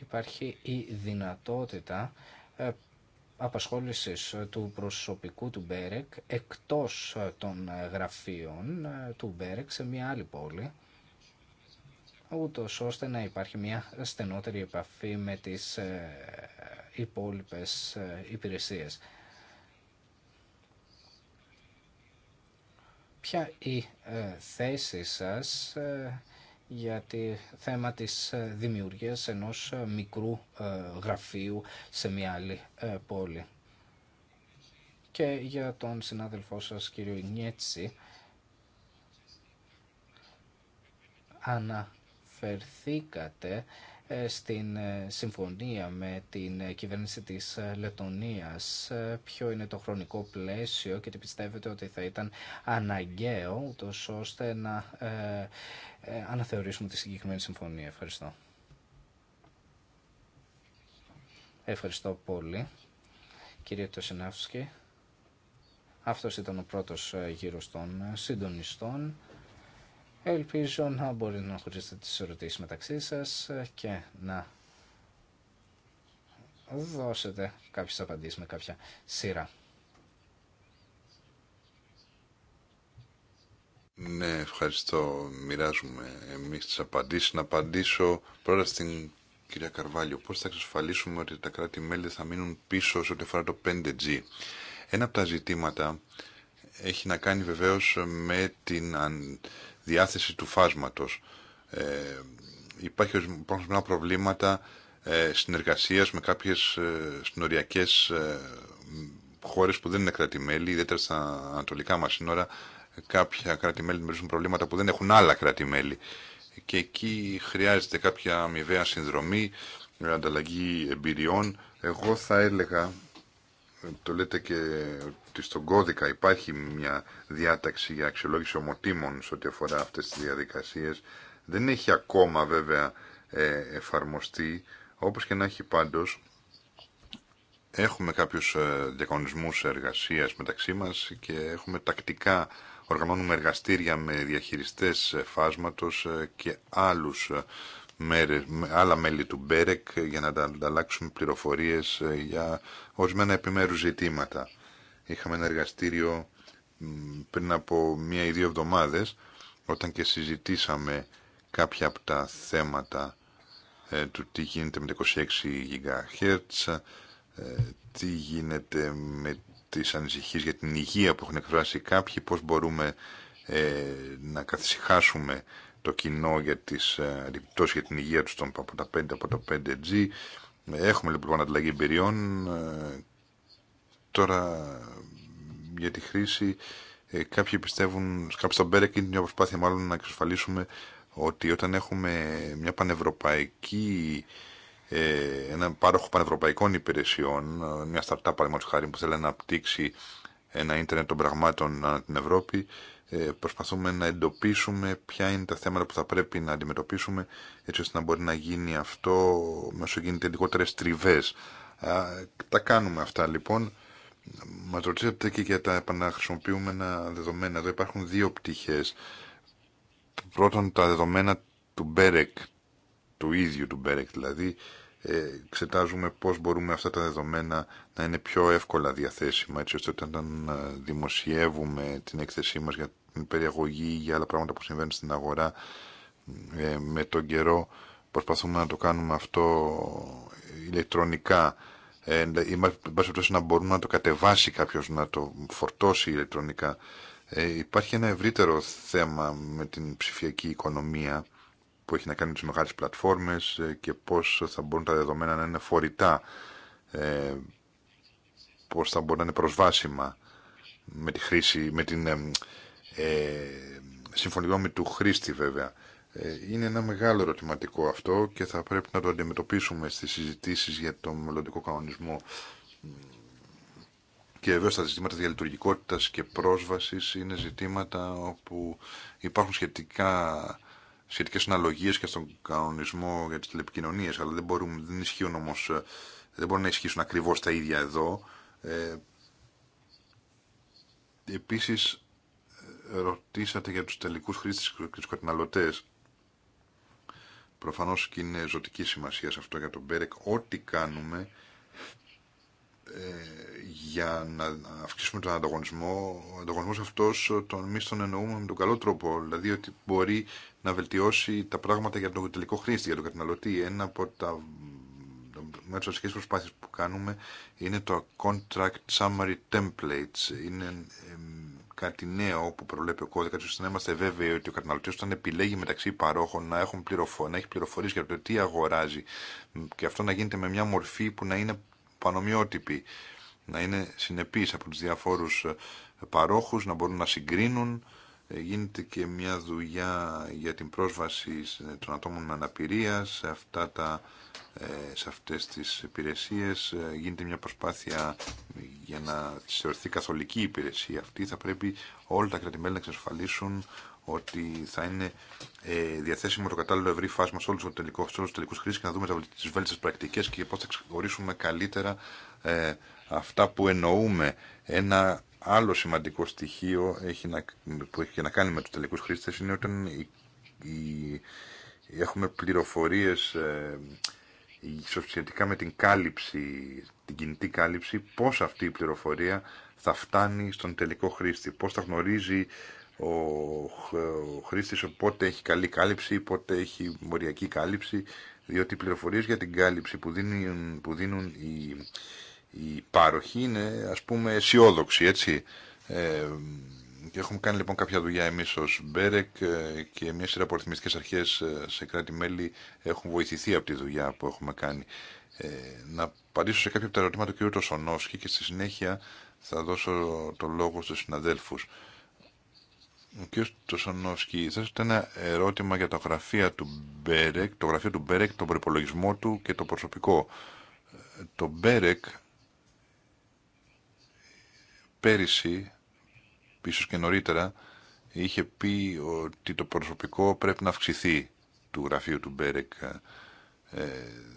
υπάρχει η δυνατότητα απασχόλησης ε, του προσωπικού του Μπέρεκ εκτός ε, των ε, γραφείων του Μπέρεκ σε μια άλλη πόλη ούτως ώστε να υπάρχει μια στενότερη επαφή με τις υπόλοιπες υπηρεσίες. Ποια η θέση σας για το θέμα της ε, δημιουργίας ενός ε, μικρού ε, γραφείου σε μια άλλη πόλη. Και για τον συνάδελφό σας κύριο Νιέτσι αναφερθήκατε ε, στην ε, συμφωνία με την ε, κυβέρνηση της Λετωνίας ποιο είναι το χρονικό πλαίσιο και τι πιστεύετε ότι θα ήταν αναγκαίο ούτως ώστε να αναθεωρήσουμε τη συγκεκριμένη συμφωνία. Ευχαριστώ. Ευχαριστώ πολύ. Κύριε Τωσενάφσκι, αυτός ήταν ο πρώτος γύρος των συντονιστών. Ελπίζω να μπορείτε να χωρίσετε τις ερωτήσεις μεταξύ σας και να δώσετε κάποιες απαντήσεις με κάποια σειρά. Ναι, ευχαριστώ. Μοιράζουμε εμείς τις απαντήσεις. Να απαντήσω πρώτα στην κυρία Καρβάλιο. Πώς θα εξασφαλίσουμε ότι τα κράτη-μέλη θα μείνουν πίσω σε ό,τι αφορά το 5G. Ένα από τα ζητήματα έχει να κάνει βεβαίως με την διάθεση του φάσματος. Ε, υπάρχει, υπάρχουν προβλήματα ε, συνεργασίας με κάποιες ε, συνοριακές ε, χώρες που δεν είναι κρατημέλη, ιδιαίτερα στα ανατολικά μας σύνορα, κάποια κρατημέλη δημιουργούν προβλήματα που δεν έχουν άλλα κρατημέλη. Και εκεί χρειάζεται κάποια αμοιβαία συνδρομή, ε, ανταλλαγή εμπειριών. Εγώ θα έλεγα το λέτε και ότι στον κώδικα υπάρχει μια διάταξη για αξιολόγηση ομοτήμων σε ό,τι αφορά αυτές τις διαδικασίες. Δεν έχει ακόμα βέβαια ε, εφαρμοστεί, όπως και να έχει πάντως. Έχουμε κάποιους ε, διακονισμούς εργασίας μεταξύ μας και έχουμε τακτικά οργανώνουμε εργαστήρια με διαχειριστές φάσματος ε, και άλλους με άλλα μέλη του Μπέρεκ για να ανταλλάξουμε πληροφορίες ε, για ορισμένα επιμέρους ζητήματα. Είχαμε ένα εργαστήριο πριν από μία ή δύο εβδομάδες όταν και συζητήσαμε κάποια από τα θέματα ε, του τι γίνεται με τα 26 GHz, ε, τι γίνεται με τις ανησυχίες για την υγεία που έχουν εκφράσει κάποιοι, πώς μπορούμε να καθησυχάσουμε το κοινό για τις ε, επιπτώσεις για την υγεία του των, από τα 5 από το 5G. Έχουμε λοιπόν ανταλλαγή εμπειριών. Ε, τώρα για τη χρήση ε, κάποιοι πιστεύουν, κάποιοι στον Μπέρεκ είναι μια προσπάθεια μάλλον να εξασφαλίσουμε ότι όταν έχουμε μια πανευρωπαϊκή ένα πάροχο πανευρωπαϊκών υπηρεσιών, μια startup παραδείγματο χάρη που θέλει να αναπτύξει ένα ίντερνετ των πραγμάτων ανά την Ευρώπη, ε, προσπαθούμε να εντοπίσουμε ποια είναι τα θέματα που θα πρέπει να αντιμετωπίσουμε έτσι ώστε να μπορεί να γίνει αυτό όσο γίνεται λιγότερε τριβέ. Τα κάνουμε αυτά λοιπόν. Μα ρωτήσατε και για τα επαναχρησιμοποιούμενα δεδομένα. Εδώ υπάρχουν δύο πτυχέ. Πρώτον, τα δεδομένα του Μπέρεκ, του ίδιου του Μπέρεκ δηλαδή, ε, εξετάζουμε πώς μπορούμε αυτά τα δεδομένα να είναι πιο εύκολα διαθέσιμα έτσι ώστε όταν ε, δημοσιεύουμε την έκθεσή μας για την περιαγωγή για άλλα πράγματα που συμβαίνουν στην αγορά ε, με τον καιρό προσπαθούμε να το κάνουμε αυτό ηλεκτρονικά ε, ή να μπορούμε να το κατεβάσει κάποιος να το φορτώσει ηλεκτρονικά ε, υπάρχει ένα ευρύτερο θέμα με την ψηφιακή οικονομία που έχει να κάνει με τις μεγάλες πλατφόρμες ε, και πώς θα μπορούν τα δεδομένα να είναι φορητά ε, πώς θα μπορούν να είναι προσβάσιμα με τη χρήση, με την ε, με του χρήστη βέβαια. Ε, είναι ένα μεγάλο ερωτηματικό αυτό και θα πρέπει να το αντιμετωπίσουμε στις συζητήσεις για τον μελλοντικό κανονισμό. Και βέβαια στα ζητήματα διαλειτουργικότητας και πρόσβασης είναι ζητήματα όπου υπάρχουν σχετικά, σχετικές αναλογίες και στον κανονισμό για τις τηλεπικοινωνίες, αλλά δεν, μπορούν, ισχύουν όμως, δεν μπορούν να ισχύσουν ακριβώς τα ίδια εδώ. Ε, επίσης ρωτήσατε για τους τελικούς χρήστες και τους καταναλωτές. Προφανώς και είναι ζωτική σημασία σε αυτό για τον Μπέρεκ. Ό,τι κάνουμε ε, για να αυξήσουμε τον ανταγωνισμό, ο ανταγωνισμός αυτός ε, τον, εμείς τον εννοούμε με τον καλό τρόπο, δηλαδή ότι μπορεί να βελτιώσει τα πράγματα για τον τελικό χρήστη, για τον καταναλωτή. Ένα από τα μέσα στις που κάνουμε είναι το Contract Summary Templates. Είναι ε, κάτι νέο που προβλέπει ο κώδικα, ώστε να είμαστε βέβαιοι ότι ο καταναλωτή όταν επιλέγει μεταξύ παρόχων να, έχουν πληροφο... να έχει πληροφορίε για το τι αγοράζει και αυτό να γίνεται με μια μορφή που να είναι πανομοιότυπη, να είναι συνεπής από τους διαφόρους παρόχους, να μπορούν να συγκρίνουν ε, γίνεται και μια δουλειά για την πρόσβαση ε, των ατόμων με αναπηρία σε, αυτά τα, ε, σε αυτές τις υπηρεσίες. Γίνεται μια προσπάθεια για να θεωρηθεί καθολική υπηρεσία αυτή. Θα πρέπει όλα τα κρατημέλη να εξασφαλίσουν ότι θα είναι διαθέσιμο το κατάλληλο ευρύ φάσμα σε όλους τους τελικούς, τελικούς και να δούμε τις βέλτιστες πρακτικές και πώς θα ξεχωρίσουμε καλύτερα αυτά που εννοούμε. Ένα άλλο σημαντικό στοιχείο έχει να, που έχει να κάνει με τους τελικούς χρήστες είναι όταν έχουμε πληροφορίες ε, σχετικά με την κάλυψη, την κινητή κάλυψη, πώς αυτή η πληροφορία θα φτάνει στον τελικό χρήστη, πώς θα γνωρίζει ο, ο πότε έχει καλή κάλυψη, πότε έχει μοριακή κάλυψη, διότι οι πληροφορίες για την κάλυψη που δίνουν, που δίνουν οι η παροχή είναι ας πούμε αισιόδοξοι, έτσι. Ε, και έχουμε κάνει λοιπόν κάποια δουλειά εμείς ως Μπέρεκ ε, και μια σειρά από αρχές ε, σε κράτη-μέλη έχουν βοηθηθεί από τη δουλειά που έχουμε κάνει. Ε, να απαντήσω σε κάποια από τα ερωτήματα του κ. και στη συνέχεια θα δώσω το λόγο στους συναδέλφους. Ο κ. θα θέσατε ένα ερώτημα για το γραφεία του Μπέρεκ, το γραφείο του Μπέρεκ, τον προπολογισμό του και το προσωπικό. Ε, το Μπέρεκ πέρυσι, ίσως και νωρίτερα, είχε πει ότι το προσωπικό πρέπει να αυξηθεί του γραφείου του Μπέρεκ, ε,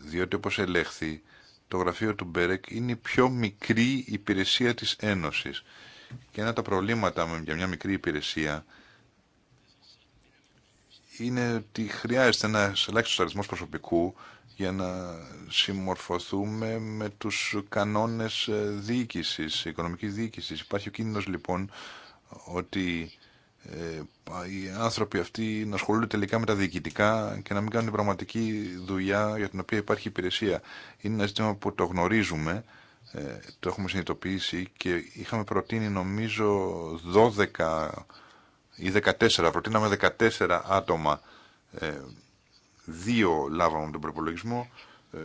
διότι όπως ελέγχθη, το γραφείο του Μπέρεκ είναι η πιο μικρή υπηρεσία της Ένωσης. Και ένα από τα προβλήματα για μια μικρή υπηρεσία είναι ότι χρειάζεται ένα ελάχιστο αριθμό προσωπικού για να συμμορφωθούμε με τους κανόνες ε, διοίκησης, οικονομικής διοίκησης. Υπάρχει ο κίνδυνος λοιπόν ότι ε, οι άνθρωποι αυτοί να ασχολούνται τελικά με τα διοικητικά και να μην κάνουν πραγματική δουλειά για την οποία υπάρχει υπηρεσία. Είναι ένα ζήτημα που το γνωρίζουμε, ε, το έχουμε συνειδητοποιήσει και είχαμε προτείνει νομίζω 12 ή 14, προτείναμε 14 άτομα ε, δύο λάβαμε τον προπολογισμό. Ε,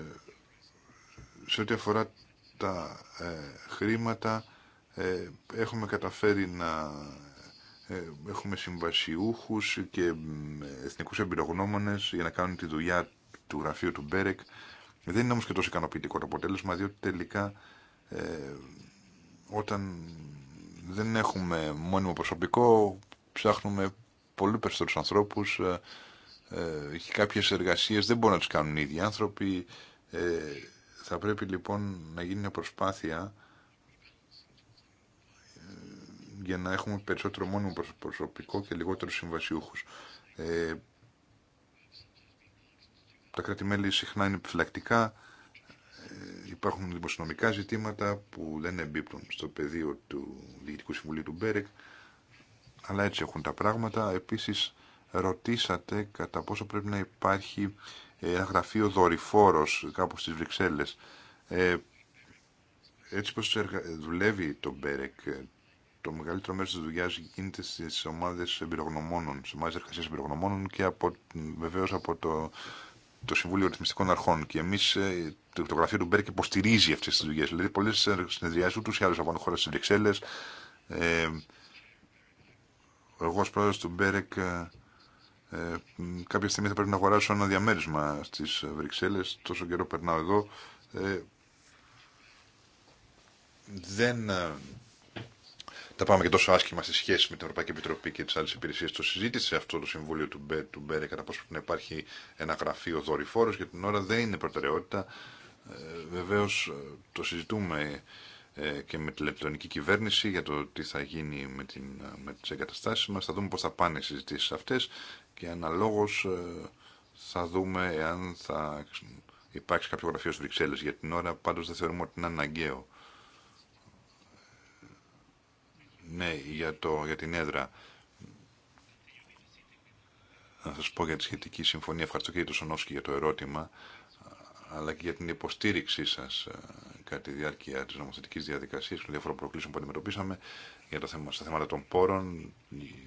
σε ό,τι αφορά τα ε, χρήματα, ε, έχουμε καταφέρει να έχουμε συμβασιούχους και εθνικούς εμπειρογνώμονες για να κάνουν τη δουλειά του γραφείου του Μπέρεκ. Δεν είναι όμως και τόσο ικανοποιητικό το αποτέλεσμα, διότι τελικά όταν δεν έχουμε μόνιμο προσωπικό, ψάχνουμε πολύ περισσότερους ανθρώπους ε, έχει κάποιες εργασίες δεν μπορούν να τις κάνουν οι ίδιοι άνθρωποι. Ε, θα πρέπει λοιπόν να γίνει μια προσπάθεια ε, για να έχουμε περισσότερο μόνιμο προσωπικό και λιγότερους συμβασιούχους. Ε, τα κράτη-μέλη συχνά είναι επιφυλακτικά, υπάρχουν δημοσιονομικά ζητήματα που δεν εμπίπτουν στο πεδίο του Διοικητικού Συμβουλίου του Μπέρεκ, αλλά έτσι έχουν τα πράγματα. Επίσης, ρωτήσατε κατά πόσο πρέπει να υπάρχει ε, ένα γραφείο δορυφόρος κάπου στις Βρυξέλλες. Ε, έτσι πως δουλεύει το Μπέρεκ, ε, το μεγαλύτερο μέρος της δουλειάς γίνεται στις ομάδες εμπειρογνωμόνων, στις ομάδες εργασίας εμπειρογνωμόνων και από, βεβαίως από το, το Συμβούλιο Ρυθμιστικών Αρχών. Και εμείς ε, το, το γραφείο του Μπέρεκ υποστηρίζει αυτές τις δουλειές. Δηλαδή πολλές συνεδριάσεις ούτως ή άλλως από χώρα στις Βρυξέλλες. Ε, εγώ ως πρόεδρος του Μπέρεκ ε, κάποια στιγμή θα πρέπει να αγοράσω ένα διαμέρισμα στις Βρυξέλλες, τόσο καιρό περνάω εδώ. Ε, δεν ε, τα πάμε και τόσο άσχημα στη σχέση με την Ευρωπαϊκή Επιτροπή και τι άλλε υπηρεσίε. Το συζήτησε αυτό το συμβούλιο του, Μπέ, του Μπέρε κατά πόσο πρέπει να υπάρχει ένα γραφείο δορυφόρο για την ώρα δεν είναι προτεραιότητα. Ε, Βεβαίω ε, το συζητούμε ε, και με τη λεπτονική κυβέρνηση για το τι θα γίνει με, με τι εγκαταστάσει μα. Θα δούμε πώ θα πάνε οι συζητήσει αυτέ και αναλόγως ε, θα δούμε εάν θα υπάρξει κάποιο γραφείο στις Βρυξέλλες. Για την ώρα πάντως δεν θεωρούμε ότι είναι αναγκαίο. Ναι, για, το, για την έδρα. Να σας πω για τη σχετική συμφωνία. Ευχαριστώ το Σονόσκι για το ερώτημα, αλλά και για την υποστήριξή σας ε, κατά τη διάρκεια της νομοθετικής διαδικασίας των διαφορών προκλήσεων που αντιμετωπίσαμε για το θέμα, στα θέματα των πόρων,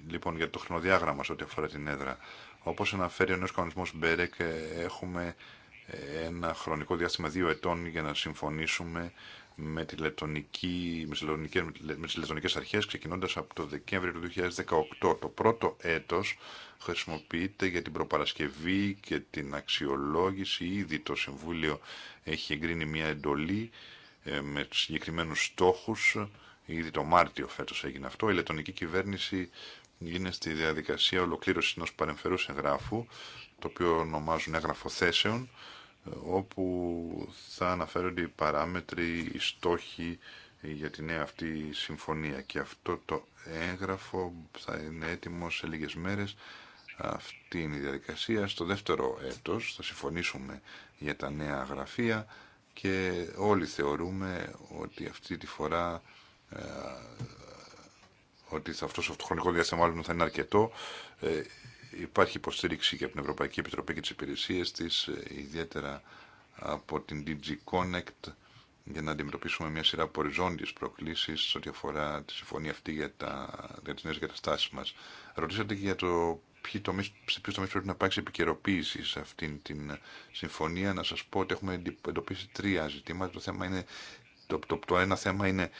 λοιπόν για το χρονοδιάγραμμα σε ό,τι αφορά την έδρα. Όπως αναφέρει ο νέος κανονισμός Μπέρεκ, ε, έχουμε ε, ένα χρονικό διάστημα δύο ετών για να συμφωνήσουμε με, τη λετωνική, με, τις λετωνικές, με τις λετωνικές αρχές, ξεκινώντας από το Δεκέμβριο του 2018. Το πρώτο έτος χρησιμοποιείται για την προπαρασκευή και την αξιολόγηση. Ήδη το Συμβούλιο έχει εγκρίνει μια εντολή ε, με συγκεκριμένους στόχους Ήδη το Μάρτιο φέτος έγινε αυτό. Η λετωνική κυβέρνηση είναι στη διαδικασία ολοκλήρωσης ενό παρεμφερούς εγγράφου, το οποίο ονομάζουν έγγραφο θέσεων, όπου θα αναφέρονται οι παράμετροι, οι στόχοι για τη νέα αυτή συμφωνία. Και αυτό το έγγραφο θα είναι έτοιμο σε λίγες μέρες. Αυτή είναι η διαδικασία. Στο δεύτερο έτος θα συμφωνήσουμε για τα νέα γραφεία και όλοι θεωρούμε ότι αυτή τη φορά ε, ότι αυτός αυτό το χρονικό διάστημα θα είναι αρκετό. Ε, υπάρχει υποστήριξη και από την Ευρωπαϊκή Επιτροπή και τις υπηρεσίες της, ε, ιδιαίτερα από την DG Connect, για να αντιμετωπίσουμε μια σειρά από οριζόντιε προκλήσει σε ό,τι αφορά τη συμφωνία αυτή για, τα, για τι νέε καταστάσει μα. Ρωτήσατε και για το ποιοι τομείς, σε τομεί πρέπει να υπάρξει επικαιροποίηση σε αυτήν την συμφωνία. Να σα πω ότι έχουμε εντοπίσει τρία ζητήματα. Το, θέμα είναι, το, το, το ένα θέμα είναι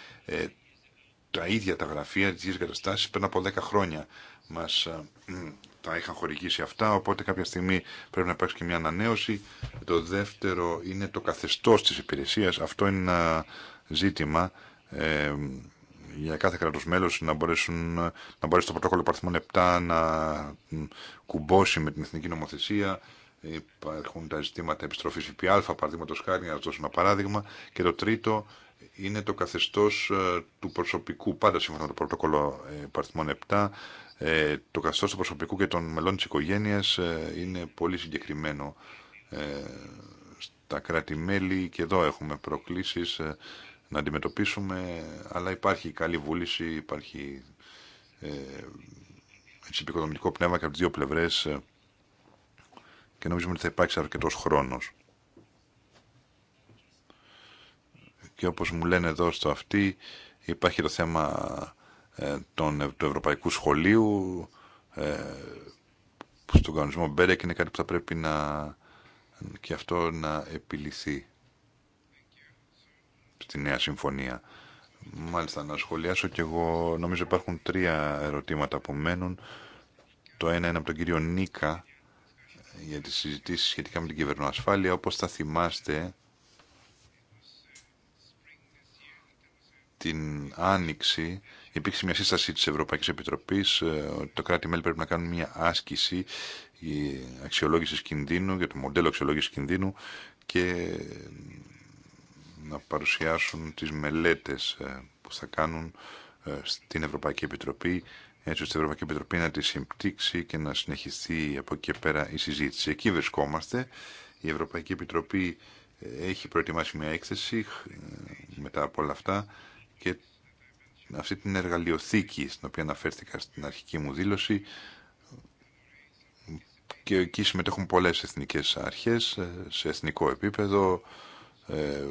τα ίδια τα γραφεία, τι ίδιε καταστάσει πριν από 10 χρόνια μα ε, τα είχαν χορηγήσει αυτά, οπότε κάποια στιγμή πρέπει να υπάρξει και μια ανανέωση. Το δεύτερο είναι το καθεστώ τη υπηρεσία. Αυτό είναι ένα ζήτημα ε, για κάθε κράτο μέλος να, να μπορέσει το πρωτόκολλο παρθμών 7 να κουμπώσει με την εθνική νομοθεσία. Υπάρχουν τα ζητήματα επιστροφή ΦΠΑ, παραδείγματο χάρη, να δώσω ένα παράδειγμα. Και το τρίτο είναι το καθεστώς ε, του προσωπικού, πάντα σύμφωνα με το πρωτοκόλλο ε, παριθμών 7, ε, το καθεστώς του προσωπικού και των μελών της οικογένειας είναι πολύ συγκεκριμένο στα κράτη-μέλη και εδώ έχουμε προκλήσεις να αντιμετωπίσουμε, αλλά υπάρχει καλή βούληση, υπάρχει έτσι, επικοδομητικό πνεύμα και από τις δύο πλευρές και νομίζουμε ότι θα υπάρξει αρκετός χρόνος. και όπως μου λένε εδώ στο αυτή υπάρχει το θέμα ε, των, του Ευρωπαϊκού Σχολείου ε, που στον κανονισμό και είναι κάτι που θα πρέπει να και αυτό να επιληθεί στη νέα συμφωνία. Μάλιστα να σχολιάσω και εγώ νομίζω υπάρχουν τρία ερωτήματα που μένουν. Το ένα είναι από τον κύριο Νίκα για τις συζητήσεις σχετικά με την κυβερνοασφάλεια. Όπως θα θυμάστε την Άνοιξη υπήρξε μια σύσταση της Ευρωπαϊκής Επιτροπής ε, ότι το κράτη-μέλη πρέπει να κάνουν μια άσκηση αξιολόγηση κινδύνου για το μοντέλο αξιολόγηση κινδύνου και να παρουσιάσουν τις μελέτες ε, που θα κάνουν ε, στην Ευρωπαϊκή Επιτροπή έτσι ώστε η Ευρωπαϊκή Επιτροπή να τη συμπτύξει και να συνεχιστεί από εκεί πέρα η συζήτηση. Εκεί βρισκόμαστε. Η Ευρωπαϊκή Επιτροπή έχει προετοιμάσει μια έκθεση μετά από όλα αυτά και αυτή την εργαλειοθήκη στην οποία αναφέρθηκα στην αρχική μου δήλωση και εκεί συμμετέχουν πολλές εθνικές αρχές ε, σε εθνικό επίπεδο ε,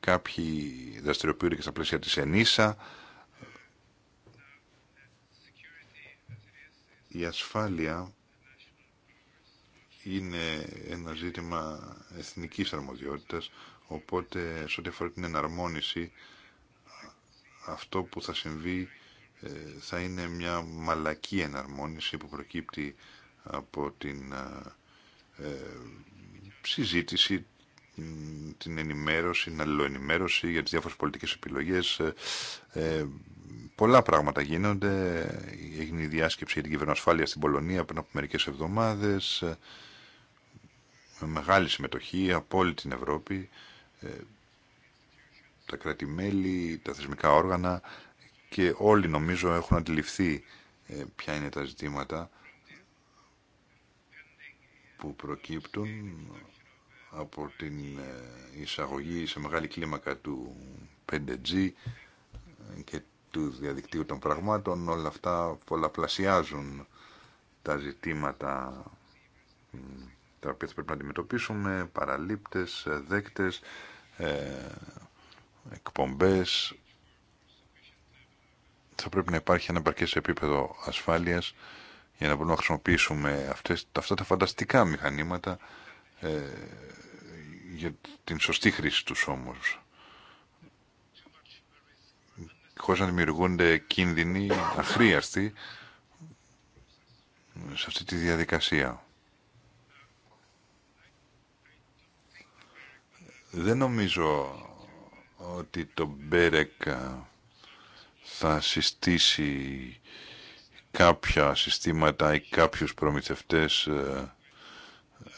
κάποιοι δραστηριοποιούνται και στα πλαίσια της ΕΝΗΣΑ η ασφάλεια είναι ένα ζήτημα εθνικής αρμοδιότητας οπότε σε ό,τι αφορά την εναρμόνιση αυτό που θα συμβεί ε, θα είναι μια μαλακή εναρμόνιση που προκύπτει από την ε, ε, συζήτηση, την ενημέρωση, την αλληλοενημέρωση για τις διάφορες πολιτικές επιλογές. πολλά πράγματα γίνονται. Έγινε η διάσκεψη για την κυβερνοασφάλεια στην Πολωνία πριν από μερικές εβδομάδες. Με μεγάλη συμμετοχή από όλη την Ευρώπη τα κράτη-μέλη, τα θεσμικά όργανα και όλοι νομίζω έχουν αντιληφθεί ε, ποια είναι τα ζητήματα που προκύπτουν από την ε, εισαγωγή σε μεγάλη κλίμακα του 5G ε, και του διαδικτύου των πραγμάτων. Όλα αυτά πολλαπλασιάζουν τα ζητήματα τα οποία θα πρέπει να αντιμετωπίσουμε, παραλήπτες, δέκτες, εκπομπές. Θα πρέπει να υπάρχει ένα επαρκές επίπεδο ασφάλειας για να μπορούμε να χρησιμοποιήσουμε αυτές, αυτά τα φανταστικά μηχανήματα ε, για την σωστή χρήση τους όμως. Χωρίς να δημιουργούνται κίνδυνοι αχρίαστοι σε αυτή τη διαδικασία. Δεν νομίζω ότι το Μπέρεκα θα συστήσει κάποια συστήματα ή κάποιους προμηθευτές ε,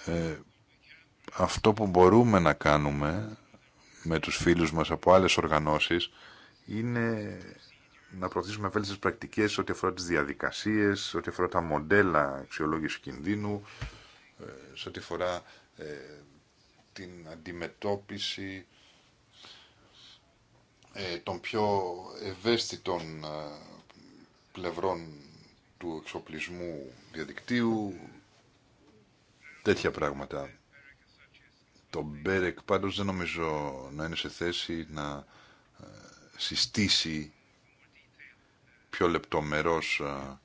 ε, αυτό που μπορούμε να κάνουμε με τους φίλους μας από άλλες οργανώσεις είναι να προωθήσουμε ευέλτιστες πρακτικές ό,τι αφορά τις διαδικασίες, ό,τι αφορά τα μοντέλα αξιολόγηση κινδύνου, ε, σε ό,τι αφορά την αντιμετώπιση ε, των πιο ευαίσθητων ε, πλευρών του εξοπλισμού διαδικτύου, τέτοια πράγματα. Το Μπέρεκ πάντως δεν νομίζω να είναι σε θέση να ε, συστήσει πιο λεπτομερώς ε,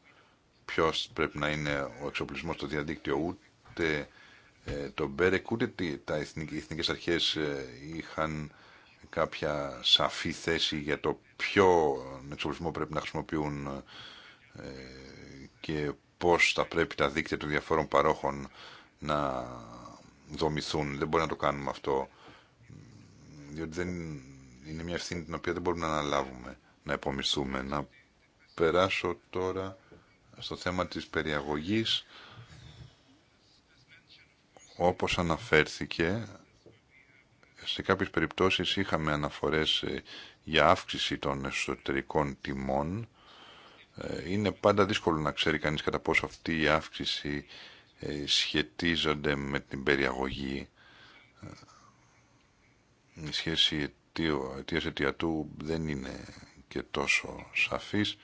ποιος πρέπει να είναι ο εξοπλισμός στο διαδίκτυο ούτε το Μπέρεκ ούτε τα εθνικές αρχές είχαν κάποια σαφή θέση για το ποιο εξοπλισμό πρέπει να χρησιμοποιούν ε, και πώς θα πρέπει τα δίκτυα των διαφόρων παρόχων να δομηθούν. Δεν μπορεί να το κάνουμε αυτό, διότι δεν είναι μια ευθύνη την οποία δεν μπορούμε να αναλάβουμε, να επομισθούμε. Να περάσω τώρα στο θέμα της περιαγωγής. Όπως αναφέρθηκε, σε κάποιες περιπτώσεις είχαμε αναφορές ε, για αύξηση των εσωτερικών τιμών. Ε, είναι πάντα δύσκολο να ξέρει κανείς κατά πόσο αυτή η αύξηση ε, σχετίζονται με την περιαγωγή. Η σχέση αιτίας αιτιατού δεν είναι και τόσο σαφής.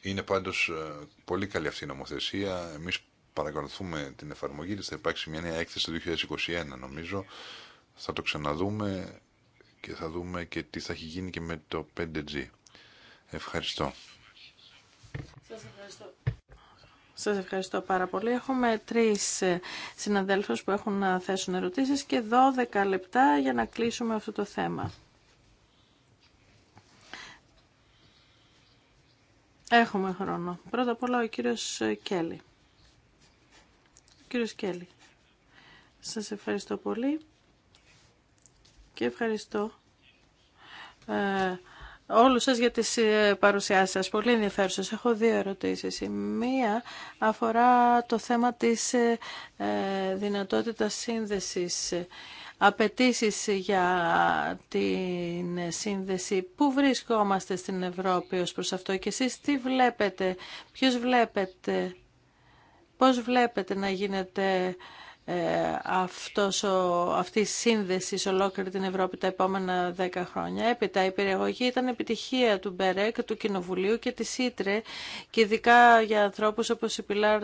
Είναι πάντως πολύ καλή αυτή η νομοθεσία. Εμείς παρακολουθούμε την εφαρμογή της. Θα υπάρξει μια νέα έκθεση το 2021 νομίζω. Θα το ξαναδούμε και θα δούμε και τι θα έχει γίνει και με το 5G. Ευχαριστώ. Σας ευχαριστώ. Σας ευχαριστώ πάρα πολύ. Έχουμε τρεις ε, συναδέλφους που έχουν να θέσουν ερωτήσεις και 12 λεπτά για να κλείσουμε αυτό το θέμα. Έχουμε χρόνο. Πρώτα απ' όλα ο κύριος Κέλλη κύριος Κέλλη. Σας ευχαριστώ πολύ και ευχαριστώ ε, όλους σας για τις ε, παρουσιάσεις σας. Πολύ ενδιαφέρουσες. Έχω δύο ερωτήσεις. Η μία αφορά το θέμα της ε, ε δυνατότητας σύνδεσης απαιτήσει για την σύνδεση. Πού βρισκόμαστε στην Ευρώπη ως προς αυτό και εσείς τι βλέπετε, ποιος βλέπετε Πώς βλέπετε να γίνεται ε, αυτός ο, αυτή η σύνδεση σε ολόκληρη την Ευρώπη τα επόμενα δέκα χρόνια. Έπειτα η περιεγωγή ήταν επιτυχία του Μπερέκ, του Κοινοβουλίου και της Ήτρε και ειδικά για ανθρώπους όπως η Πιλάρ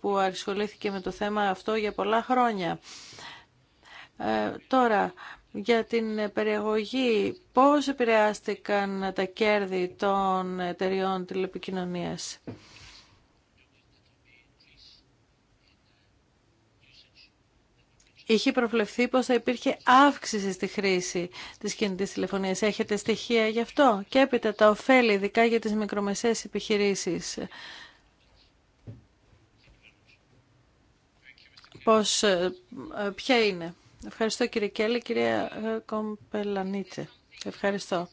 που αρισχολήθηκε με το θέμα αυτό για πολλά χρόνια. Ε, τώρα, για την περιεγωγή, πώς επηρεάστηκαν τα κέρδη των εταιριών τηλεπικοινωνίας. είχε προβλεφθεί πως θα υπήρχε αύξηση στη χρήση της κινητής τηλεφωνίας. Έχετε στοιχεία γι' αυτό και έπειτα τα ωφέλη ειδικά για τις μικρομεσαίες επιχειρήσεις. Πώς, ε, ε, ποια είναι. Ευχαριστώ κύριε Κέλλη, κυρία ε, Κομπελανίτσε. Ευχαριστώ.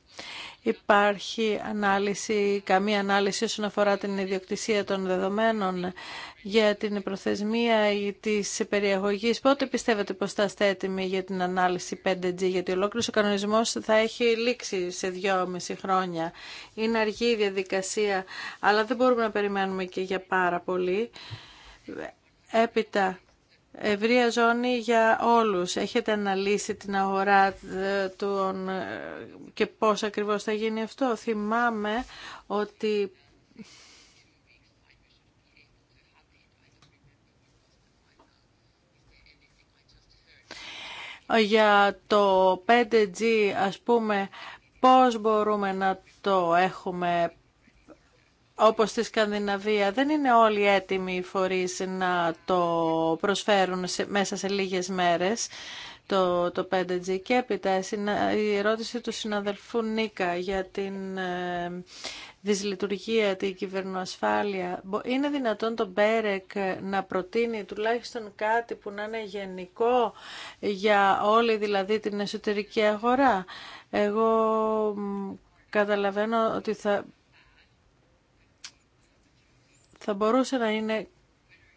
Υπάρχει ανάλυση, καμία ανάλυση όσον αφορά την ιδιοκτησία των δεδομένων για την προθεσμία τη περιαγωγής. Πότε πιστεύετε πως θα είστε έτοιμοι για την ανάλυση 5G, γιατί ολόκληρος ο κανονισμός θα έχει λήξει σε δυόμιση χρόνια. Είναι αργή η διαδικασία, αλλά δεν μπορούμε να περιμένουμε και για πάρα πολύ. Έπειτα, ευρεία ζώνη για όλους. Έχετε αναλύσει την αγορά ε, του ε, και πώς ακριβώς θα γίνει αυτό. Θυμάμαι ότι για το 5G ας πούμε πώς μπορούμε να το έχουμε όπως στη Σκανδιναβία, δεν είναι όλοι έτοιμοι οι φορείς να το προσφέρουν μέσα σε λίγες μέρες το, το 5G. Και έπειτα η ερώτηση του συναδελφού Νίκα για την ε, δυσλειτουργία, την κυβερνοασφάλεια. Είναι δυνατόν το Μπέρεκ να προτείνει τουλάχιστον κάτι που να είναι γενικό για όλη δηλαδή την εσωτερική αγορά. Εγώ Καταλαβαίνω ότι θα θα μπορούσε να είναι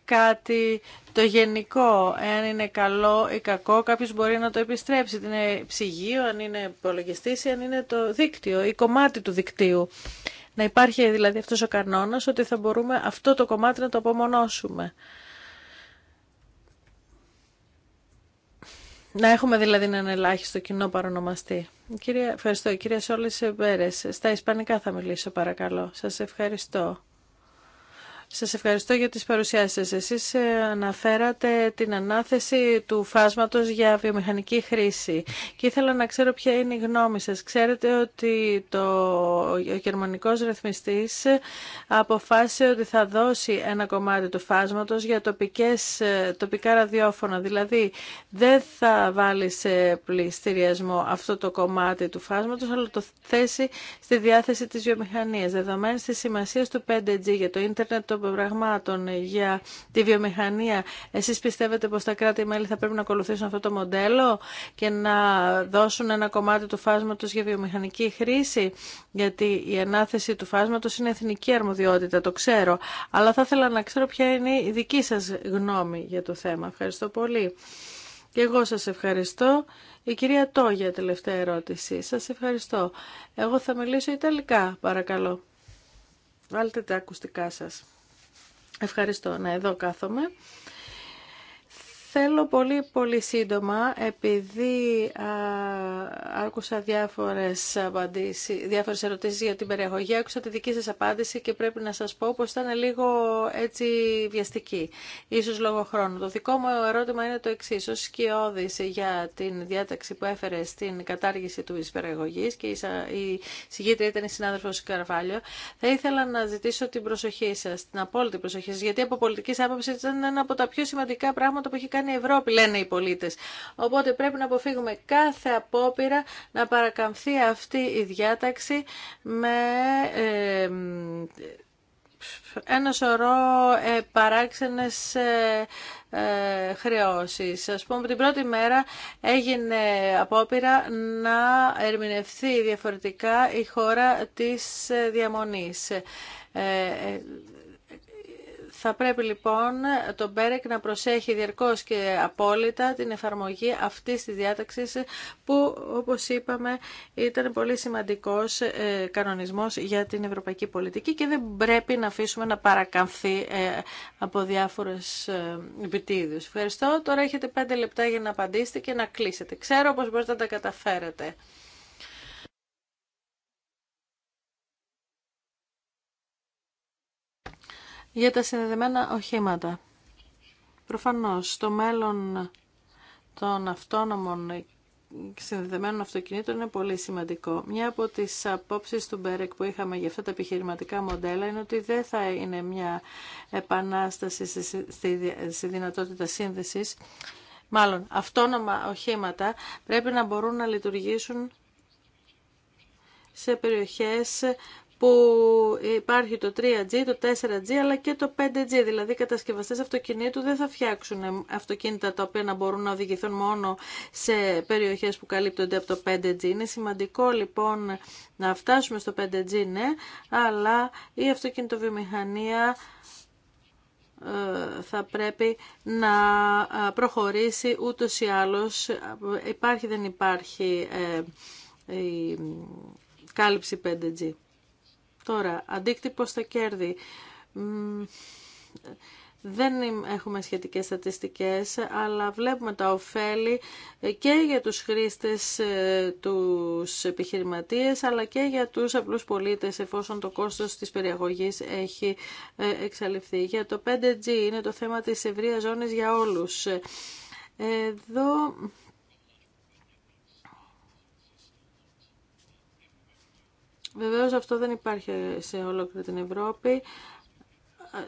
κάτι το γενικό, εάν είναι καλό ή κακό, κάποιος μπορεί να το επιστρέψει. Είναι ψυγείο, αν είναι υπολογιστή αν είναι το δίκτυο ή κομμάτι του δικτύου. Να υπάρχει δηλαδή αυτός ο κανόνας ότι θα μπορούμε αυτό το κομμάτι να το απομονώσουμε. Να έχουμε δηλαδή έναν ελάχιστο κοινό παρονομαστή. ευχαριστώ. Κυρία Σόλης Σεμπέρε, στα Ισπανικά θα μιλήσω παρακαλώ. Σας ευχαριστώ. Σας ευχαριστώ για τις παρουσιάσεις σας. Εσείς ε, αναφέρατε την ανάθεση του φάσματος για βιομηχανική χρήση και ήθελα να ξέρω ποια είναι η γνώμη σας. Ξέρετε ότι το, ο γερμανικός ρυθμιστής ε, αποφάσισε ότι θα δώσει ένα κομμάτι του φάσματος για τοπικές, ε, τοπικά ραδιόφωνα. Δηλαδή δεν θα βάλει σε πληστηριασμό αυτό το κομμάτι του φάσματος αλλά το θέσει στη διάθεση της βιομηχανίας. Δεδομένης της σημασίας του 5G για το ίντερνετ πραγμάτων για τη βιομηχανία. Εσείς πιστεύετε πως τα κράτη-μέλη θα πρέπει να ακολουθήσουν αυτό το μοντέλο και να δώσουν ένα κομμάτι του φάσματος για βιομηχανική χρήση, γιατί η ανάθεση του φάσματος είναι εθνική αρμοδιότητα, το ξέρω. Αλλά θα ήθελα να ξέρω ποια είναι η δική σας γνώμη για το θέμα. Ευχαριστώ πολύ. Και εγώ σας ευχαριστώ. Η κυρία Τόγια, τελευταία ερώτηση. Σας ευχαριστώ. Εγώ θα μιλήσω Ιταλικά, παρακαλώ. Βάλτε τα ακουστικά σας. Ευχαριστώ. Να εδώ κάθομαι. Θέλω πολύ πολύ σύντομα, επειδή α, άκουσα διάφορες, απαντήσεις, διάφορες ερωτήσεις για την περιεχογή, άκουσα τη δική σας απάντηση και πρέπει να σας πω πως ήταν λίγο έτσι βιαστική, ίσως λόγω χρόνου. Το δικό μου ερώτημα είναι το εξή. ως σκιώδης για την διάταξη που έφερε στην κατάργηση του εισπεραγωγής και η συγγήτρια ήταν η συνάδελφος Καρβάλιο, θα ήθελα να ζητήσω την προσοχή σας, την απόλυτη προσοχή σας, γιατί από πολιτική άποψη ήταν ένα από τα πιο σημαντικά πράγματα που έχει κάνει κάνει η Ευρώπη, λένε οι πολίτε. Οπότε πρέπει να αποφύγουμε κάθε απόπειρα να παρακαμφθεί αυτή η διάταξη με ένα σωρό ε, παράξενες ε, ε, χρεώσεις. Ας πούμε, την πρώτη μέρα έγινε απόπειρα να ερμηνευθεί διαφορετικά η χώρα της ε, διαμονής. Ε, ε, θα πρέπει λοιπόν το Μπέρεκ να προσέχει διαρκώς και απόλυτα την εφαρμογή αυτής της διάταξης που όπως είπαμε ήταν πολύ σημαντικός ε, κανονισμός για την ευρωπαϊκή πολιτική και δεν πρέπει να αφήσουμε να παρακαμφθεί ε, από διάφορες ε, επιτίδιους. Ευχαριστώ. Τώρα έχετε πέντε λεπτά για να απαντήσετε και να κλείσετε. Ξέρω πως μπορείτε να τα καταφέρετε. για τα συνδεδεμένα οχήματα. Προφανώς, το μέλλον των αυτόνομων συνδεδεμένων αυτοκινήτων είναι πολύ σημαντικό. Μια από τις απόψεις του Μπέρεκ που είχαμε για αυτά τα επιχειρηματικά μοντέλα είναι ότι δεν θα είναι μια επανάσταση στη δυνατότητα σύνδεσης. Μάλλον, αυτόνομα οχήματα πρέπει να μπορούν να λειτουργήσουν σε περιοχές που υπάρχει το 3G, το 4G αλλά και το 5G. Δηλαδή οι κατασκευαστέ αυτοκινήτου δεν θα φτιάξουν αυτοκίνητα τα οποία να μπορούν να οδηγηθούν μόνο σε περιοχέ που καλύπτονται από το 5G. Είναι σημαντικό λοιπόν να φτάσουμε στο 5G, ναι, αλλά η αυτοκινητοβιομηχανία ε, θα πρέπει να προχωρήσει ούτως ή άλλως. Υπάρχει δεν υπάρχει ε, η κάλυψη 5G. Τώρα, αντίκτυπο στα κέρδη. Δεν έχουμε σχετικές στατιστικές, αλλά βλέπουμε τα ωφέλη και για τους χρήστες, ε, τους επιχειρηματίες, αλλά και για τους απλούς πολίτες, εφόσον το κόστος της περιαγωγής έχει ε, εξαλειφθεί. Για το 5G είναι το θέμα της ευρείας ζώνης για όλους. Ε, εδώ Βεβαίως αυτό δεν υπάρχει σε ολόκληρη την Ευρώπη.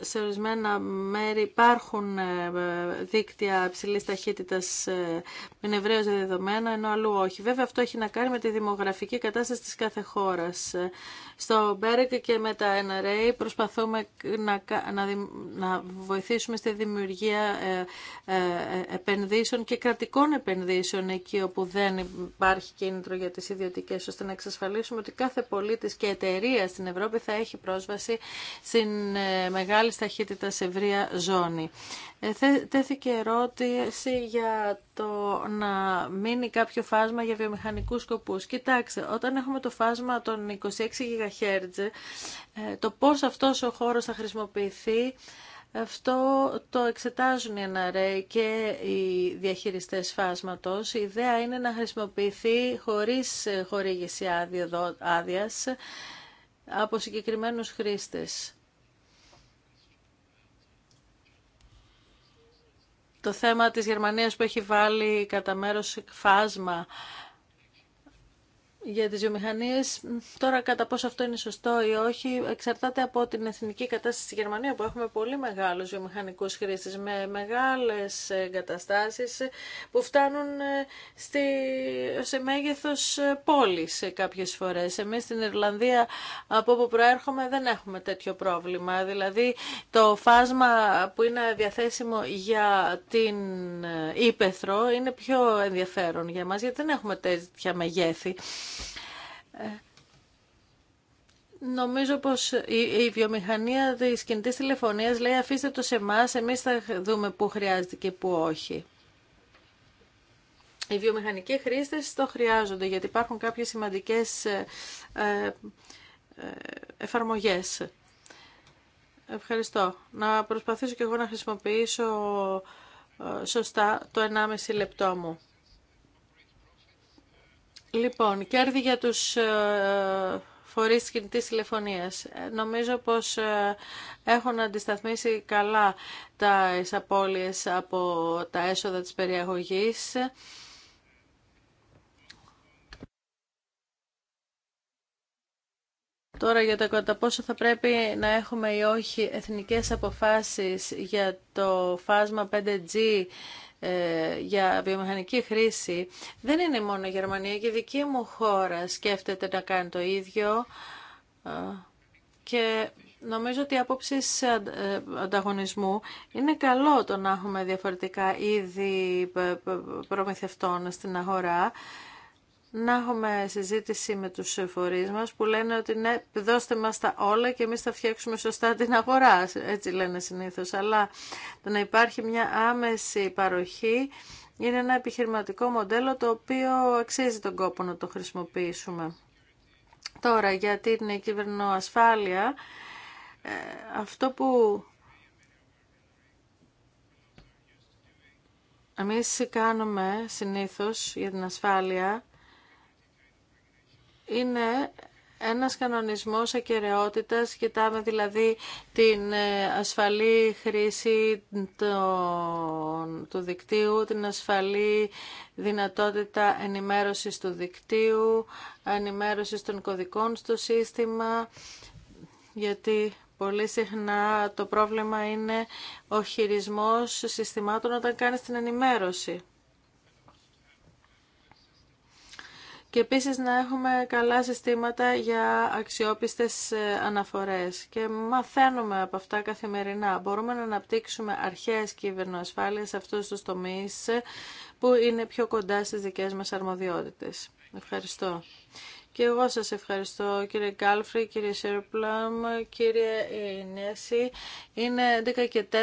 Σε ορισμένα μέρη υπάρχουν ε, δίκτυα ψηλή ταχύτητα με νευραίω δεδομένα, ενώ αλλού όχι. Βέβαια, αυτό έχει να κάνει με τη δημογραφική κατάσταση τη κάθε χώρα. Στο Μπέρεκ και με τα NRA προσπαθούμε να, να, να βοηθήσουμε στη δημιουργία ε, ε, ε, επενδύσεων και κρατικών επενδύσεων εκεί όπου δεν υπάρχει κίνητρο για τις ιδιωτικές, ώστε να εξασφαλίσουμε ότι κάθε πολίτης και εταιρεία στην Ευρώπη θα έχει πρόσβαση στην ε, μεγάλη ταχύτητα σε ευρεία ζώνη. Τέθηκε ερώτηση για το να μείνει κάποιο φάσμα για βιομηχανικούς σκοπούς. Κοιτάξτε, όταν έχουμε το φάσμα των 26 GHz, ε, το πώς αυτός ο χώρος θα χρησιμοποιηθεί, αυτό το εξετάζουν οι NRA και οι διαχειριστές φάσματος. Η ιδέα είναι να χρησιμοποιηθεί χωρίς ε, χορήγηση άδειας ε, από συγκεκριμένους χρήστες. το θέμα της Γερμανίας που έχει βάλει κατά μέρος φάσμα για τις βιομηχανίες. Τώρα κατά πόσο αυτό είναι σωστό ή όχι εξαρτάται από την εθνική κατάσταση στη Γερμανία που έχουμε πολύ μεγάλους βιομηχανικούς χρήστες με μεγάλες εγκαταστάσεις που φτάνουν ε, στη, σε μέγεθος ε, πόλης κάποιες φορές. Εμείς στην Ιρλανδία από όπου προέρχομαι δεν έχουμε τέτοιο πρόβλημα. Δηλαδή το φάσμα που είναι διαθέσιμο για την Ήπεθρο ε, είναι πιο ενδιαφέρον για μας γιατί δεν έχουμε τέτοια μεγέθη. Ε, νομίζω πως η, βιομηχανία της κινητής τηλεφωνίας λέει αφήστε το σε εμά, εμείς θα δούμε πού χρειάζεται και πού όχι. Οι βιομηχανικοί χρήστες το χρειάζονται γιατί υπάρχουν κάποιες σημαντικές ε, ε, εφαρμογές. Ευχαριστώ. Να προσπαθήσω και εγώ να χρησιμοποιήσω σωστά το 1,5 λεπτό μου. Λοιπόν, κέρδη για τους ε, φορείς κινητής τηλεφωνίας. Ε, νομίζω πως ε, έχουν αντισταθμίσει καλά τα απώλειες από τα έσοδα της περιαγωγής. Τώρα για το κατά πόσο θα πρέπει να έχουμε ή όχι εθνικές αποφάσεις για το φάσμα 5G ε, για βιομηχανική χρήση δεν είναι μόνο η Γερμανία και η δική μου χώρα σκέφτεται να κάνει το ίδιο ε, και νομίζω ότι η άποψη ε, ανταγωνισμού είναι καλό το να έχουμε διαφορετικά είδη προμηθευτών στην αγορά να έχουμε συζήτηση με τους φορείς μας που λένε ότι ναι, δώστε μας τα όλα και εμείς θα φτιάξουμε σωστά την αγορά, έτσι λένε συνήθως. Αλλά το να υπάρχει μια άμεση παροχή είναι ένα επιχειρηματικό μοντέλο το οποίο αξίζει τον κόπο να το χρησιμοποιήσουμε. Τώρα, για την κυβερνοασφάλεια, ε, αυτό που εμείς κάνουμε συνήθως για την ασφάλεια είναι ένας κανονισμός ακεραιότητας, κοιτάμε δηλαδή την ε, ασφαλή χρήση του δικτύου, την ασφαλή δυνατότητα ενημέρωσης του δικτύου, ενημέρωσης των κωδικών στο σύστημα, γιατί πολύ συχνά το πρόβλημα είναι ο χειρισμός συστημάτων όταν κάνεις την ενημέρωση. και επίσης να έχουμε καλά συστήματα για αξιόπιστες ε, αναφορές. Και μαθαίνουμε από αυτά καθημερινά. Μπορούμε να αναπτύξουμε αρχές κυβερνοασφάλειας σε αυτούς τους τομείς ε, που είναι πιο κοντά στις δικές μας αρμοδιότητες. Ευχαριστώ. Και εγώ σας ευχαριστώ κύριε Γκάλφρη, κύριε Σερπλάμ, κύριε Ινέση. Είναι 11 και 4.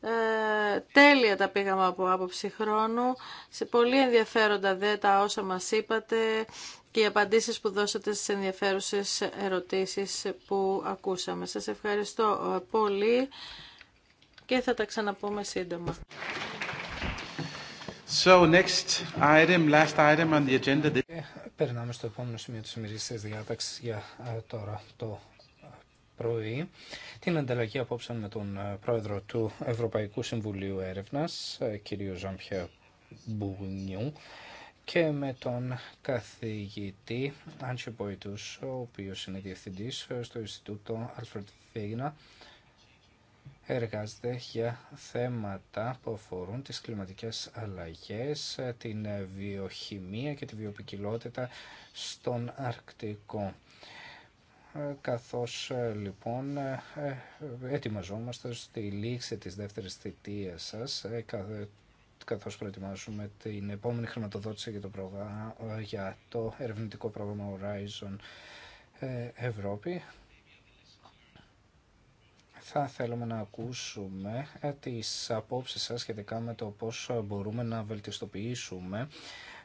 Ε, τέλεια τα πήγαμε από άποψη χρόνου. Σε πολύ ενδιαφέροντα δε τα όσα μας είπατε και οι απαντήσεις που δώσατε στις ενδιαφέρουσες ερωτήσεις που ακούσαμε. Σας ευχαριστώ ε, πολύ και θα τα ξαναπούμε σύντομα. So next item, last item on the agenda. Περνάμε στο επόμενο σημείο της ημερήσιας διάταξης για ε, τώρα το ε, πρωί την ανταλλαγή απόψε με τον ε, πρόεδρο του Ευρωπαϊκού Συμβουλίου Έρευνας, κύριο Ζαμπιέ Μπουγνιού, και με τον καθηγητή Άντσιο ο οποίος είναι διευθυντής στο Ινστιτούτο Αλφρεντ Φίγνα εργάζεται για θέματα που αφορούν τις κλιματικές αλλαγές, την βιοχημία και τη βιοπικιλότητα στον Αρκτικό. Καθώς λοιπόν ετοιμαζόμαστε στη λήξη της δεύτερης θητείας σας, ε, καθώς προετοιμάζουμε την επόμενη χρηματοδότηση για το, για το ερευνητικό πρόγραμμα Horizon ε, Ευρώπη, θα θέλουμε να ακούσουμε ε, τις απόψεις σας σχετικά με το πώς μπορούμε να βελτιστοποιήσουμε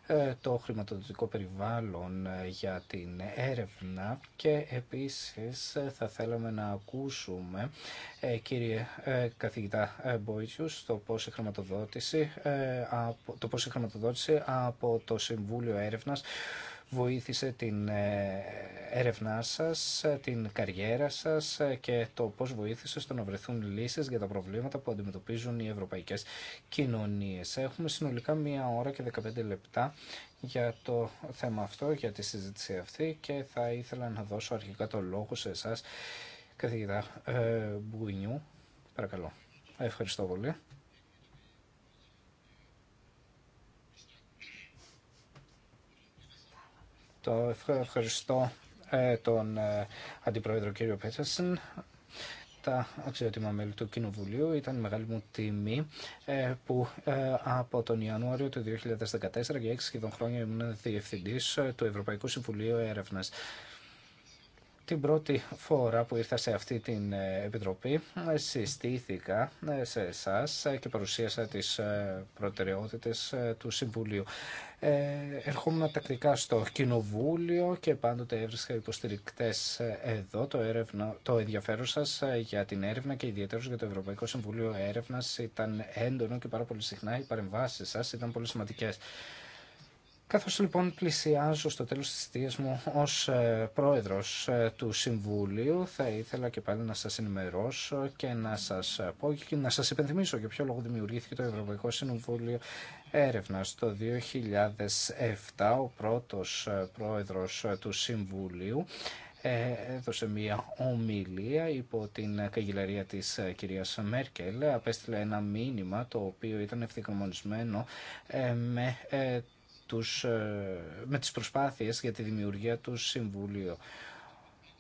ε, το χρηματοδοτικό περιβάλλον ε, για την έρευνα και επίσης θα θέλαμε να ακούσουμε κύριε καθηγητά Μποίτσιους το πώς η χρηματοδότηση, το πώς η χρηματοδότηση από το Συμβούλιο Έρευνας βοήθησε την ε, έρευνά σας, ε, την καριέρα σας ε, και το πώς βοήθησε στο να βρεθούν λύσεις για τα προβλήματα που αντιμετωπίζουν οι ευρωπαϊκές κοινωνίες. Έχουμε συνολικά μία ώρα και 15 λεπτά για το θέμα αυτό, για τη συζήτηση αυτή και θα ήθελα να δώσω αρχικά το λόγο σε εσάς, καθηγητά ε, Μπουγινιού. Παρακαλώ. Ευχαριστώ πολύ. Το ευχαριστώ ε, τον ε, Αντιπρόεδρο κύριο Πέτσασεν τα αξιότιμα μέλη του Κοινοβουλίου. Ήταν μεγάλη μου τιμή ε, που από τον Ιανουάριο του 2014 για έξι σχεδόν χρόνια ήμουν διευθυντή του Ευρωπαϊκού Συμβουλίου Έρευνα την πρώτη φορά που ήρθα σε αυτή την ε, επιτροπή ε, συστήθηκα ε, σε εσά και παρουσίασα τις προτεραιότητες του Συμβουλίου. ερχόμουν τακτικά στο Κοινοβούλιο και πάντοτε έβρισκα υποστηρικτές εδώ. Το, έρευνα, το ενδιαφέρον σας για την έρευνα και ιδιαίτερα για το Ευρωπαϊκό Συμβουλίο Έρευνας ήταν έντονο και πάρα πολύ συχνά οι παρεμβάσεις σας ήταν πολύ σημαντικές. Καθώς λοιπόν πλησιάζω στο τέλος της θητείας μου ως ε, πρόεδρος ε, του Συμβουλίου θα ήθελα και πάλι να σας ενημερώσω και να σας πω και να σας υπενθυμίσω για ποιο λόγο δημιουργήθηκε το Ευρωπαϊκό Συμβούλιο Έρευνα. Το 2007 ο πρώτος ε, πρόεδρος του Συμβουλίου έδωσε μία ομιλία υπό την καγκελαρία της κυρίας Μέρκελ, απέστειλε ένα μήνυμα το οποίο ήταν ευθυγραμμονισμένο με τους, ε, με τις προσπάθειες για τη δημιουργία του συμβουλίου.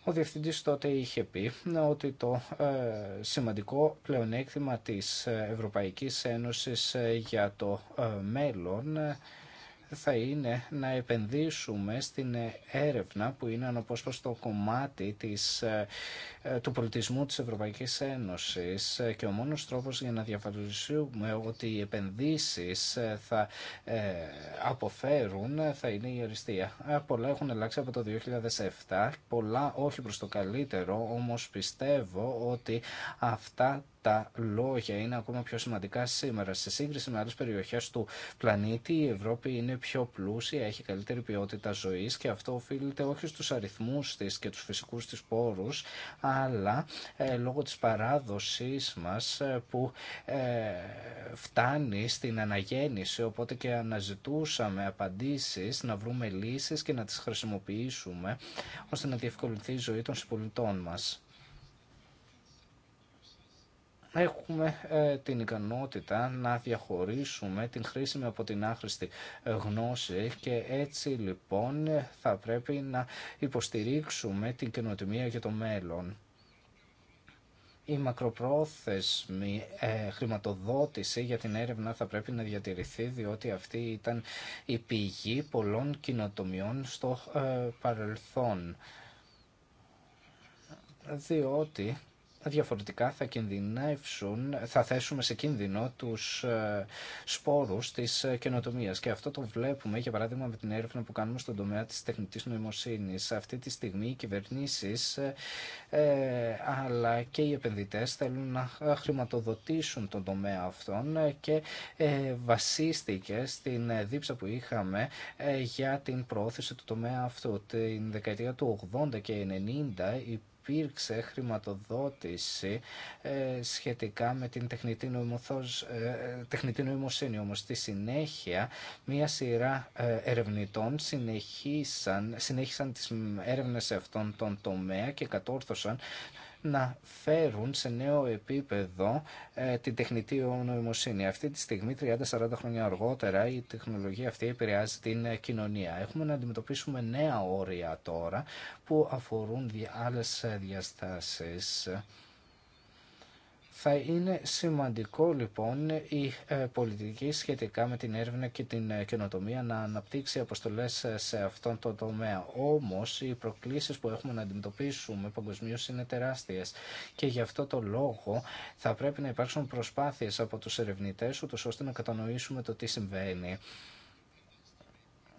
Ο Διευθυντής τότε είχε πει ότι το ε, σημαντικό πλεονέκτημα της Ευρωπαϊκής Ένωσης ε, για το μέλλον θα είναι να επενδύσουμε στην έρευνα που είναι αναπόσπαστο κομμάτι της, ε, ε, του πολιτισμού της Ευρωπαϊκής Ένωσης ε, και ο μόνος τρόπος για να διαβαλουσιούμε ότι οι επενδύσεις θα αποφέρουν θα είναι η αριστεία. Πολλά έχουν αλλάξει από το 2007, πολλά όχι προς το καλύτερο, όμως πιστεύω ότι αυτά τα λόγια είναι ακόμα πιο σημαντικά σήμερα. Σε σύγκριση με άλλε περιοχές του πλανήτη η Ευρώπη είναι πιο πλούσια, έχει καλύτερη ποιότητα ζωής και αυτό οφείλεται όχι στους αριθμούς τη και τους φυσικούς τη πόρους αλλά ε, λόγω της παράδοσης μας ε, που ε, φτάνει στην αναγέννηση οπότε και αναζητούσαμε απαντήσεις, να βρούμε λύσει και να τι χρησιμοποιήσουμε ώστε να διευκολυνθεί η ζωή των συμπολιτών μας έχουμε ε, την ικανότητα να διαχωρίσουμε την χρήσιμη από την άχρηστη ε, γνώση και έτσι λοιπόν θα πρέπει να υποστηρίξουμε την καινοτομία για το μέλλον. Η μακροπρόθεσμη ε, χρηματοδότηση για την έρευνα θα πρέπει να διατηρηθεί διότι αυτή ήταν η πηγή πολλών κοινοτομιών στο παρελθόν. Διότι διαφορετικά θα κινδυνεύσουν, θα θέσουμε σε κίνδυνο τους ε, σπόρους της ε, καινοτομία. Και αυτό το βλέπουμε, για παράδειγμα, με την έρευνα που κάνουμε στον τομέα της τεχνητής νοημοσύνης. Αυτή τη στιγμή οι κυβερνήσεις ε, αλλά και οι επενδυτές θέλουν να χρηματοδοτήσουν τον τομέα αυτόν και βασίστηκε στην δίψα που είχαμε για την προώθηση του τομέα αυτού. Την δεκαετία του 80 και 90 υπήρξε χρηματοδότηση ε, σχετικά με την τεχνητή, ε, ε, τεχνητή νοημοσύνη. Όμως στη συνέχεια μία σειρά ερευνητών συνεχίσαν, συνέχισαν τις έρευνες σε αυτόν τον τομέα και κατόρθωσαν να φέρουν σε νέο επίπεδο ε, την τεχνητή νοημοσύνη. Αυτή τη στιγμή, 30-40 χρόνια αργότερα, η τεχνολογία αυτή επηρεάζει την ε, κοινωνία. Έχουμε να αντιμετωπίσουμε νέα όρια τώρα που αφορούν άλλε ε, διαστάσεις θα είναι σημαντικό λοιπόν η ε, πολιτική σχετικά με την έρευνα και την ε, καινοτομία να αναπτύξει αποστολέ ε, σε αυτόν τον τομέα. Όμω οι προκλήσει που έχουμε να αντιμετωπίσουμε παγκοσμίω είναι τεράστιε και γι' αυτό το λόγο θα πρέπει να υπάρξουν προσπάθειε από του ερευνητέ ούτω ώστε να κατανοήσουμε το τι συμβαίνει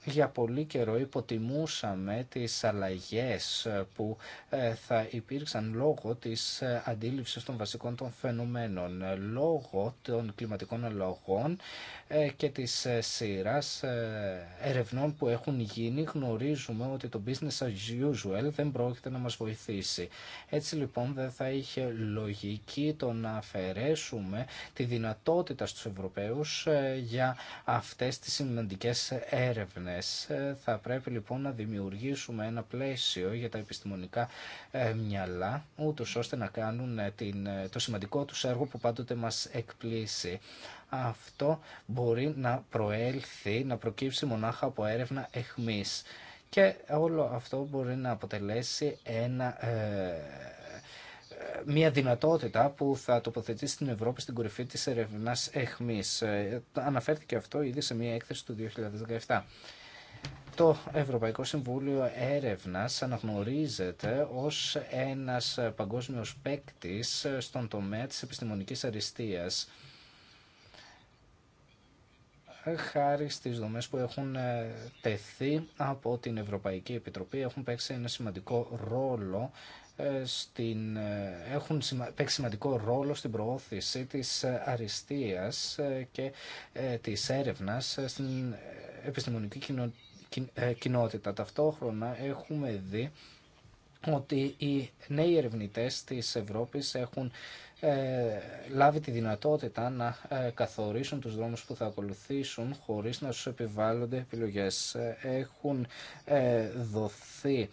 για πολύ καιρό υποτιμούσαμε τις αλλαγές που ε, θα υπήρξαν λόγω της ε, αντίληψης των βασικών των φαινομένων, ε, λόγω των κλιματικών αλλαγών και της σειράς ερευνών που έχουν γίνει γνωρίζουμε ότι το business as usual δεν πρόκειται να μας βοηθήσει. Έτσι λοιπόν δεν θα είχε λογική το να αφαιρέσουμε τη δυνατότητα στους Ευρωπαίους για αυτές τις σημαντικές έρευνες ε, θα πρέπει λοιπόν να δημιουργήσουμε ένα πλαίσιο για τα επιστημονικά ε, μυαλά, ούτως ώστε να κάνουν ε, την, το σημαντικό τους έργο που πάντοτε μας εκπλήσει. Αυτό μπορεί να προέλθει, να προκύψει μονάχα από έρευνα εχμής. Και όλο αυτό μπορεί να αποτελέσει ένα, μια δυνατότητα που θα τοποθετήσει την Ευρώπη στην κορυφή της ερευνάς εχμής. Αναφέρθηκε αυτό ήδη σε μια έκθεση του 2017 το Ευρωπαϊκό Συμβούλιο Έρευνας αναγνωρίζεται ως ένας παγκόσμιος παίκτη στον τομέα της επιστημονικής αριστείας χάρη στις δομές που έχουν ε, τεθεί από την Ευρωπαϊκή Επιτροπή έχουν παίξει ένα σημαντικό ρόλο ε, στην, ε, έχουν παίξει σημαντικό ρόλο στην προώθηση της αριστείας και της έρευνας στην επιστημονική κοινωνία. Ε, κοινότητα. Ταυτόχρονα έχουμε δει ότι οι νέοι ερευνητές της Ευρώπης έχουν ε, λάβει τη δυνατότητα να ε, καθορίσουν τους δρόμους που θα ακολουθήσουν χωρίς να τους επιβάλλονται επιλογές. Έχουν δοθεί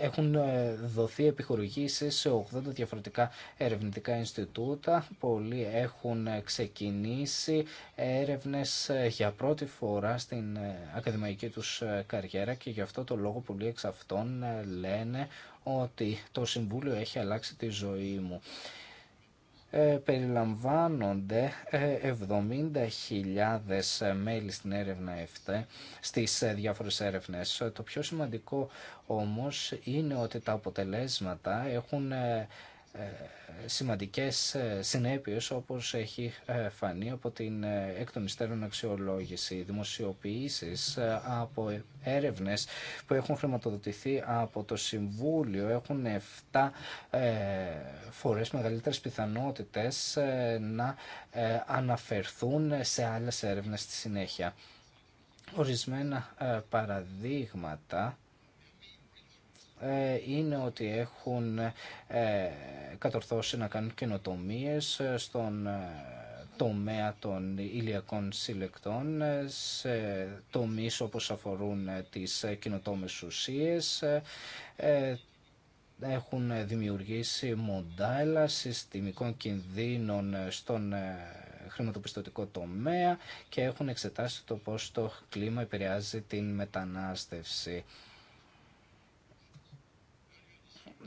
έχουν ε, δοθεί επιχορηγήσεις σε 80 διαφορετικά ερευνητικά Ινστιτούτα. Πολλοί έχουν ε, ξεκινήσει έρευνες ε, για πρώτη φορά στην ακαδημαϊκή τους καριέρα και γι' αυτό το λόγο πολλοί εξ αυτών λένε ότι το Συμβούλιο έχει αλλάξει τη ζωή μου. Ε, περιλαμβάνονται 70.000 ε, μέλη στην έρευνα ΕΦΤΕ, στις ε, διάφορες έρευνες. Το πιο σημαντικό όμως είναι ότι τα αποτελέσματα έχουν ε, σημαντικές ε, συνέπειες όπως έχει ε, φανεί από την εκ των υστέρων αξιολόγηση δημοσιοποιήσεις από έρευνες που έχουν χρηματοδοτηθεί από το Συμβούλιο έχουν 7 φορές μεγαλύτερες πιθανότητες να αναφερθούν σε άλλες έρευνες στη συνέχεια. Ορισμένα παραδείγματα ε, είναι ότι έχουν ε, κατορθώσει να κάνουν καινοτομίε ε, στον τομέα των ηλιακών συλλεκτών σε τομείς όπως αφορούν τις κοινοτόμες ουσίες, έχουν δημιουργήσει μοντάλα συστημικών κινδύνων στον χρηματοπιστωτικό τομέα και έχουν εξετάσει το πώς το κλίμα επηρεάζει την μετανάστευση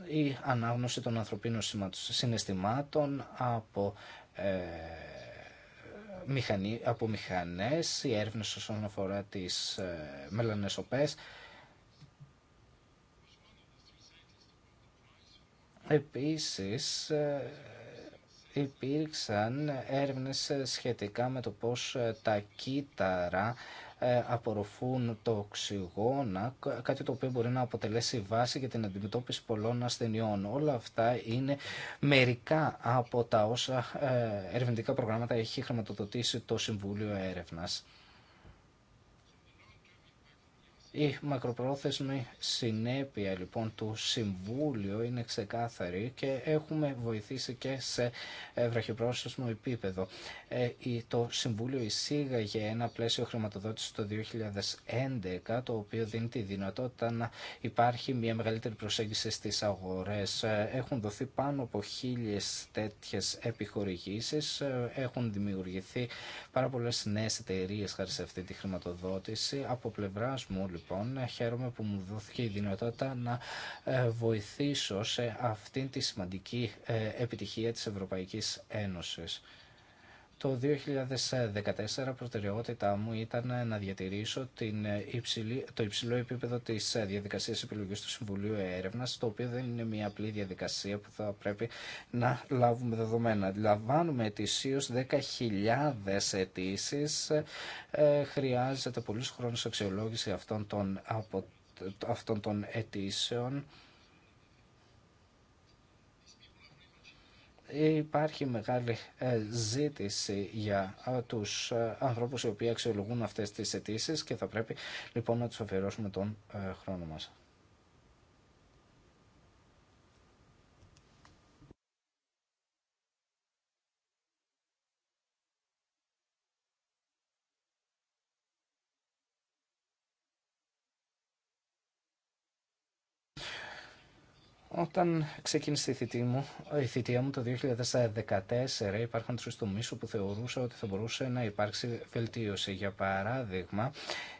η ανάγνωση των ανθρωπίνων συναισθημάτων από, ε, μηχανή, από μηχανές, οι έρευνα όσον αφορά τις ε, οπές. Επίσης, ε, υπήρξαν έρευνες σχετικά με το πώς ε, τα κύτταρα ε, απορροφούν το οξυγόνα, κάτι το οποίο μπορεί να αποτελέσει βάση για την αντιμετώπιση πολλών ασθενειών. Όλα αυτά είναι μερικά από τα όσα ε, ερευνητικά προγράμματα έχει χρηματοδοτήσει το Συμβούλιο Έρευνας. Η μακροπρόθεσμη συνέπεια λοιπόν του Συμβούλιο είναι ξεκάθαρη και έχουμε βοηθήσει και σε ε, βραχυπρόθεσμο επίπεδο. Ε, το Συμβούλιο εισήγαγε ένα πλαίσιο χρηματοδότηση το 2011 το οποίο δίνει τη δυνατότητα να υπάρχει μια μεγαλύτερη προσέγγιση στις αγορές. Ε, έχουν δοθεί πάνω από χίλιες τέτοιες επιχορηγήσεις, έχουν δημιουργηθεί πάρα πολλές νέες εταιρείε χάρη σε αυτή τη χρηματοδότηση. Από πλευράς μου λοιπόν, λοιπόν χαίρομαι που μου δόθηκε η δυνατότητα να ε, βοηθήσω σε αυτήν τη σημαντική ε, επιτυχία της Ευρωπαϊκής Ένωσης. Το 2014 προτεραιότητά μου ήταν να διατηρήσω την ε, το υψηλό επίπεδο της ε, διαδικασίας επιλογής του Συμβουλίου Έρευνας, το οποίο δεν είναι μια απλή διαδικασία που θα πρέπει να λάβουμε δεδομένα. Λαμβάνουμε ετησίως 10.000 αιτήσει. Ε, χρειάζεται πολλούς χρόνους αξιολόγηση αυτών των, αυτών των αιτήσεων. υπάρχει μεγάλη ε, ζήτηση για ε, τους ε, ανθρώπους οι οποίοι αξιολογούν αυτές τις αιτήσει και θα πρέπει λοιπόν να τους αφιερώσουμε τον χρόνο μας. Όταν ξεκίνησε η θητεία μου, η θητεία μου το 2014 υπάρχουν τρει που θεωρούσα ότι θα μπορούσε να υπάρξει βελτίωση. Για παράδειγμα,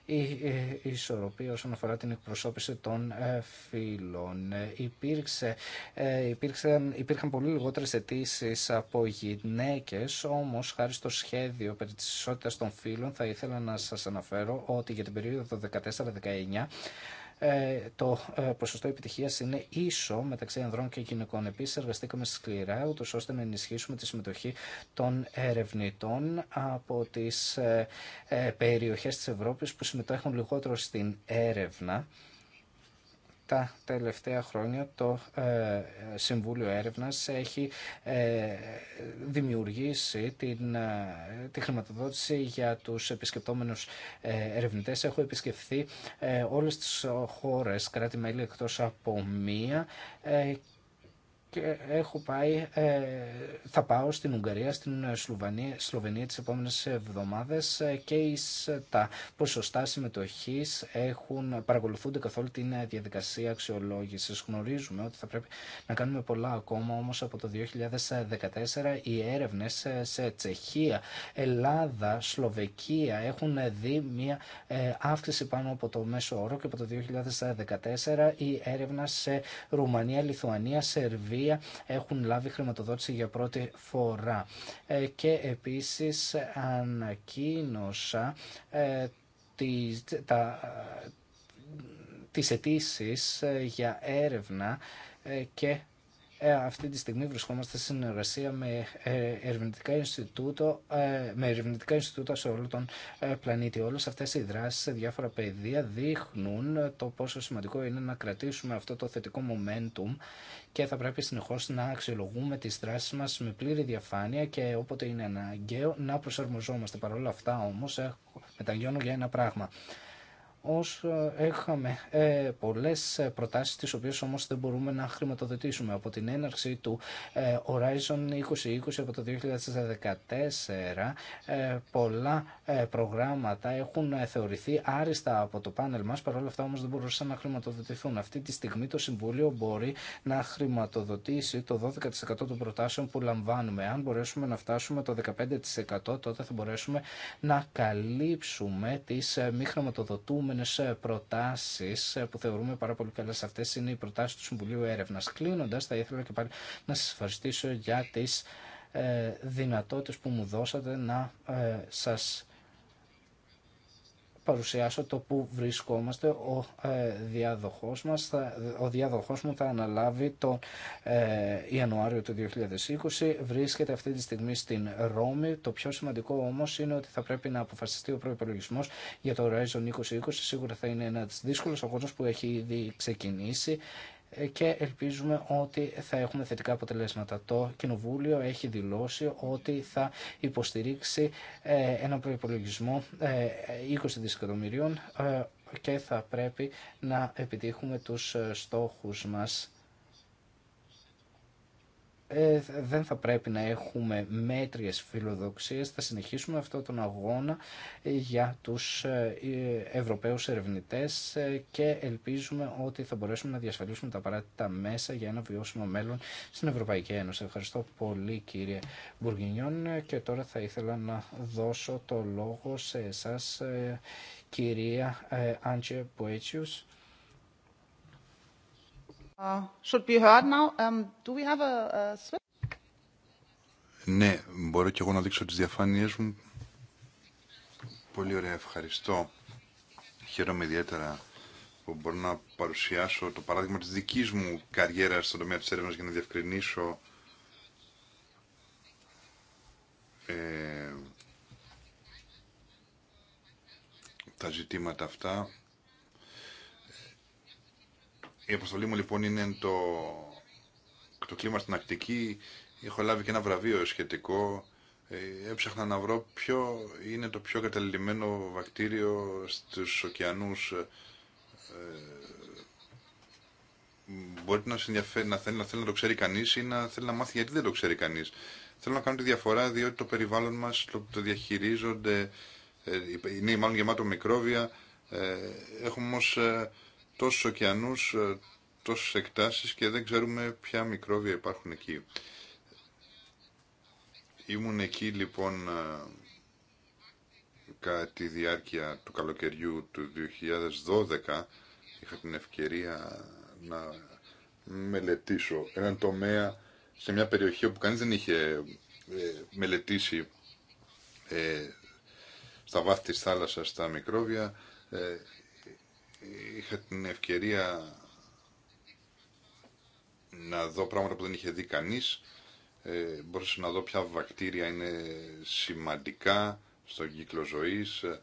η, η ισορροπία όσον αφορά την εκπροσώπηση των ε, φύλων. Ε, υπήρξε, ε, υπήρξαν, υπήρχαν πολύ λιγότερε αιτήσει από γυναίκε, όμω, χάρη στο σχέδιο περί τη ισότητα των φύλων θα ήθελα να σα αναφέρω ότι για την περίοδο 14-19 ε, το ε, ποσοστό επιτυχία είναι ίσο μεταξύ ανδρών και γυναικών. Επίση, εργαστήκαμε σκληρά ούτως ώστε να ενισχύσουμε τη συμμετοχή των ερευνητών από τις ε, περιοχές της Ευρώπης που συμμετέχουν λιγότερο στην έρευνα τα τελευταία χρόνια το ε, Συμβούλιο Έρευνας έχει ε, δημιουργήσει την, ε, τη χρηματοδότηση για τους επισκεπτόμενους ερευνητές. Έχω επισκεφθεί όλες τις χώρες κράτη-μέλη εκτός από μία και έχω πάει, ε, θα πάω στην Ουγγαρία, στην ε, Σλοβενία, Σλοβενία τις επόμενες εβδομάδες ε, και τα ποσοστά συμμετοχής έχουν, παρακολουθούνται καθόλου την διαδικασία αξιολόγησης. Γνωρίζουμε ότι θα πρέπει να κάνουμε πολλά ακόμα, όμως από το 2014 οι έρευνες σε Τσεχία, Ελλάδα, Σλοβεκία έχουν δει μια αύξηση πάνω από το μέσο όρο και από το 2014 η έρευνα σε Ρουμανία, Λιθουανία, Σερβία, έχουν λάβει χρηματοδότηση για πρώτη φορά. Ε, και επίσης ανακοίνωσα ε, τις, τα, ε, τις αιτήσει για έρευνα και ε, αυτή τη στιγμή βρισκόμαστε σε συνεργασία με ε, ερευνητικά Ινστιτούτα, ε, με ερευνητικά Ινστιτούτα σε όλο τον πλανήτη. Όλες αυτές οι δράσεις σε διάφορα πεδία δείχνουν το πόσο σημαντικό είναι να κρατήσουμε αυτό το θετικό momentum και θα πρέπει συνεχώς να αξιολογούμε τις δράσεις μας με πλήρη διαφάνεια και όποτε είναι αναγκαίο να προσαρμοζόμαστε. Παρ' όλα αυτά όμως μεταγιώνω για ένα πράγμα ως έχαμε ε, πολλές προτάσεις τις οποίες όμως δεν μπορούμε να χρηματοδοτήσουμε. Από την έναρξη του ε, Horizon 2020 από το 2014 ε, πολλά ε, προγράμματα έχουν ε, θεωρηθεί άριστα από το πάνελ μας παρόλα αυτά όμως δεν μπορούσαν να χρηματοδοτηθούν. Αυτή τη στιγμή το Συμβούλιο μπορεί να χρηματοδοτήσει το 12% των προτάσεων που λαμβάνουμε. Αν μπορέσουμε να φτάσουμε το 15% τότε θα μπορέσουμε να καλύψουμε τις μη χρηματοδοτούμενες ε, προτάσει ε, που θεωρούμε πάρα πολύ καλέ αυτέ είναι οι προτάσει του Συμβουλίου Έρευνα. Κλείνοντα, θα ήθελα και πάλι να σα ευχαριστήσω για τι ε, δυνατότητες που μου δώσατε να σας παρουσιάσω το που βρισκόμαστε. Ο ε, διαδοχός μας, θα, ο διαδοχός μου θα αναλάβει το ε, Ιανουάριο του 2020. Βρίσκεται αυτή τη στιγμή στην Ρώμη. Το πιο σημαντικό όμως είναι ότι θα πρέπει να αποφασιστεί ο προπολογισμό για το Horizon 2020. Σίγουρα θα είναι ένας δύσκολο αγώνας που έχει ήδη ξεκινήσει και ελπίζουμε ότι θα έχουμε θετικά αποτελέσματα. Το Κοινοβούλιο έχει δηλώσει ότι θα υποστηρίξει ε, ένα προϋπολογισμό 20 ε, δισεκατομμυρίων ε, και θα πρέπει να επιτύχουμε τους στόχους μας ε, δεν θα πρέπει να έχουμε μέτριες φιλοδοξίες, θα συνεχίσουμε αυτό τον αγώνα ε, για τους ε, Ευρωπαίους ερευνητές και ελπίζουμε ότι θα μπορέσουμε να διασφαλίσουμε τα παράτητα μέσα για ένα βιώσιμο μέλλον στην Ευρωπαϊκή Ένωση. Ευχαριστώ πολύ κύριε Μπουργινιόν και τώρα θα ήθελα να δώσω το λόγο σε εσάς κυρία Άντζε Ποέτσιους ναι, μπορώ και εγώ να δείξω τις διαφάνειές μου. Πολύ ωραία, ευχαριστώ. Χαίρομαι ιδιαίτερα που μπορώ να παρουσιάσω το παράδειγμα της δικής μου καριέρας στον τομέα της έρευνας για να διευκρινίσω ε, τα ζητήματα αυτά. Η αποστολή μου λοιπόν είναι το, το κλίμα στην Ακτική. Έχω λάβει και ένα βραβείο σχετικό. Ε, έψαχνα να βρω ποιο είναι το πιο καταλημμένο βακτήριο στους ωκεανούς. Ε, μπορεί να, να, θέλει, να θέλει να το ξέρει κανείς ή να θέλει να μάθει γιατί δεν το ξέρει κανείς. Θέλω να κάνω τη διαφορά διότι το περιβάλλον μας το, το διαχειρίζονται, ε, είναι μάλλον γεμάτο μικρόβια. Έχουμε όμως τόσους ωκεανούς, ε, τόσες εκτάσεις και δεν ξέρουμε ποια μικρόβια υπάρχουν εκεί. Ήμουν εκεί λοιπόν ε, κατά τη διάρκεια του καλοκαιριού του 2012 είχα την ευκαιρία να μελετήσω έναν τομέα σε μια περιοχή όπου κανείς δεν είχε ε, μελετήσει στα βάθη της θάλασσας τα μικρόβια είχα την ευκαιρία να δω πράγματα που δεν είχε δει κανείς. Ε, μπορούσα να δω ποια βακτήρια είναι σημαντικά στον κύκλο ζωής ε,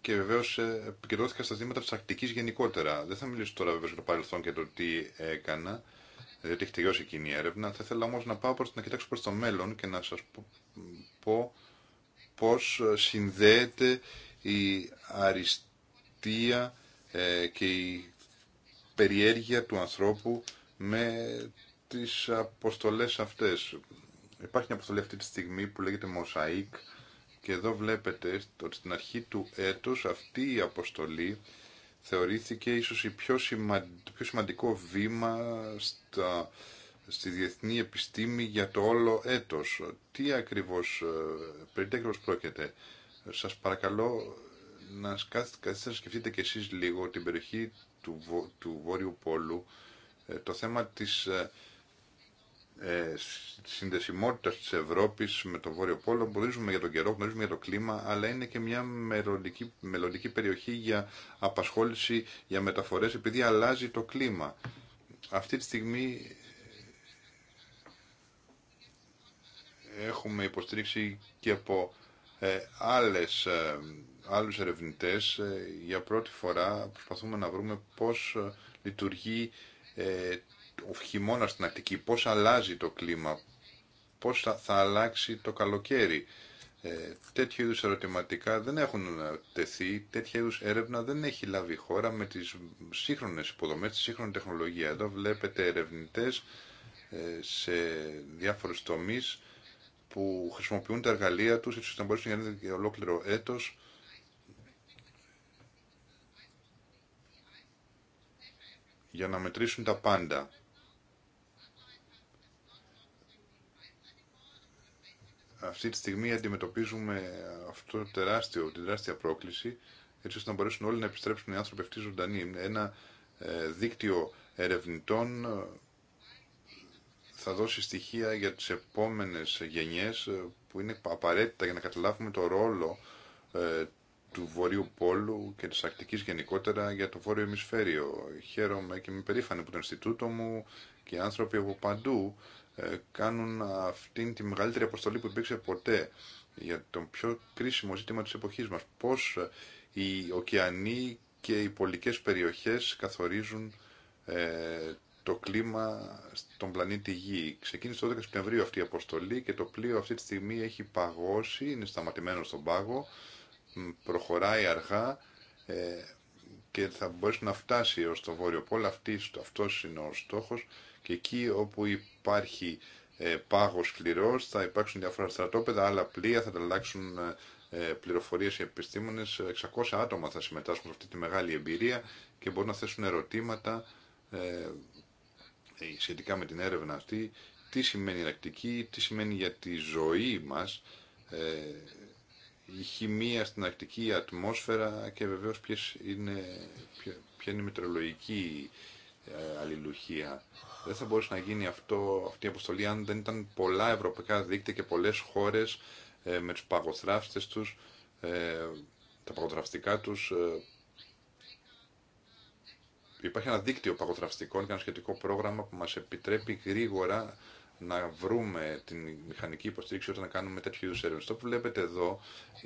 και βεβαίως ε, επικεντρώθηκα στα θέματα τη γενικότερα. Δεν θα μιλήσω τώρα βεβαίως για το παρελθόν και το τι έκανα, διότι έχει τελειώσει εκείνη η έρευνα. Θα ήθελα όμως να πάω να κοιτάξω προς το μέλλον και να σας πω πώς συνδέεται η αριστερή ε, και η περιέργεια του ανθρώπου με τις αποστολές αυτές. Υπάρχει μια αποστολή αυτή τη στιγμή που λέγεται Μοσαϊκ και εδώ βλέπετε ότι στην αρχή του έτους αυτή η αποστολή θεωρήθηκε ίσως η πιο το πιο σημαντικό βήμα στη διεθνή επιστήμη για το όλο έτος. Τι ακριβώς, ε, περί πρόκειται. Σας παρακαλώ να καθίσετε να σκεφτείτε κι εσείς λίγο την περιοχή του, βο, Βόρειου Πόλου, ε, το θέμα της ε, ε, συνδεσιμότητας της Ευρώπης με το Βόρειο Πόλο. Γνωρίζουμε για τον καιρό, γνωρίζουμε για το κλίμα, αλλά είναι και μια μελλοντική, μελλοντική περιοχή για απασχόληση, για μεταφορές, επειδή αλλάζει το κλίμα. Αυτή τη στιγμή ε, έχουμε υποστήριξη και από ε, άλλες, ε, άλλους ερευνητές. Ε, για πρώτη φορά προσπαθούμε να βρούμε πώς λειτουργεί ο χειμώνα στην Αττική, πώς αλλάζει το κλίμα, πώς θα, αλλάξει το καλοκαίρι. Ε, τέτοιου είδους ερωτηματικά δεν έχουν τεθεί, τέτοια είδους έρευνα δεν έχει λάβει χώρα με τις σύγχρονες υποδομές, τη σύγχρονη τεχνολογία. Εδώ βλέπετε ερευνητές σε διάφορους τομείς που χρησιμοποιούν τα εργαλεία τους έτσι ώστε να μπορέσουν να γίνεται και ολόκληρο έτος. για να μετρήσουν τα πάντα. Αυτή τη στιγμή αντιμετωπίζουμε αυτό το τεράστιο, την τεράστια πρόκληση, έτσι ώστε να μπορέσουν όλοι να επιστρέψουν οι άνθρωποι αυτοί ζωντανοί. Ένα ε, δίκτυο ερευνητών θα δώσει στοιχεία για τις επόμενες γενιές ε, που είναι απαραίτητα για να καταλάβουμε το ρόλο ε, του Βορείου Πόλου και της Ακτικής γενικότερα για το Βόρειο Εμισφαίριο. Χαίρομαι και είμαι περήφανη που το Ινστιτούτο μου και οι άνθρωποι από παντού ε, κάνουν αυτήν τη μεγαλύτερη αποστολή που υπήρξε ποτέ για το πιο κρίσιμο ζήτημα της εποχής μας. Πώς οι ωκεανοί και οι πολικές περιοχές καθορίζουν το κλίμα στον πλανήτη Γη. Ξεκίνησε το 12 Σεπτεμβρίου αυτή η αποστολή και το πλοίο αυτή τη στιγμή έχει παγώσει, είναι σταματημένο στον πάγο, προχωράει αργά ε, και θα μπορέσει να φτάσει ως το Βόρειο Πόλο. Αυτός είναι ο στόχος και εκεί όπου υπάρχει ε, πάγος σκληρός θα υπάρξουν διάφορα στρατόπεδα, άλλα πλοία θα αλλάξουν ε, πληροφορίες οι επιστήμονες. 600 άτομα θα συμμετάσχουν σε αυτή τη μεγάλη εμπειρία και μπορούν να θέσουν ερωτήματα ε, σχετικά με την έρευνα αυτή, τι σημαίνει η τι σημαίνει για τη ζωή μας, ε, η χημεία στην ακτική η ατμόσφαιρα και βεβαίως ποιες είναι, ποια είναι η μετρολογική ε, αλληλουχία. Δεν θα μπορούσε να γίνει αυτό, αυτή η αποστολή αν δεν ήταν πολλά ευρωπαϊκά δίκτυα και πολλές χώρες ε, με τους παγοθράφτες τους, τα παγοθραφτικά τους, υπάρχει ένα δίκτυο παγωτραυστικών και ένα σχετικό πρόγραμμα που μας επιτρέπει γρήγορα να βρούμε την μηχανική υποστήριξη όταν κάνουμε τέτοιου είδου έρευνε. Το που βλέπετε εδώ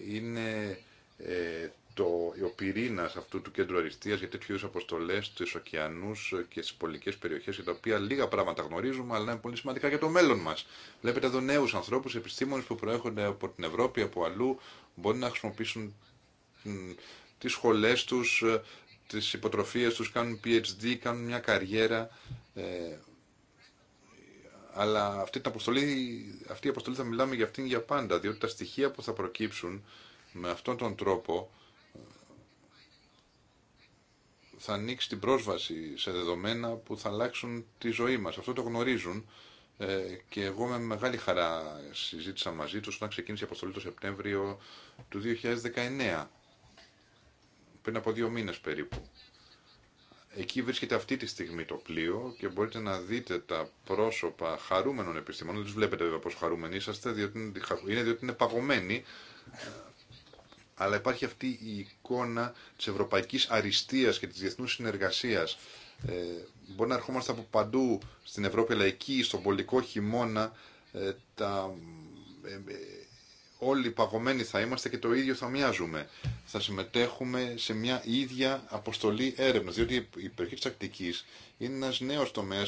είναι ε, το, ο πυρήνα αυτού του κέντρου αριστεία για τέτοιου είδου αποστολέ στου ωκεανού και στι πολικέ περιοχέ, για τα οποία λίγα πράγματα γνωρίζουμε, αλλά είναι πολύ σημαντικά για το μέλλον μα. Βλέπετε εδώ νέου ανθρώπου, επιστήμονε που προέρχονται από την Ευρώπη, από αλλού, μπορεί να χρησιμοποιήσουν τι σχολέ του, τις υποτροφίες τους, κάνουν PhD, κάνουν μια καριέρα. Ε, αλλά αυτή, την αποστολή, αυτή η αποστολή θα μιλάμε για αυτήν για πάντα, διότι τα στοιχεία που θα προκύψουν με αυτόν τον τρόπο ε, θα ανοίξει την πρόσβαση σε δεδομένα που θα αλλάξουν τη ζωή μας. Αυτό το γνωρίζουν ε, και εγώ με μεγάλη χαρά συζήτησα μαζί τους όταν ξεκίνησε η αποστολή το Σεπτέμβριο του 2019 πριν από δύο μήνες περίπου. Εκεί βρίσκεται αυτή τη στιγμή το πλοίο και μπορείτε να δείτε τα πρόσωπα χαρούμενων επιστημόνων. Δεν βλέπετε βέβαια πόσο χαρούμενοι είσαστε, διότι είναι, διότι είναι παγωμένοι. Αλλά υπάρχει αυτή η εικόνα της ευρωπαϊκής αριστείας και της διεθνούς συνεργασίας. Ε, μπορεί να ερχόμαστε από παντού στην Ευρώπη, αλλά εκεί, στον πολιτικό χειμώνα, ε, τα, ε, ε, όλοι παγωμένοι θα είμαστε και το ίδιο θα μοιάζουμε. Θα συμμετέχουμε σε μια ίδια αποστολή έρευνα. Διότι η περιοχή τη ακτική είναι ένα νέο τομέα,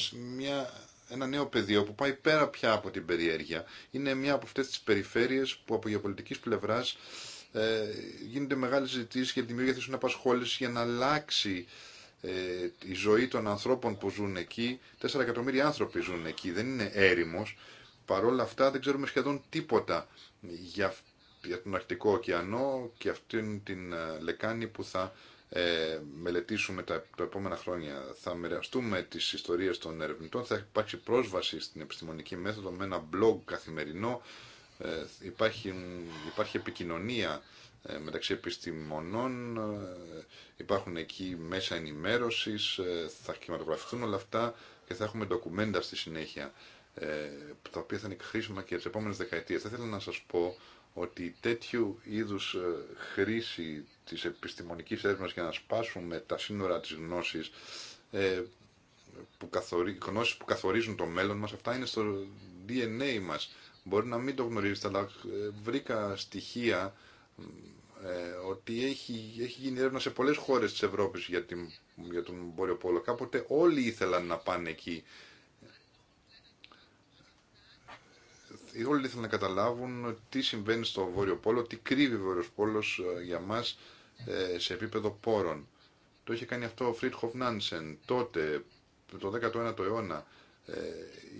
ένα νέο πεδίο που πάει πέρα πια από την περιέργεια. Είναι μια από αυτέ τι περιφέρειε που από γεωπολιτική πλευρά ε, γίνονται μεγάλε ζητήσει για τη δημιουργία θέσεων απασχόληση για να αλλάξει ε, η ζωή των ανθρώπων που ζουν εκεί. Τέσσερα εκατομμύρια άνθρωποι ζουν εκεί. Δεν είναι έρημο. Παρ' όλα αυτά δεν ξέρουμε σχεδόν τίποτα για, για τον Αρκτικό ωκεανό και αυτήν την ε, λεκάνη που θα ε, μελετήσουμε τα, επόμενα χρόνια. Θα μοιραστούμε τις ιστορίες των ερευνητών, θα υπάρξει πρόσβαση στην επιστημονική μέθοδο με ένα blog καθημερινό, ε, υπάρχει, υπάρχει επικοινωνία ε, μεταξύ επιστημονών, ε, υπάρχουν εκεί μέσα ενημέρωσης, θα κυματογραφηθούν όλα αυτά και θα έχουμε ντοκουμέντα στη συνέχεια. Ε, τα οποία θα είναι χρήσιμα και τι επόμενε δεκαετίες. Θα ήθελα να σας πω ότι τέτοιου είδους ε, χρήση τη επιστημονική έρευνα για να σπάσουμε τα σύνορα τη γνώση, ε, που καθορί, γνώσεις που καθορίζουν το μέλλον μας, αυτά είναι στο DNA μας. Μπορεί να μην το γνωρίζετε, αλλά βρήκα στοιχεία ε, ότι έχει, έχει γίνει έρευνα σε πολλές χώρες της Ευρώπης για, για τον Μπόριο Πόλο. Κάποτε όλοι ήθελαν να πάνε εκεί όλοι ήθελαν να καταλάβουν τι συμβαίνει στο Βόρειο Πόλο, τι κρύβει ο Βορειο Πόλος ε, για μας ε, σε επίπεδο πόρων. Το είχε κάνει αυτό ο Φρίτχοφ Νάνσεν τότε, το 19ο αιώνα. Ε,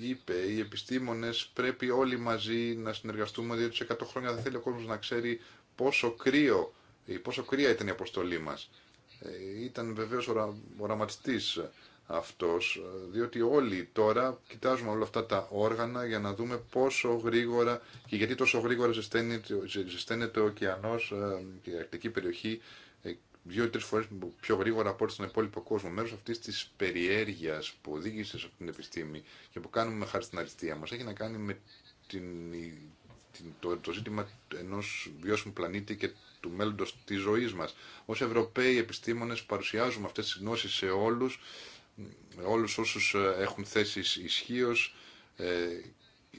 είπε, οι επιστήμονες πρέπει όλοι μαζί να συνεργαστούμε, διότι σε 100 χρόνια δεν θέλει ο κόσμο να ξέρει πόσο κρύο, η πόσο κρύα ήταν η αποστολή μας. ήταν βεβαίω οραματιστή αυτός, ε, διότι όλοι τώρα κοιτάζουμε όλα αυτά τα όργανα για να δούμε πόσο γρήγορα και γιατί τόσο γρήγορα ζεσταίνεται ο ωκεανός ε, και η αρκτική περιοχή ε, δύο-τρεις φορές πιο γρήγορα από στον υπόλοιπο κόσμο. Μέρος αυτής της περιέργειας που οδήγησε σε αυτήν την επιστήμη και που κάνουμε χάρη στην αριστεία μας έχει να κάνει με την, το, το ζήτημα ενός βιώσιμου πλανήτη και του μέλλοντος της ζωής μας. Ως Ευρωπαίοι επιστήμονες παρουσιάζουμε αυτές τις γνώσεις σε όλους όλους όσους ε, έχουν θέσεις ισχύω. Ε,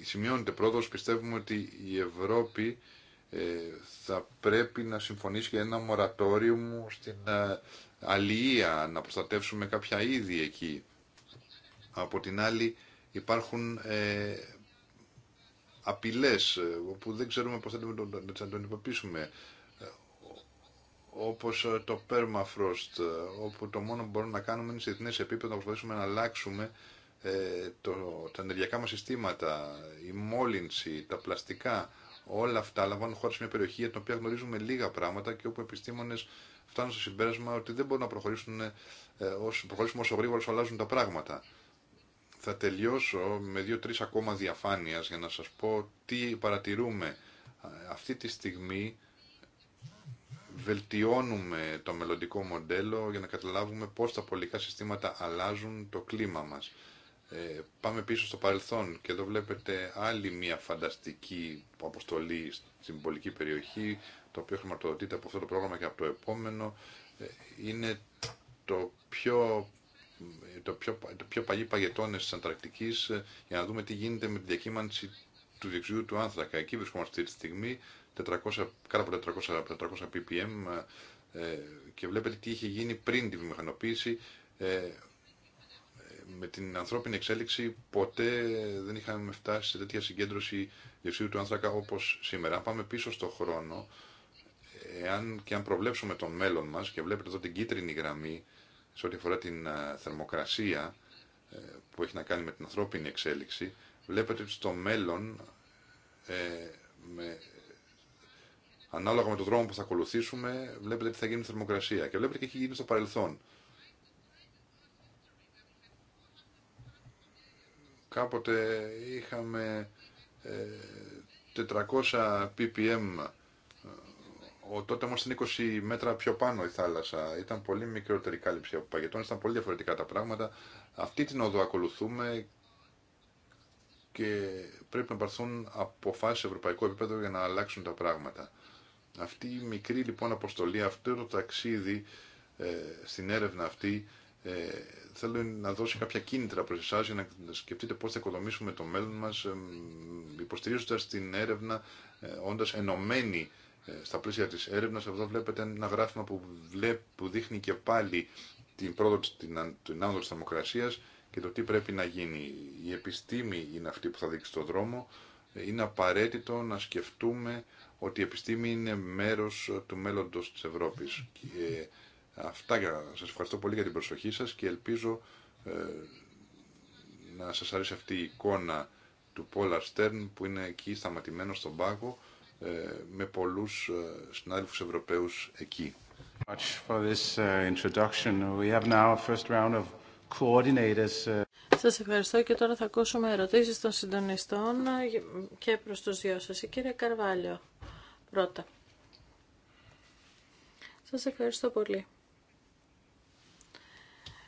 σημειώνεται πρώτος, πιστεύουμε ότι η Ευρώπη ε, θα πρέπει να συμφωνήσει για ένα μορατόριο στην ε, να προστατεύσουμε κάποια είδη εκεί. Από την άλλη υπάρχουν ε, απειλές ε, όπου δεν ξέρουμε πώς θα τον αντιμετωπίσουμε όπως ε, το permafrost, ε, όπου το μόνο που μπορούμε να κάνουμε είναι σε διεθνές επίπεδο να προσπαθήσουμε να αλλάξουμε ε, το, τα ενεργειακά μας συστήματα, η μόλυνση, τα πλαστικά, όλα αυτά λαμβάνουν χώρα σε μια περιοχή για την οποία γνωρίζουμε λίγα πράγματα και όπου οι επιστήμονες φτάνουν στο συμπέρασμα ότι δεν μπορούν να προχωρήσουν ε, όσο, προχωρήσουμε όσο γρήγορα όσο αλλάζουν τα πράγματα. Θα τελειώσω με δυο τρει ακόμα διαφάνειας για να σας πω τι παρατηρούμε ε, αυτή τη στιγμή βελτιώνουμε το μελλοντικό μοντέλο για να καταλάβουμε πώς τα πολιτικά συστήματα αλλάζουν το κλίμα μας. Ε, πάμε πίσω στο παρελθόν και εδώ βλέπετε άλλη μια φανταστική αποστολή στην πολική περιοχή, το οποίο χρηματοδοτείται από αυτό το πρόγραμμα και από το επόμενο. Ε, είναι το πιο, το πιο, το πιο παλιό παγετώνες της ε, για να δούμε τι γίνεται με τη διακύμανση του διεξιού του άνθρακα. Εκεί βρισκόμαστε αυτή τη στιγμή 400, κάτω από 400, 400 ppm και βλέπετε τι είχε γίνει πριν τη βιομηχανοποίηση. Ε, ε, με την ανθρώπινη εξέλιξη ποτέ δεν είχαμε φτάσει σε τέτοια συγκέντρωση διευσίου του άνθρακα όπως σήμερα. Αν πάμε πίσω στο χρόνο, εάν και αν προβλέψουμε το μέλλον μας και βλέπετε εδώ την κίτρινη γραμμή σε ό,τι αφορά την ε, θερμοκρασία που έχει να κάνει με την ανθρώπινη εξέλιξη, βλέπετε ότι στο μέλλον με ανάλογα με τον δρόμο που θα ακολουθήσουμε, βλέπετε τι θα γίνει η θερμοκρασία. Και βλέπετε τι έχει γίνει στο παρελθόν. Κάποτε είχαμε 400 ε, ppm ο τότε όμω ήταν 20 μέτρα πιο πάνω η θάλασσα. Ήταν πολύ μικρότερη κάλυψη από παγετών, ήταν πολύ διαφορετικά τα πράγματα. Αυτή την οδό ακολουθούμε και πρέπει να πάρθουν αποφάσει σε ευρωπαϊκό επίπεδο για να αλλάξουν τα πράγματα. Αυτή η μικρή λοιπόν αποστολή, αυτό το ταξίδι ε, στην έρευνα αυτή ε, θέλω να δώσει κάποια κίνητρα προς εσάς για να σκεφτείτε πώς θα οικοδομήσουμε το μέλλον μας ε, υποστηρίζοντας την έρευνα ε, όντας ενωμένη ε, στα πλαίσια της έρευνας. Εδώ βλέπετε ένα γράφημα που, που δείχνει και πάλι την πρόοδο την, την της και το τι πρέπει να γίνει. Η επιστήμη είναι αυτή που θα δείξει τον δρόμο. Ε, είναι απαραίτητο να σκεφτούμε ότι η επιστήμη είναι μέρος του μέλλοντος της Ευρώπης. Και ε, αυτά σας ευχαριστώ πολύ για την προσοχή σας και ελπίζω ε, να σας αρέσει αυτή η εικόνα του πόλα Στέρν που είναι εκεί σταματημένο στον πάγο ε, με πολλούς ε, συνάδελφους Ευρωπαίους εκεί. Uh, uh, σας ευχαριστώ και τώρα θα ακούσουμε ερωτήσεις των συντονιστών και προς τους δυο σας. Η κυρία Καρβάλιο πρώτα. Σας ευχαριστώ πολύ.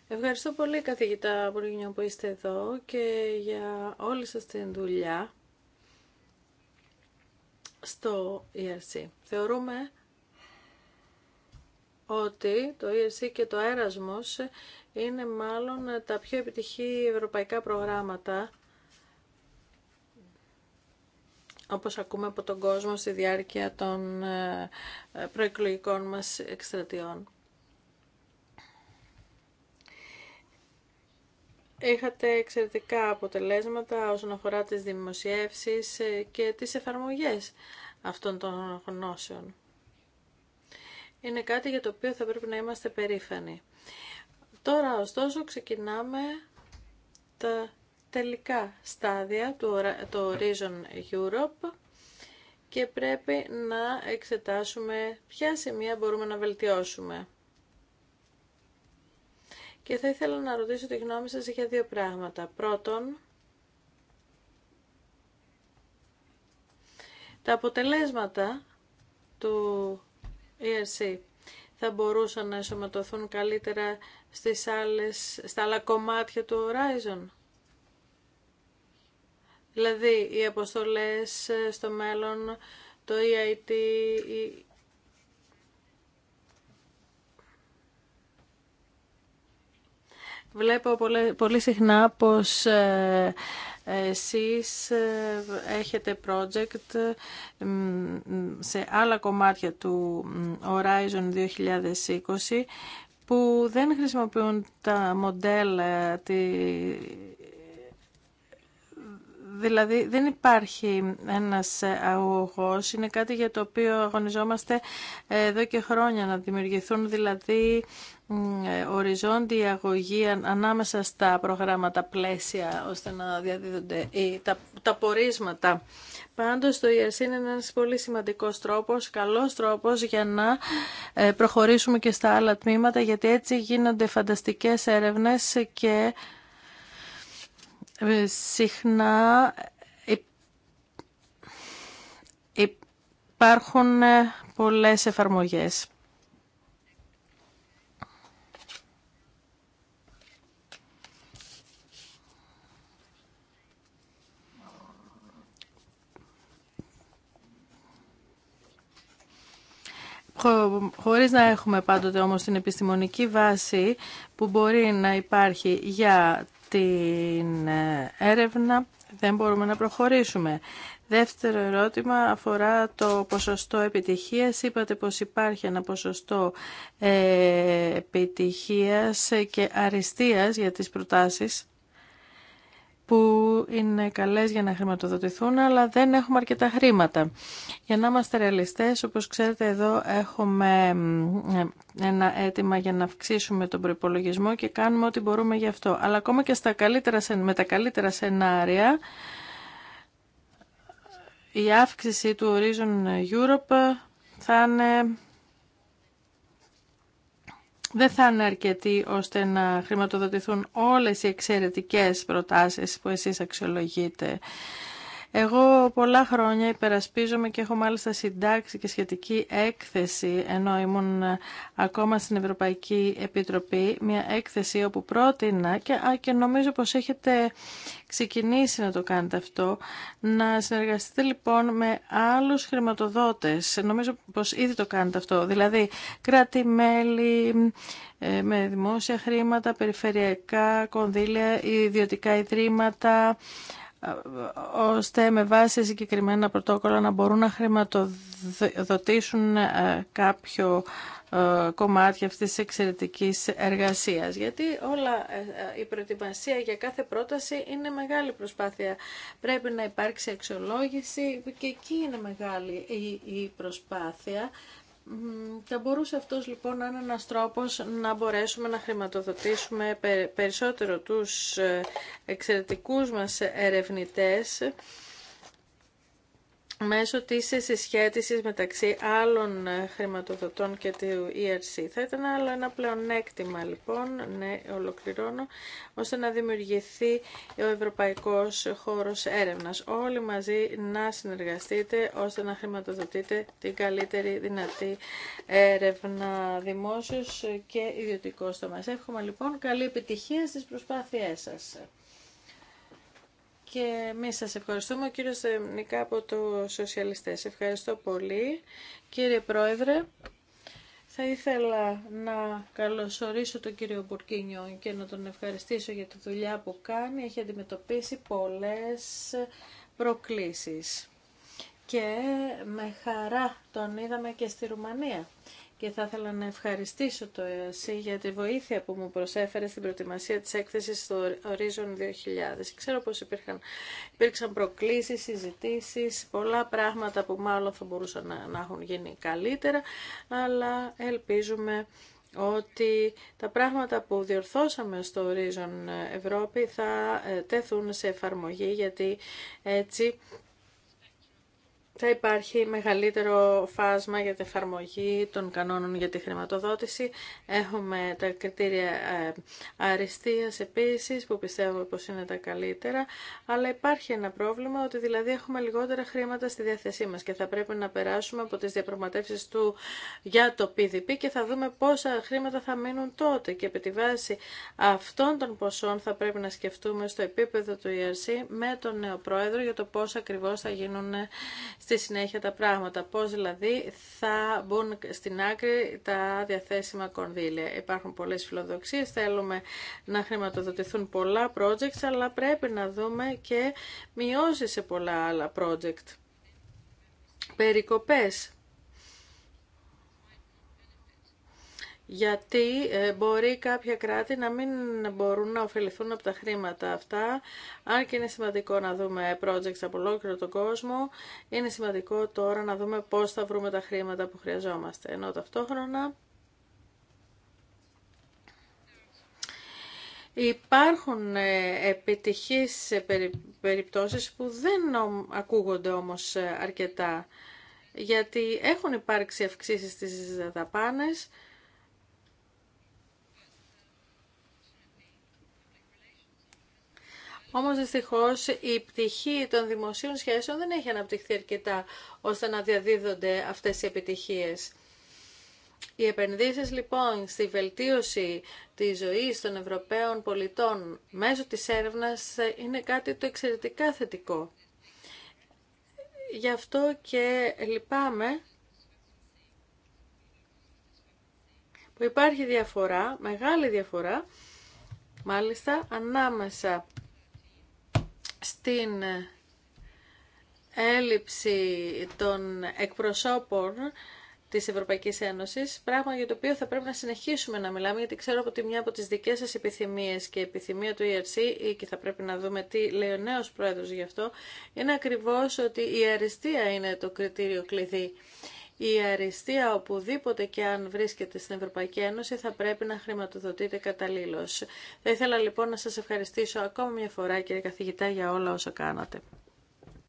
Ευχαριστώ πολύ καθηγητά Μπουργινιό που είστε εδώ και για όλη σας την δουλειά στο ERC. Θεωρούμε ότι το ERC και το Erasmus είναι μάλλον τα πιο επιτυχή ευρωπαϊκά προγράμματα όπως ακούμε από τον κόσμο στη διάρκεια των ε, ε, προεκλογικών μας εκστρατιών. Είχατε εξαιρετικά αποτελέσματα όσον αφορά τις δημοσιεύσεις ε, και τις εφαρμογές αυτών των γνώσεων. Είναι κάτι για το οποίο θα πρέπει να είμαστε περήφανοι. Τώρα, ωστόσο, ξεκινάμε τα τελικά στάδια του το Horizon Europe και πρέπει να εξετάσουμε ποια σημεία μπορούμε να βελτιώσουμε. Και θα ήθελα να ρωτήσω τη γνώμη σας για δύο πράγματα. Πρώτον, τα αποτελέσματα του ERC θα μπορούσαν να εσωματωθούν καλύτερα στις άλλες, στα άλλα κομμάτια του Horizon. Δηλαδή, οι αποστολές ε, στο μέλλον, το EIT, Βλέπω πολύ συχνά πως ε, εσείς ε, έχετε project σε άλλα κομμάτια του Horizon 2020 που δεν χρησιμοποιούν τα μοντέλα Δηλαδή δεν υπάρχει ένας αγωγός, είναι κάτι για το οποίο αγωνιζόμαστε ε, εδώ και χρόνια να δημιουργηθούν δηλαδή ε, οριζόντια αγωγή ανάμεσα στα προγράμματα πλαίσια ώστε να διαδίδονται τα, τα πορίσματα. Πάντως το ERC είναι ένας πολύ σημαντικός τρόπος, καλός τρόπος για να ε, προχωρήσουμε και στα άλλα τμήματα γιατί έτσι γίνονται φανταστικές έρευνες και ε, συχνά υπάρχουν ε, πολλές εφαρμογές. χωρίς να έχουμε πάντοτε όμως την επιστημονική βάση που μπορεί να υπάρχει για την ε, έρευνα δεν μπορούμε να προχωρήσουμε. Δεύτερο ερώτημα αφορά το ποσοστό επιτυχίας. Είπατε πως υπάρχει ένα ποσοστό ε, επιτυχίας και αριστείας για τις προτάσεις που είναι καλές για να χρηματοδοτηθούν, αλλά δεν έχουμε αρκετά χρήματα. Για να είμαστε ρεαλιστές, όπως ξέρετε εδώ έχουμε ένα αίτημα για να αυξήσουμε τον προπολογισμό και κάνουμε ό,τι μπορούμε γι' αυτό. Αλλά ακόμα και στα καλύτερα, με τα καλύτερα σενάρια, η αύξηση του Horizon Europe θα είναι δεν θα είναι αρκετοί ώστε να χρηματοδοτηθούν όλες οι εξαιρετικές προτάσεις που εσείς αξιολογείτε εγώ πολλά χρόνια υπερασπίζομαι και έχω μάλιστα συντάξει και σχετική έκθεση ενώ ήμουν ε, ακόμα στην Ευρωπαϊκή Επιτροπή, μια έκθεση όπου πρότεινα και, α, και νομίζω πως έχετε ξεκινήσει να το κάνετε αυτό, να συνεργαστείτε λοιπόν με άλλους χρηματοδότες. Νομίζω πως ήδη το κάνετε αυτό, δηλαδή κράτη-μέλη, ε, με δημόσια χρήματα, περιφερειακά κονδύλια, ιδιωτικά ιδρύματα, ώστε με βάση συγκεκριμένα πρωτόκολλα να μπορούν να χρηματοδοτήσουν ε, κάποιο ε, κομμάτι αυτής της εξαιρετικής εργασίας. Γιατί όλα ε, η προετοιμασία για κάθε πρόταση είναι μεγάλη προσπάθεια. Πρέπει να υπάρξει αξιολόγηση και εκεί είναι μεγάλη η προσπάθεια. Θα μπορούσε αυτός λοιπόν να είναι ένας τρόπος να μπορέσουμε να χρηματοδοτήσουμε περισσότερο τους ε, εξαιρετικούς μας ερευνητές μέσω της συσχέτισης μεταξύ άλλων ε, χρηματοδοτών και του ERC. Θα ήταν άλλο ένα πλεονέκτημα λοιπόν, ναι, ολοκληρώνω, ώστε να δημιουργηθεί ο ευρωπαϊκός χώρος έρευνας. Όλοι μαζί να συνεργαστείτε ώστε να χρηματοδοτείτε την καλύτερη δυνατή έρευνα δημόσιος και ιδιωτικό τομέα. Εύχομαι λοιπόν καλή επιτυχία στις προσπάθειές σας και εμεί σας ευχαριστούμε. Ο κύριος από το Σοσιαλιστές. Ευχαριστώ πολύ. Κύριε Πρόεδρε, θα ήθελα να καλωσορίσω τον κύριο Μπουρκίνιο και να τον ευχαριστήσω για τη δουλειά που κάνει. Έχει αντιμετωπίσει πολλές προκλήσεις και με χαρά τον είδαμε και στη Ρουμανία και θα ήθελα να ευχαριστήσω το ΕΣΥ για τη βοήθεια που μου προσέφερε στην προετοιμασία της έκθεσης στο Horizon 2000. Ξέρω πως υπήρχαν, υπήρξαν προκλήσεις, συζητήσεις, πολλά πράγματα που μάλλον θα μπορούσαν να, να έχουν γίνει καλύτερα, αλλά ελπίζουμε ότι τα πράγματα που διορθώσαμε στο Horizon Ευρώπη θα ε, τεθούν σε εφαρμογή γιατί έτσι θα υπάρχει μεγαλύτερο φάσμα για την εφαρμογή των κανόνων για τη χρηματοδότηση. Έχουμε τα κριτήρια ε, αριστείας επίσης που πιστεύω πως είναι τα καλύτερα, αλλά υπάρχει ένα πρόβλημα ότι δηλαδή έχουμε λιγότερα χρήματα στη διάθεσή μας και θα πρέπει να περάσουμε από τις διαπραγματεύσεις του για το PDP και θα δούμε πόσα χρήματα θα μείνουν τότε και επί τη βάση αυτών των ποσών θα πρέπει να σκεφτούμε στο επίπεδο του ERC με τον νέο πρόεδρο για το πώς ακριβώς θα γίνουν στη συνέχεια τα πράγματα. Πώς δηλαδή θα μπουν στην άκρη τα διαθέσιμα κονδύλια. Υπάρχουν πολλές φιλοδοξίες, θέλουμε να χρηματοδοτηθούν πολλά projects, αλλά πρέπει να δούμε και μειώσει σε πολλά άλλα project. Περικοπές γιατί ε, μπορεί κάποια κράτη να μην μπορούν να ωφεληθούν από τα χρήματα αυτά. Αν και είναι σημαντικό να δούμε projects από ολόκληρο τον κόσμο, είναι σημαντικό τώρα να δούμε πώς θα βρούμε τα χρήματα που χρειαζόμαστε. Ενώ ταυτόχρονα Υπάρχουν ε, επιτυχείς ε, περιπτώσεις που δεν ακούγονται όμως αρκετά, γιατί έχουν υπάρξει αυξήσεις στις δαπάνες, Όμως δυστυχώς η πτυχή των δημοσίων σχέσεων δεν έχει αναπτυχθεί αρκετά ώστε να διαδίδονται αυτές οι επιτυχίες. Οι επενδύσεις λοιπόν στη βελτίωση της ζωής των Ευρωπαίων πολιτών μέσω της έρευνας είναι κάτι το εξαιρετικά θετικό. Γι' αυτό και λυπάμαι που υπάρχει διαφορά, μεγάλη διαφορά, μάλιστα ανάμεσα στην έλλειψη των εκπροσώπων της Ευρωπαϊκής Ένωσης, πράγμα για το οποίο θα πρέπει να συνεχίσουμε να μιλάμε, γιατί ξέρω ότι μια από τις δικές σας επιθυμίες και επιθυμία του ERC, και θα πρέπει να δούμε τι λέει ο νέος πρόεδρος γι' αυτό, είναι ακριβώς ότι η αριστεία είναι το κριτήριο κλειδί η αριστεία οπουδήποτε και αν βρίσκεται στην Ευρωπαϊκή Ένωση θα πρέπει να χρηματοδοτείται καταλήλω. Θα ήθελα λοιπόν να σας ευχαριστήσω ακόμα μια φορά κύριε καθηγητά για όλα όσα κάνατε.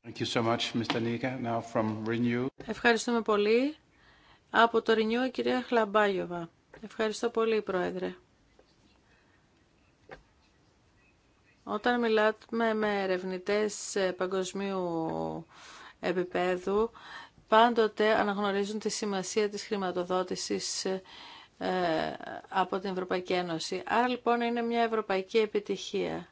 Thank you so much, Mr. Nika. Now from Ευχαριστούμε πολύ. Από το Renew η κυρία Χλαμπάγιοβα. Ευχαριστώ πολύ Πρόεδρε. Όταν μιλάμε με ερευνητές παγκοσμίου επίπεδου, πάντοτε αναγνωρίζουν τη σημασία της χρηματοδότησης ε, ε, από την Ευρωπαϊκή Ένωση. Άρα λοιπόν είναι μια ευρωπαϊκή επιτυχία.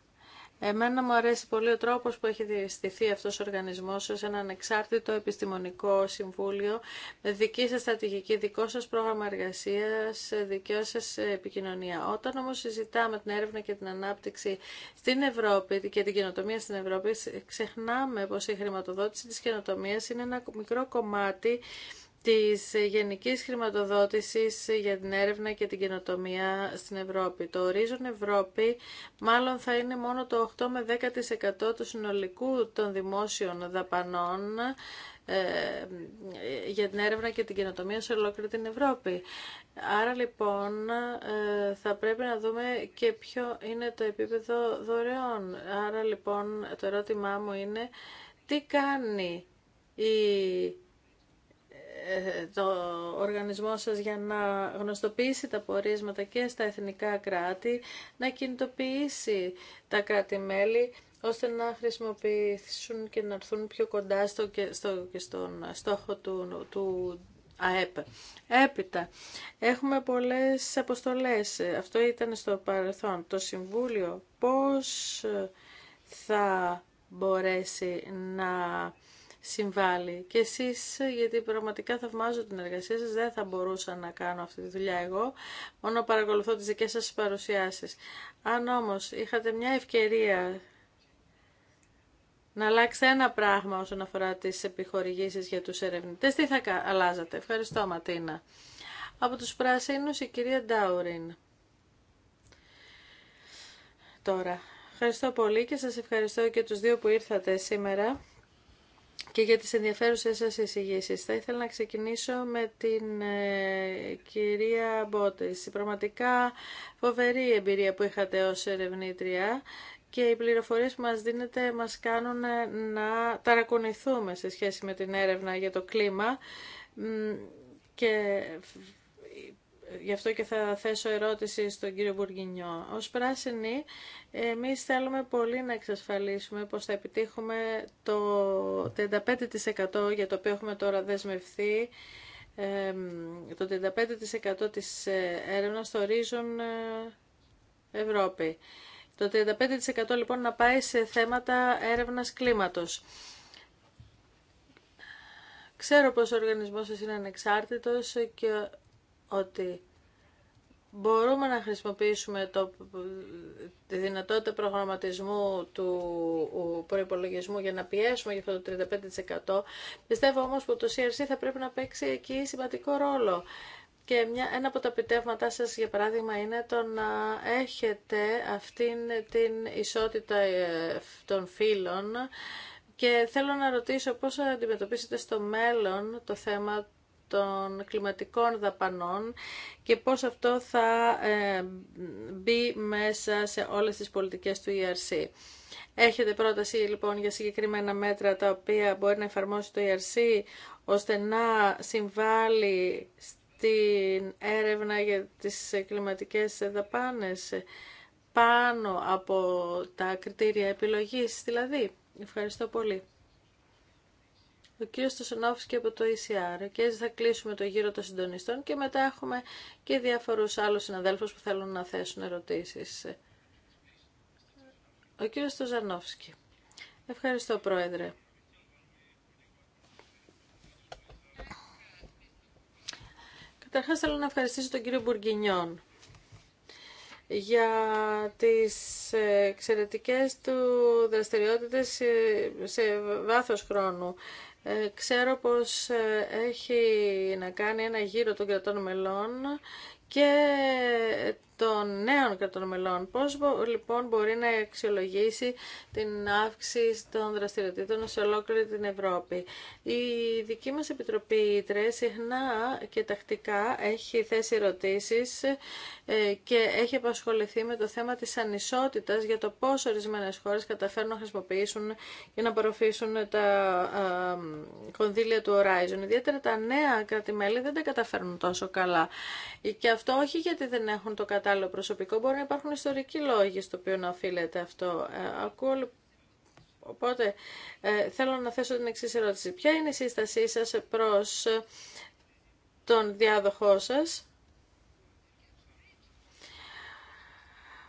Εμένα μου αρέσει πολύ ο τρόπος που έχει διαστηθεί αυτός ο οργανισμός ως έναν εξάρτητο επιστημονικό συμβούλιο με δική σας στρατηγική, δικό σας πρόγραμμα εργασίας, δική σας επικοινωνία. Όταν όμως συζητάμε την έρευνα και την ανάπτυξη στην Ευρώπη και την καινοτομία στην Ευρώπη, ξεχνάμε πως η χρηματοδότηση της καινοτομίας είναι ένα μικρό κομμάτι της γενικής χρηματοδότησης για την έρευνα και την καινοτομία στην Ευρώπη. Το ορίζον Ευρώπη μάλλον θα είναι μόνο το 8 με 10% του συνολικού των δημόσιων δαπανών ε, για την έρευνα και την καινοτομία σε ολόκληρη την Ευρώπη. Άρα λοιπόν ε, θα πρέπει να δούμε και ποιο είναι το επίπεδο δωρεών. Άρα λοιπόν το ερώτημά μου είναι τι κάνει η ε, το οργανισμό σας για να γνωστοποιήσει τα πορίσματα και στα εθνικά κράτη, να κινητοποιήσει τα κράτη-μέλη ώστε να χρησιμοποιήσουν και να έρθουν πιο κοντά στο, και, στον στόχο του, του ΑΕΠ. Έπειτα, έχουμε πολλές αποστολές. Αυτό ήταν στο παρελθόν. Το Συμβούλιο πώς θα μπορέσει να συμβάλλει. Και εσείς, γιατί πραγματικά θαυμάζω την εργασία σας, δεν θα μπορούσα να κάνω αυτή τη δουλειά εγώ, μόνο παρακολουθώ τις δικές σας παρουσιάσεις. Αν όμως είχατε μια ευκαιρία να αλλάξετε ένα πράγμα όσον αφορά τις επιχορηγήσεις για τους ερευνητές, τι θα αλλάζατε. Ευχαριστώ Ματίνα. Από τους πράσινους η κυρία Ντάουριν. Τώρα, ευχαριστώ πολύ και σας ευχαριστώ και τους δύο που ήρθατε σήμερα και για τις ενδιαφέρουσες σας εισηγήσει. Θα ήθελα να ξεκινήσω με την ε, κυρία Μπότης. πραγματικά φοβερή εμπειρία που είχατε ως ερευνήτρια και οι πληροφορίες που μας δίνετε μας κάνουν ε, να ταρακουνηθούμε σε σχέση με την έρευνα για το κλίμα και Γι' αυτό και θα θέσω ερώτηση στον κύριο Μπουργκινιό. Ως πράσινοι, εμείς θέλουμε πολύ να εξασφαλίσουμε πως θα επιτύχουμε το 35% για το οποίο έχουμε τώρα δεσμευθεί το 35% της ε, έρευνας το ορίζον ε, Ευρώπη. Το 35% λοιπόν να πάει σε θέματα έρευνας κλίματος. Ξέρω πως ο οργανισμός σας είναι ανεξάρτητος και ότι μπορούμε να χρησιμοποιήσουμε το, τη δυνατότητα προγραμματισμού του προϋπολογισμού για να πιέσουμε για αυτό το 35%. Πιστεύω όμως που το CRC θα πρέπει να παίξει εκεί σημαντικό ρόλο. Και μια, ένα από τα επιτεύγματά σας, για παράδειγμα, είναι το να έχετε αυτήν την ισότητα ε, των φύλων και θέλω να ρωτήσω πώς θα αντιμετωπίσετε στο μέλλον το θέμα των κλιματικών δαπανών και πώς αυτό θα ε, μπει μέσα σε όλες τις πολιτικές του ERC. Έχετε πρόταση λοιπόν για συγκεκριμένα μέτρα τα οποία μπορεί να εφαρμόσει το ERC ώστε να συμβάλλει στην έρευνα για τις κλιματικές δαπάνες πάνω από τα κριτήρια επιλογής δηλαδή. Ευχαριστώ πολύ ο κύριος Τσονόφσκι από το ECR και έτσι θα κλείσουμε το γύρο των συντονιστών και μετά έχουμε και διάφορους άλλους συναδέλφους που θέλουν να θέσουν ερωτήσεις. Ο κύριος Στοζανόφσκι. Ευχαριστώ Πρόεδρε. Καταρχάς θέλω να ευχαριστήσω τον κύριο Μπουργκινιόν για τις εξαιρετικές του δραστηριότητες σε βάθος χρόνου ε, ξέρω πως ε, έχει να κάνει ένα γύρο των κρατών μελών και των νέων των μελών. Πώς λοιπόν μπορεί να αξιολογήσει την αύξηση των δραστηριοτήτων σε ολόκληρη την Ευρώπη. Η δική μας Επιτροπή ΙΤΡΕ συχνά και τακτικά έχει θέσει ερωτήσεις ε, και έχει απασχοληθεί με το θέμα της ανισότητας για το πώς ορισμένες χώρες καταφέρνουν να χρησιμοποιήσουν και να απορροφήσουν τα κονδύλια του Horizon. Ιδιαίτερα τα νέα κρατημέλη δεν τα καταφέρνουν τόσο καλά. Και αυτό όχι γιατί δεν έχουν το κατάλληλο προσωπικό, μπορεί να υπάρχουν ιστορικοί λόγοι στο οποίο να οφείλεται αυτό. Ε, ακούω Οπότε ε, θέλω να θέσω την εξή ερώτηση. Ποια είναι η σύστασή σας προς τον διάδοχό σας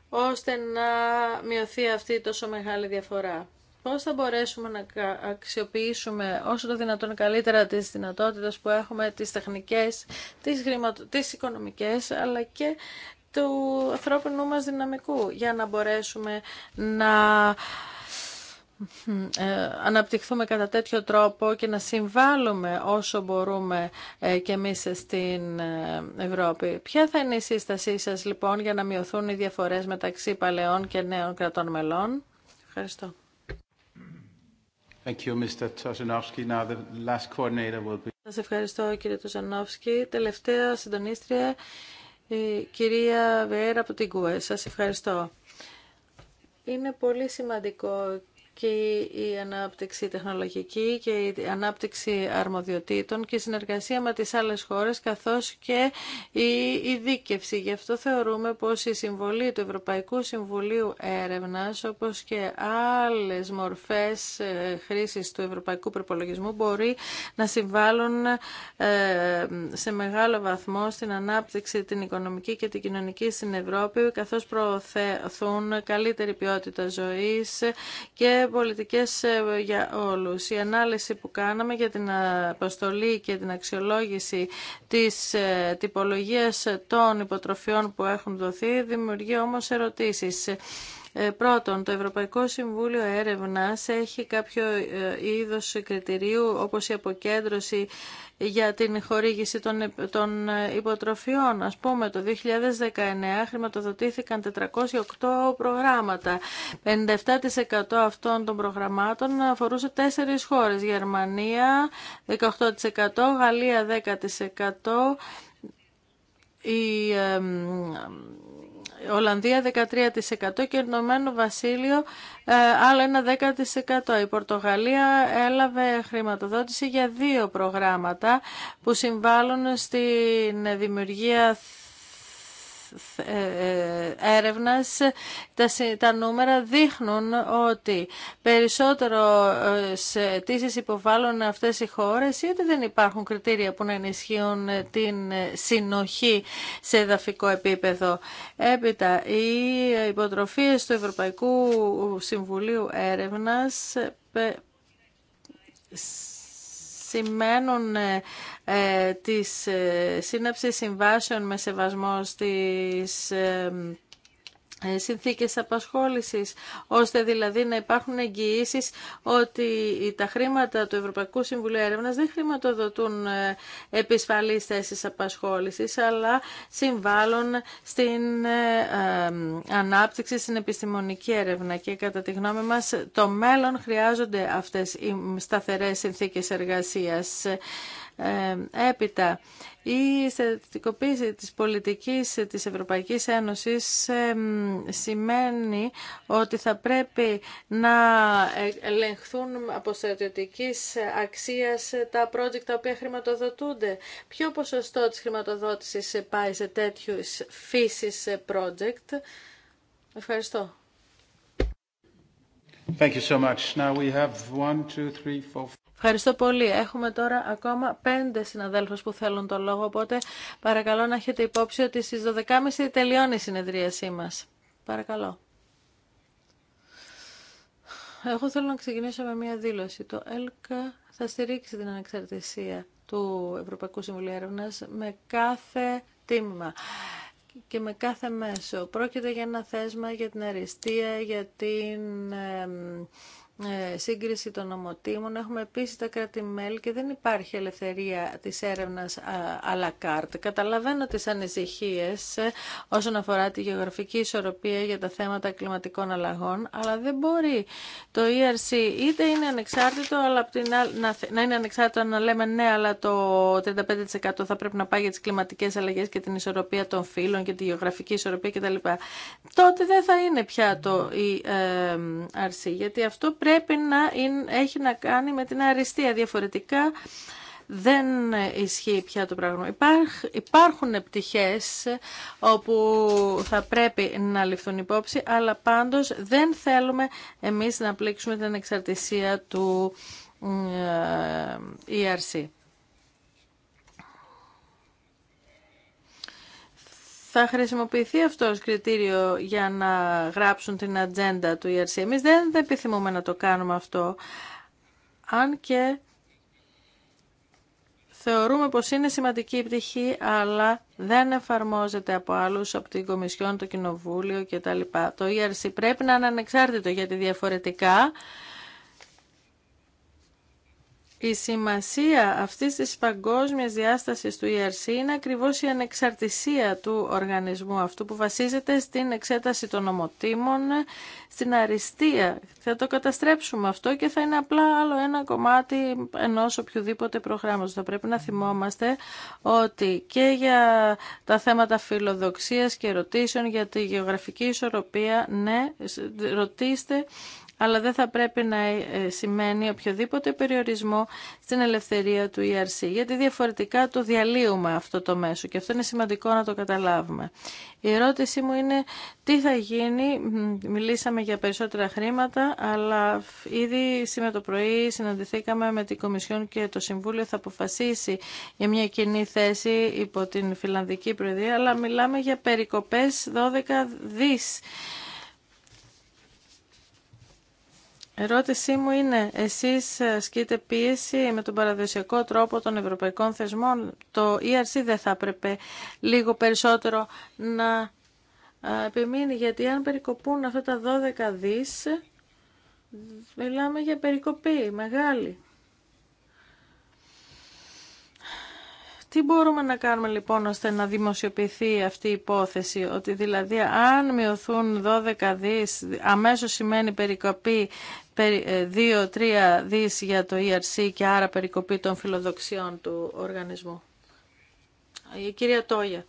ώστε να μειωθεί αυτή η τόσο μεγάλη διαφορά. Πώς θα μπορέσουμε να αξιοποιήσουμε όσο το δυνατόν καλύτερα τις δυνατότητες που έχουμε, τις τεχνικές, τις, χρηματο... τις οικονομικές, αλλά και του ανθρώπινου μας δυναμικού για να μπορέσουμε να ε, αναπτυχθούμε κατά τέτοιο τρόπο και να συμβάλλουμε όσο μπορούμε ε, και εμείς στην ε, Ευρώπη. Ποια θα είναι η σύστασή σας λοιπόν για να μειωθούν οι διαφορές μεταξύ παλαιών και νέων κρατών μελών. Ευχαριστώ. Thank you, Mr. Now the last coordinator will be... Σας ευχαριστώ κύριε Τουζανόφσκι. Τελευταία συντονίστρια κυρία Βέρα από την ΚΟΕ, σας ευχαριστώ. Είναι πολύ σημαντικό και η ανάπτυξη τεχνολογική και η ανάπτυξη αρμοδιοτήτων και η συνεργασία με τις άλλες χώρες καθώς και η ειδίκευση. Γι' αυτό θεωρούμε πως η συμβολή του Ευρωπαϊκού Συμβουλίου Έρευνας όπως και άλλες μορφές ε, χρήσης του Ευρωπαϊκού Προπολογισμού μπορεί να συμβάλλουν ε, σε μεγάλο βαθμό στην ανάπτυξη την οικονομική και την κοινωνική στην Ευρώπη καθώς προωθούν καλύτερη ποιότητα ζωής και πολιτικές ε, για όλους. Η ανάλυση που κάναμε για την αποστολή και την αξιολόγηση της ε, τυπολογίας των υποτροφιών που έχουν δοθεί δημιουργεί όμως ερωτήσεις. Ε, πρώτον, το Ευρωπαϊκό Συμβούλιο Έρευνας έχει κάποιο ε, είδος κριτηρίου όπως η αποκέντρωση για την χορήγηση των ε, υποτροφιών. Ας πούμε, το 2019 χρηματοδοτήθηκαν 408 προγράμματα. 57% αυτών των προγραμμάτων αφορούσε τέσσερις χώρες. Γερμανία 18%, Γαλλία 10%, η Ολλανδία 13% και Ηνωμένο Βασίλειο ε, άλλο ένα 10%. Η Πορτογαλία έλαβε χρηματοδότηση για δύο προγράμματα που συμβάλλουν στην δημιουργία έρευνας τα νούμερα δείχνουν ότι περισσότερο ε, σε αιτήσει υποβάλλουν αυτές οι χώρες ή ότι δεν υπάρχουν κριτήρια που να ενισχύουν ε, την ε, συνοχή σε εδαφικό επίπεδο. Έπειτα, οι υποτροφίες του Ευρωπαϊκού Συμβουλίου Έρευνας σημαίνουν ε, ε, τη ε, σύναψεις συμβάσεων με σεβασμό στις ε, συνθήκες απασχόλησης, ώστε δηλαδή να υπάρχουν εγγυήσεις ότι τα χρήματα του Ευρωπαϊκού Συμβουλίου Έρευνας δεν χρηματοδοτούν ε, επισφαλείς θέσεις απασχόλησης, αλλά συμβάλλουν στην ε, ανάπτυξη, στην επιστημονική έρευνα και κατά τη γνώμη μας το μέλλον χρειάζονται αυτές οι σταθερές συνθήκες εργασίας έπειτα η στατικοποίηση της πολιτικής της Ευρωπαϊκής Ένωσης σημαίνει ότι θα πρέπει να ε, ελεγχθούν από στρατιωτικής αξίας τα project τα οποία χρηματοδοτούνται. Ποιο ποσοστό της χρηματοδότησης πάει σε τέτοιου φύσεις project. Ευχαριστώ. Thank Now we have Ευχαριστώ πολύ. Έχουμε τώρα ακόμα πέντε συναδέλφους που θέλουν το λόγο, οπότε παρακαλώ να έχετε υπόψη ότι στι 12.30 τελειώνει η συνεδρίασή μας. Παρακαλώ. Εγώ θέλω να ξεκινήσω με μια δήλωση. Το ΕΛΚΑ θα στηρίξει την ανεξαρτησία του Ευρωπαϊκού Συμβουλίου Έρευνα με κάθε τίμημα και με κάθε μέσο. Πρόκειται για ένα θέσμα για την αριστεία, για την ε, σύγκριση των νομοτήμων. Έχουμε επίσης τα κράτη-μέλη και δεν υπάρχει ελευθερία της έρευνας à la carte. Καταλαβαίνω τις ανησυχίες ε, όσον αφορά τη γεωγραφική ισορροπία για τα θέματα κλιματικών αλλαγών, αλλά δεν μπορεί το ERC είτε είναι ανεξάρτητο, αλλά να είναι ανεξάρτητο να λέμε ναι, αλλά το 35% θα πρέπει να πάει για τις κλιματικές αλλαγές και την ισορροπία των φύλων και τη γεωγραφική ισορροπία κτλ. Τότε δεν θα είναι πια το ERC, ε, γιατί αυτό πρέπει πρέπει να έχει να κάνει με την αριστεία. Διαφορετικά δεν ισχύει πια το πράγμα. υπάρχουν πτυχές όπου θα πρέπει να ληφθούν υπόψη, αλλά πάντως δεν θέλουμε εμείς να πλήξουμε την εξαρτησία του ERC. θα χρησιμοποιηθεί αυτό ως κριτήριο για να γράψουν την ατζέντα του ERC. Εμεί δεν επιθυμούμε να το κάνουμε αυτό, αν και θεωρούμε πως είναι σημαντική η πτυχή, αλλά δεν εφαρμόζεται από άλλους, από την Κομισιόν, το Κοινοβούλιο κτλ. Το ERC πρέπει να είναι ανεξάρτητο, γιατί διαφορετικά η σημασία αυτής της παγκόσμιας διάστασης του ERC είναι ακριβώς η ανεξαρτησία του οργανισμού αυτού που βασίζεται στην εξέταση των ομοτήμων, στην αριστεία. Θα το καταστρέψουμε αυτό και θα είναι απλά άλλο ένα κομμάτι ενός οποιοδήποτε προγράμματος. Θα πρέπει να θυμόμαστε ότι και για τα θέματα φιλοδοξίας και ερωτήσεων για τη γεωγραφική ισορροπία, ναι, ρωτήστε αλλά δεν θα πρέπει να ε, σημαίνει οποιοδήποτε περιορισμό στην ελευθερία του ERC, γιατί διαφορετικά το διαλύουμε αυτό το μέσο και αυτό είναι σημαντικό να το καταλάβουμε. Η ερώτησή μου είναι τι θα γίνει, μιλήσαμε για περισσότερα χρήματα, αλλά ήδη σήμερα το πρωί συναντηθήκαμε με την Κομισιόν και το Συμβούλιο θα αποφασίσει για μια κοινή θέση υπό την Φιλανδική Προεδρία, αλλά μιλάμε για περικοπές 12 δις Ερώτησή μου είναι, εσείς ασκείτε πίεση με τον παραδοσιακό τρόπο των ευρωπαϊκών θεσμών. Το ERC δεν θα έπρεπε λίγο περισσότερο να επιμείνει, γιατί αν περικοπούν αυτά τα 12 δις, μιλάμε για περικοπή μεγάλη. Τι μπορούμε να κάνουμε λοιπόν ώστε να δημοσιοποιηθεί αυτή η υπόθεση, ότι δηλαδή αν μειωθούν 12 δις αμέσως σημαίνει περικοπή 2-3 ε, δις για το ERC και άρα περικοπή των φιλοδοξιών του οργανισμού. Η κυρία Τόγια.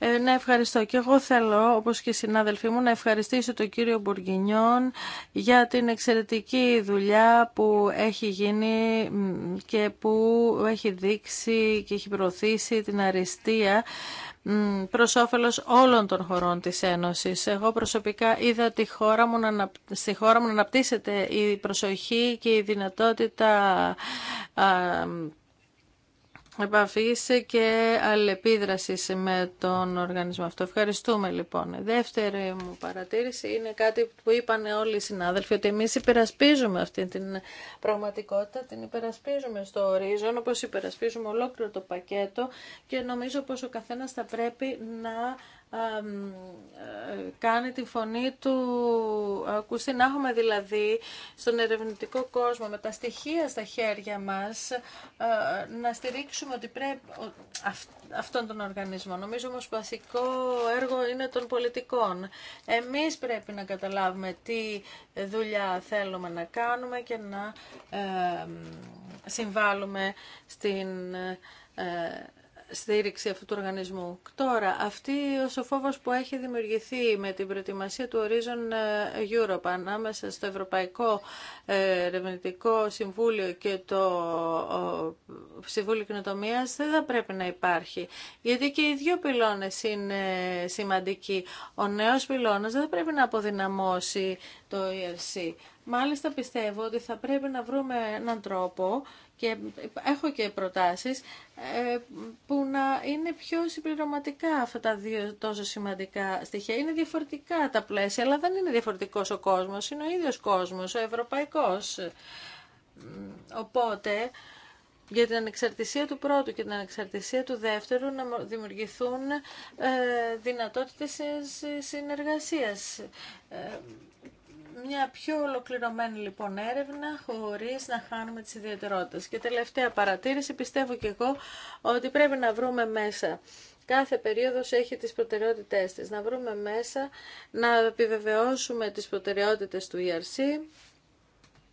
Ε, ναι, ευχαριστώ. Και εγώ θέλω, όπως και οι συνάδελφοί μου, να ευχαριστήσω τον κύριο Μπουργκινιόν για την εξαιρετική δουλειά που έχει γίνει και που έχει δείξει και έχει προωθήσει την αριστεία προς όφελος όλων των χωρών της Ένωσης. Εγώ προσωπικά είδα τη χώρα μου να, στη χώρα μου να αναπτύσσεται η προσοχή και η δυνατότητα επαφή και αλληλεπίδραση με τον οργανισμό αυτό. Ευχαριστούμε λοιπόν. Η δεύτερη μου παρατήρηση είναι κάτι που είπαν όλοι οι συνάδελφοι, ότι εμείς υπερασπίζουμε αυτή την πραγματικότητα, την υπερασπίζουμε στο ορίζον, όπως υπερασπίζουμε ολόκληρο το πακέτο και νομίζω πως ο καθένας θα πρέπει να ε, κάνει τη φωνή του ακούστη, Να έχουμε δηλαδή στον ερευνητικό κόσμο με τα στοιχεία στα χέρια μας ε, να στηρίξουμε ότι πρέπει αυτόν τον οργανισμό. Νομίζω όμως βασικό έργο είναι των πολιτικών. Εμείς πρέπει να καταλάβουμε τι δουλειά θέλουμε να κάνουμε και να ε, συμβάλλουμε στην στήριξη αυτού του οργανισμού. Τώρα, αυτή ο φόβο που έχει δημιουργηθεί με την προετοιμασία του Horizon ε, Europe ανάμεσα στο Ευρωπαϊκό ε, Ερευνητικό Συμβούλιο και το Συμβούλιο Κοινοτομία δεν θα πρέπει να υπάρχει. Γιατί και οι δύο πυλώνες είναι σημαντικοί. Ο νέος πυλώνας δεν θα πρέπει να αποδυναμώσει το ERC. Μάλιστα πιστεύω ότι θα πρέπει να βρούμε έναν τρόπο και έχω και προτάσεις ε, που να είναι πιο συμπληρωματικά αυτά τα δύο τόσο σημαντικά στοιχεία. Είναι διαφορετικά τα πλαίσια, αλλά δεν είναι διαφορετικός ο κόσμος, είναι ο ίδιος κόσμος, ο ευρωπαϊκός. Οπότε, για την ανεξαρτησία του πρώτου και την ανεξαρτησία του δεύτερου να δημιουργηθούν ε, δυνατότητες συνεργασίας. Ε, μια πιο ολοκληρωμένη λοιπόν έρευνα χωρίς να χάνουμε τις ιδιαιτερότητες. Και τελευταία παρατήρηση πιστεύω και εγώ ότι πρέπει να βρούμε μέσα Κάθε περίοδος έχει τις προτεραιότητές της. Να βρούμε μέσα, να επιβεβαιώσουμε τις προτεραιότητες του ERC,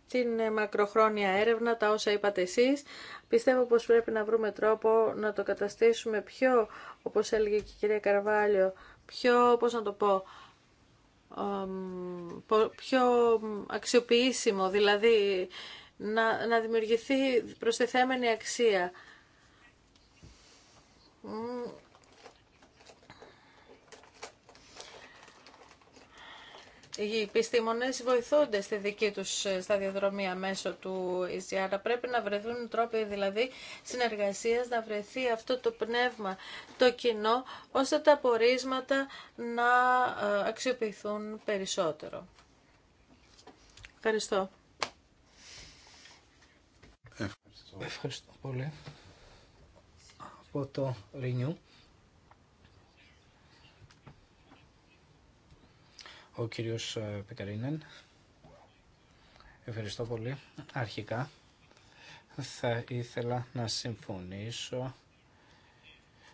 την μακροχρόνια έρευνα, τα όσα είπατε εσείς. Πιστεύω πως πρέπει να βρούμε τρόπο να το καταστήσουμε πιο, όπως έλεγε και η κυρία Καρβάλιο, πιο, πώς να το πω, πιο αξιοποιήσιμο, δηλαδή να, να δημιουργηθεί προσθεθέμενη αξία. οι επιστήμονες βοηθούνται στη δική τους ε, σταδιοδρομία μέσω του ECR. Πρέπει να βρεθούν τρόποι δηλαδή συνεργασίας, να βρεθεί αυτό το πνεύμα, το κοινό, ώστε τα πορίσματα να ε, αξιοποιηθούν περισσότερο. Ευχαριστώ. Ευχαριστώ. πολύ. Από το Renew. Ο κύριος ε, Πεκαρίνεν. Ευχαριστώ πολύ. Αρχικά θα ήθελα να συμφωνήσω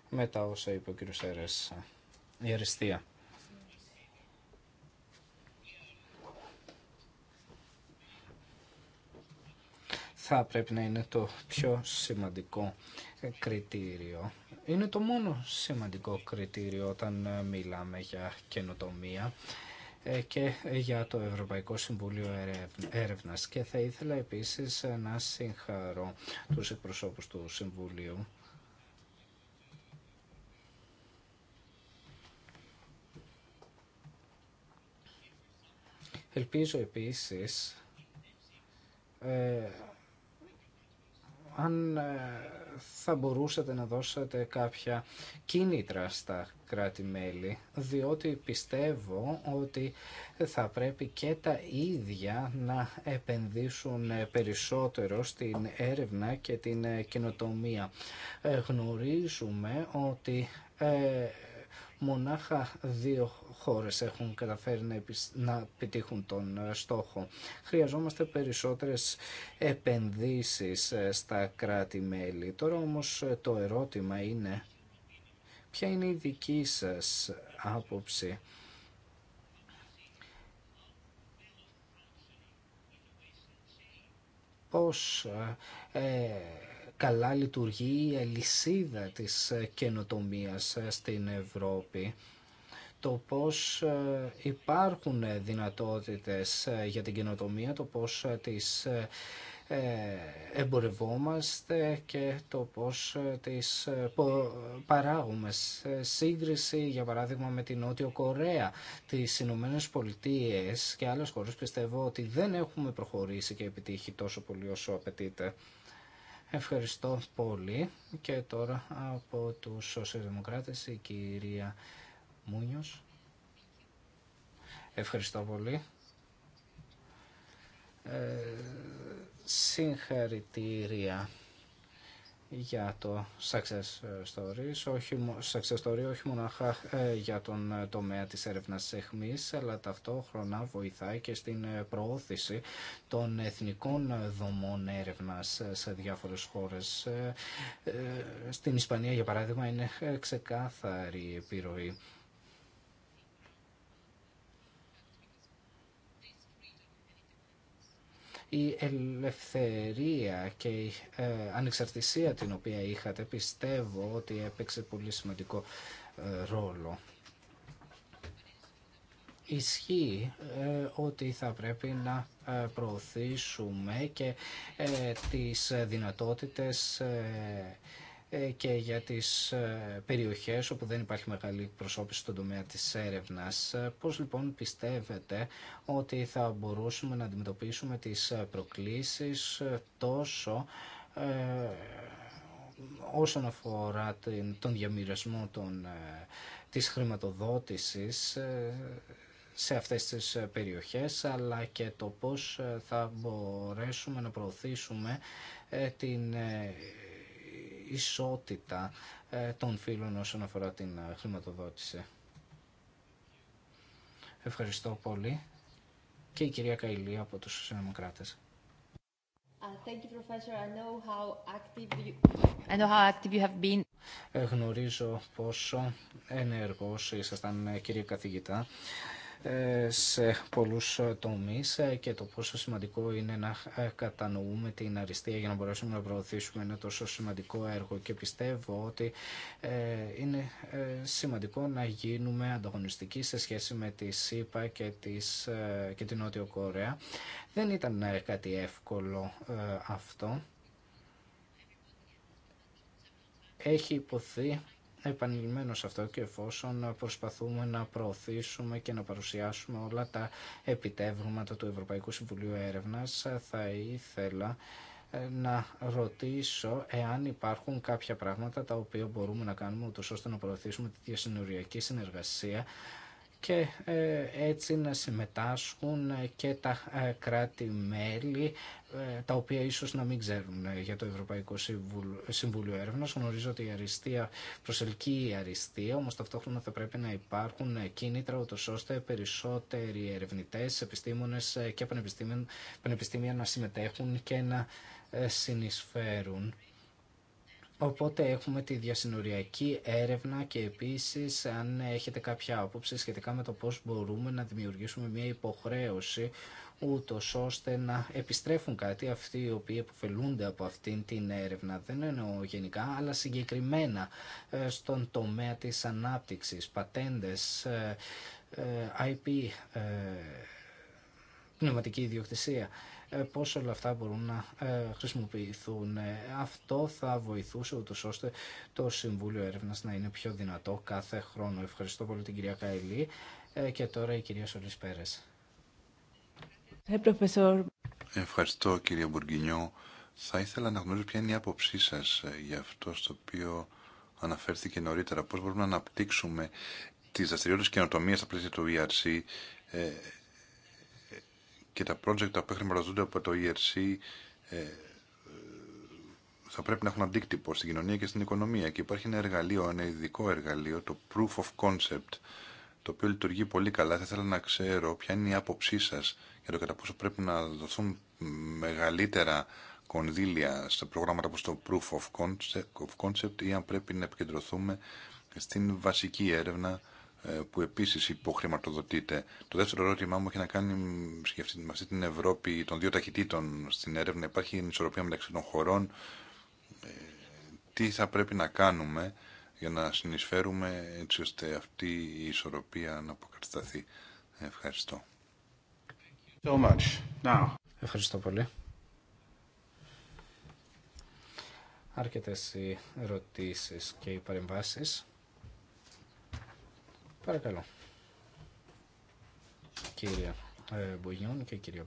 με τα όσα είπε ο κύριος Έρες. Η αριστεία. θα πρέπει να είναι το πιο σημαντικό κριτήριο. Είναι το μόνο σημαντικό κριτήριο όταν ε, μιλάμε για καινοτομία ε, και για το Ευρωπαϊκό Συμβούλιο Έρευνας. Και θα ήθελα επίσης ε, να συγχαρώ τους εκπροσώπους του Συμβουλίου Ελπίζω επίσης ε, αν ε, θα μπορούσατε να δώσετε κάποια κίνητρα στα κράτη-μέλη, διότι πιστεύω ότι θα πρέπει και τα ίδια να επενδύσουν ε, περισσότερο στην έρευνα και την ε, καινοτομία. Γνωρίζουμε ότι Μονάχα δύο χώρες έχουν καταφέρει να πετύχουν τον ε, στόχο. Χρειαζόμαστε περισσότερες επενδύσεις ε, στα κράτη-μέλη. Τώρα όμως ε, το ερώτημα είναι ποια είναι η δική σας άποψη. Πώς καλά λειτουργεί η αλυσίδα της ε, καινοτομίας ε, στην Ευρώπη το πώς ε, υπάρχουν δυνατότητες για την καινοτομία, το πώς τις εμπορευόμαστε και το πώς τις παράγουμε σε σύγκριση για παράδειγμα με την Νότιο Κορέα, τις Ηνωμένε Πολιτείε και άλλες χώρες πιστεύω ότι δεν έχουμε προχωρήσει και επιτύχει τόσο πολύ όσο απαιτείται. Ευχαριστώ πολύ και τώρα από τους σοσιαλδημοκράτες η κυρία Μούνιος. Ευχαριστώ πολύ. Ε, συγχαρητήρια για το success stories, όχι, success story, όχι μονάχα ε, για τον ε, τομέα της έρευνας εχμής, αλλά ταυτόχρονα βοηθάει και στην ε, προώθηση των εθνικών δομών έρευνας σε διάφορες χώρες. Στην Ισπανία, για παράδειγμα, είναι ξεκάθαρη επιρροή η ελευθερία και η ε, ανεξαρτησία την οποία είχατε πιστεύω ότι έπαιξε πολύ σημαντικό ε, ρόλο. Ισχύει ε, ότι θα πρέπει να προωθήσουμε και τις δυνατότητες ε, και για τις ε, περιοχές όπου δεν υπάρχει μεγάλη προσώπηση στον τομέα της έρευνας. Ε, πώς λοιπόν πιστεύετε ότι θα μπορούσαμε να αντιμετωπίσουμε τις προκλήσεις τόσο όσον αφορά τον διαμοιρασμό των, της χρηματοδότησης σε αυτές τις περιοχές αλλά και το πώς θα μπορέσουμε να προωθήσουμε την ισότητα ε, των φίλων όσον αφορά την ε, χρηματοδότηση. Ευχαριστώ πολύ. Και η κυρία Καηλή από τους Σοσιαλδημοκράτες. Uh, ε, γνωρίζω πόσο ενεργός ήσασταν, κύριε καθηγητά σε πολλούς τομείς ε, και το πόσο σημαντικό είναι να ε, κατανοούμε την αριστεία για να μπορέσουμε να προωθήσουμε ένα τόσο σημαντικό έργο και πιστεύω ότι ε, είναι σημαντικό να γίνουμε ανταγωνιστικοί σε σχέση με τη ΣΥΠΑ και, της, και την Νότιο Κορέα. Δεν ήταν κάτι εύκολο αυτό. Έχει υποθεί επανειλημμένο σε αυτό και εφόσον προσπαθούμε να προωθήσουμε και να παρουσιάσουμε όλα τα επιτεύγματα του Ευρωπαϊκού Συμβουλίου Έρευνας, θα ήθελα ε, να ρωτήσω εάν υπάρχουν κάποια πράγματα τα οποία μπορούμε να κάνουμε ούτως ώστε να προωθήσουμε τη διασυνοριακή συνεργασία και ε, έτσι να συμμετάσχουν και τα ε, κράτη-μέλη ε, τα οποία ίσως να μην ξέρουν για το Ευρωπαϊκό Συμβούλιο Έρευνα. Γνωρίζω ότι η αριστεία προσελκύει η αριστεία, όμως ταυτόχρονα θα πρέπει να υπάρχουν κίνητρα ούτως ώστε περισσότεροι ερευνητές, επιστήμονες και πανεπιστήμια να συμμετέχουν και να συνεισφέρουν. Οπότε έχουμε τη διασυνοριακή έρευνα και επίσης αν έχετε κάποια άποψη σχετικά με το πώς μπορούμε να δημιουργήσουμε μια υποχρέωση ούτω ώστε να επιστρέφουν κάτι αυτοί οι οποίοι επωφελούνται από αυτήν την έρευνα. Δεν εννοώ γενικά, αλλά συγκεκριμένα ε, στον τομέα της ανάπτυξης, πατέντες, ε, ε, IP, πνευματική ιδιοκτησία. Ε, πώς όλα αυτά μπορούν να ε, χρησιμοποιηθούν. Ε, αυτό θα βοηθούσε ούτως ώστε το Συμβούλιο Έρευνας να είναι πιο δυνατό κάθε χρόνο. Ευχαριστώ πολύ την κυρία Καηλή και τώρα η κυρία Σολής Πέρες. Ευχαριστώ κυρία Μπουργκινιό. Θα ήθελα να γνωρίζω ποια είναι η άποψή σας για αυτό στο οποίο αναφέρθηκε νωρίτερα. Πώς μπορούμε να αναπτύξουμε τις δραστηριότητες καινοτομίας στα πλαίσια του ERC και τα project που χρηματοδοτούνται από το ERC ε, ε, θα πρέπει να έχουν αντίκτυπο στην κοινωνία και στην οικονομία. Και υπάρχει ένα εργαλείο, ένα ειδικό εργαλείο, το Proof of Concept, το οποίο λειτουργεί πολύ καλά. Θα ήθελα να ξέρω ποια είναι η άποψή σα για το κατά πόσο πρέπει να δοθούν μεγαλύτερα κονδύλια στα προγράμματα όπως το Proof of Concept ή αν πρέπει να επικεντρωθούμε στην βασική έρευνα ε, που επίσης υποχρηματοδοτείται. Το δεύτερο ερώτημά μου έχει να κάνει με αυτή την Ευρώπη των δύο ταχυτήτων στην έρευνα. Υπάρχει ισορροπία μεταξύ των χωρών. Ε, τι θα πρέπει να κάνουμε για να συνεισφέρουμε έτσι ώστε αυτή η ισορροπία να αποκατασταθεί. Ευχαριστώ. So much. Now. Ευχαριστώ πολύ. Αρκετές οι ερωτήσεις και οι παρεμβάσεις. Παρακαλώ. Κύριε ε, Μπογιόν και κύριε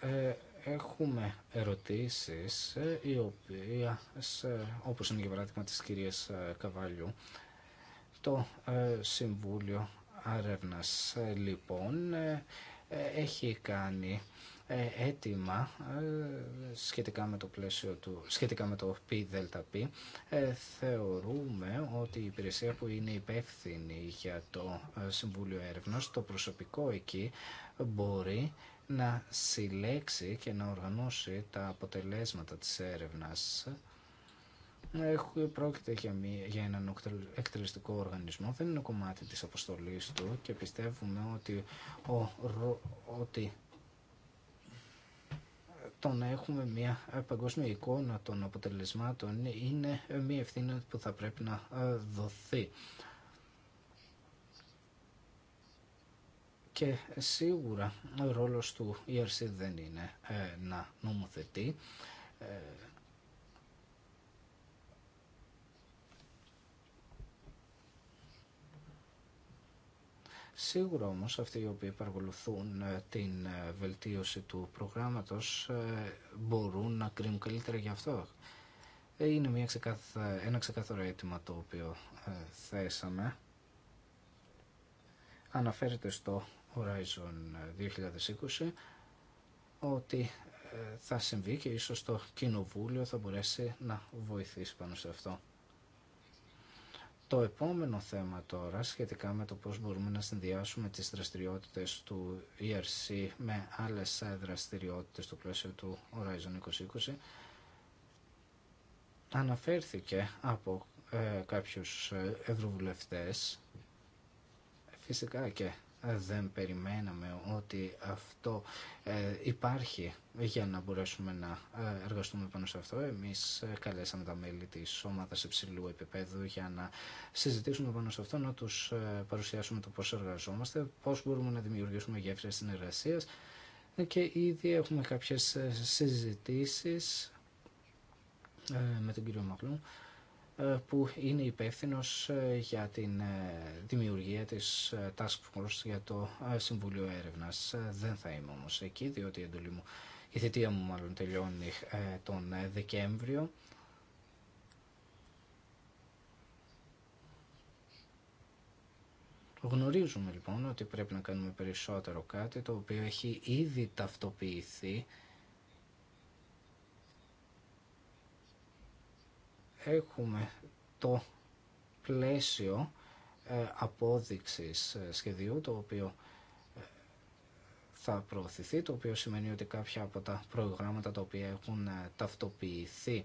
Ε, έχουμε ερωτήσεις ε, οι ε, όπως είναι για παράδειγμα της κυρίας Καβάλιου, το Συμβούλιο Αρεύνας λοιπόν ε, έχει κάνει έτοιμα ε, ε, σχετικά με το πλαίσιο του, σχετικά με το πι. θεωρούμε ότι η υπηρεσία που είναι υπεύθυνη για το Συμβούλιο Έρευνας, το προσωπικό εκεί μπορεί να συλλέξει και να οργανώσει τα αποτελέσματα της έρευνας πρόκειται για, για έναν εκτελεστικό οργανισμό, δεν είναι κομμάτι της αποστολής του και πιστεύουμε ότι, ότι το να έχουμε μια παγκόσμια εικόνα των αποτελεσμάτων είναι μια ευθύνη που θα πρέπει να ε, δοθεί. Και σίγουρα ο ρόλος του ERC δεν είναι ε, να νομοθετεί ε, Σίγουρα όμως αυτοί οι οποίοι παρακολουθούν ε, την ε, βελτίωση του προγράμματος ε, μπορούν να κρίνουν καλύτερα γι' αυτό. Είναι μια ένα ξεκάθαρο αίτημα το οποίο θέσαμε. Αναφέρεται στο Horizon 2020 ότι θα συμβεί και ίσως το Κοινοβούλιο θα μπορέσει να βοηθήσει πάνω σε αυτό. Το επόμενο θέμα τώρα σχετικά με το πώς μπορούμε να συνδυάσουμε τις δραστηριότητες του ERC με άλλες δραστηριότητες στο πλαίσιο του Horizon 2020 αναφέρθηκε από ε, κάποιους ε, ευρωβουλευτές φυσικά και δεν περιμέναμε ότι αυτό ε, υπάρχει για να μπορέσουμε να ε, εργαστούμε πάνω σε αυτό. Εμείς ε, καλέσαμε τα μέλη της ομάδας υψηλού επίπεδου για να συζητήσουμε πάνω σε αυτό, να τους παρουσιάσουμε το πώς εργαζόμαστε, πώς μπορούμε να δημιουργήσουμε γέφυρες συνεργασίας και ήδη έχουμε κάποιες συζητήσεις με τον κύριο ε, που είναι υπεύθυνο ε, για την ε, δημιουργία της Task Force για το Συμβουλίο Έρευνας. Δεν θα είμαι όμως εκεί, διότι η εντολή μου, η θητεία μου μάλλον τελειώνει τον Δεκέμβριο. Γνωρίζουμε λοιπόν ότι πρέπει να κάνουμε περισσότερο κάτι το οποίο έχει ήδη ταυτοποιηθεί έχουμε το πλαίσιο ε, απόδειξης ε, σχεδίου το οποίο ε, θα προωθηθεί, το οποίο σημαίνει ότι κάποια από τα προγράμματα τα οποία έχουν ταυτοποιηθεί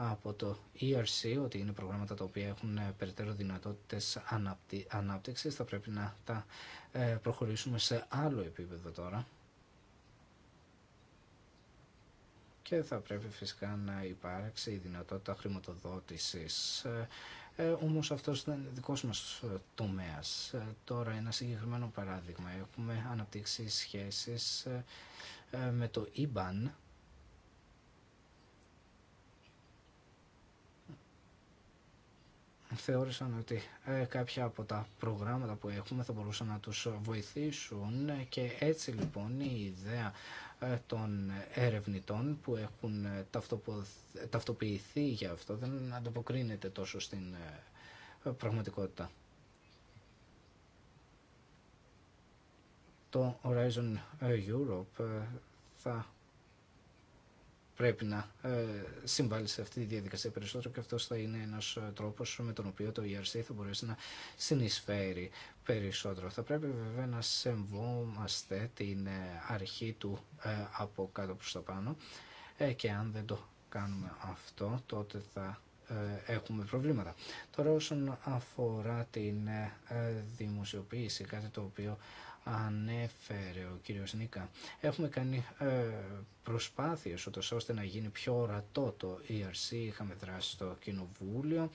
από το ERC, ότι είναι προγράμματα τα οποία έχουν περαιτέρω δυνατότητες ανάπτυξης, θα πρέπει να τα προχωρήσουμε σε άλλο επίπεδο τώρα. και θα πρέπει φυσικά να υπάρξει η δυνατότητα χρηματοδότησης. Ε, ε όμως αυτός δεν είναι δικός μας ε, τομέας. Ε, τώρα ένα συγκεκριμένο παράδειγμα. Έχουμε αναπτύξει σχέσεις με το IBAN, θεώρησαν ότι κάποια από τα προγράμματα που έχουμε θα μπορούσαν να τους βοηθήσουν και έτσι λοιπόν η ιδέα ε, των ερευνητών που έχουν ε, ταυτοποιηθεί για αυτό δεν ανταποκρίνεται τόσο στην ε, πραγματικότητα. Το Horizon Europe θα πρέπει να ε, συμβάλλει σε αυτή τη διαδικασία περισσότερο και αυτός θα είναι ένας ε, τρόπος με τον οποίο το ERC θα μπορέσει να συνεισφέρει περισσότερο. Θα πρέπει βέβαια να σεμβόμαστε την ε, αρχή του από κάτω προς τα πάνω και αν δεν το κάνουμε αυτό τότε θα έχουμε προβλήματα. Τώρα όσον αφορά την δημοσιοποίηση, κάτι το οποίο ανέφερε ο κύριος Νίκα. Έχουμε κάνει ε, προσπάθειες ούτως ώστε να γίνει πιο ορατό το ERC. Είχαμε δράσει στο Κοινοβούλιο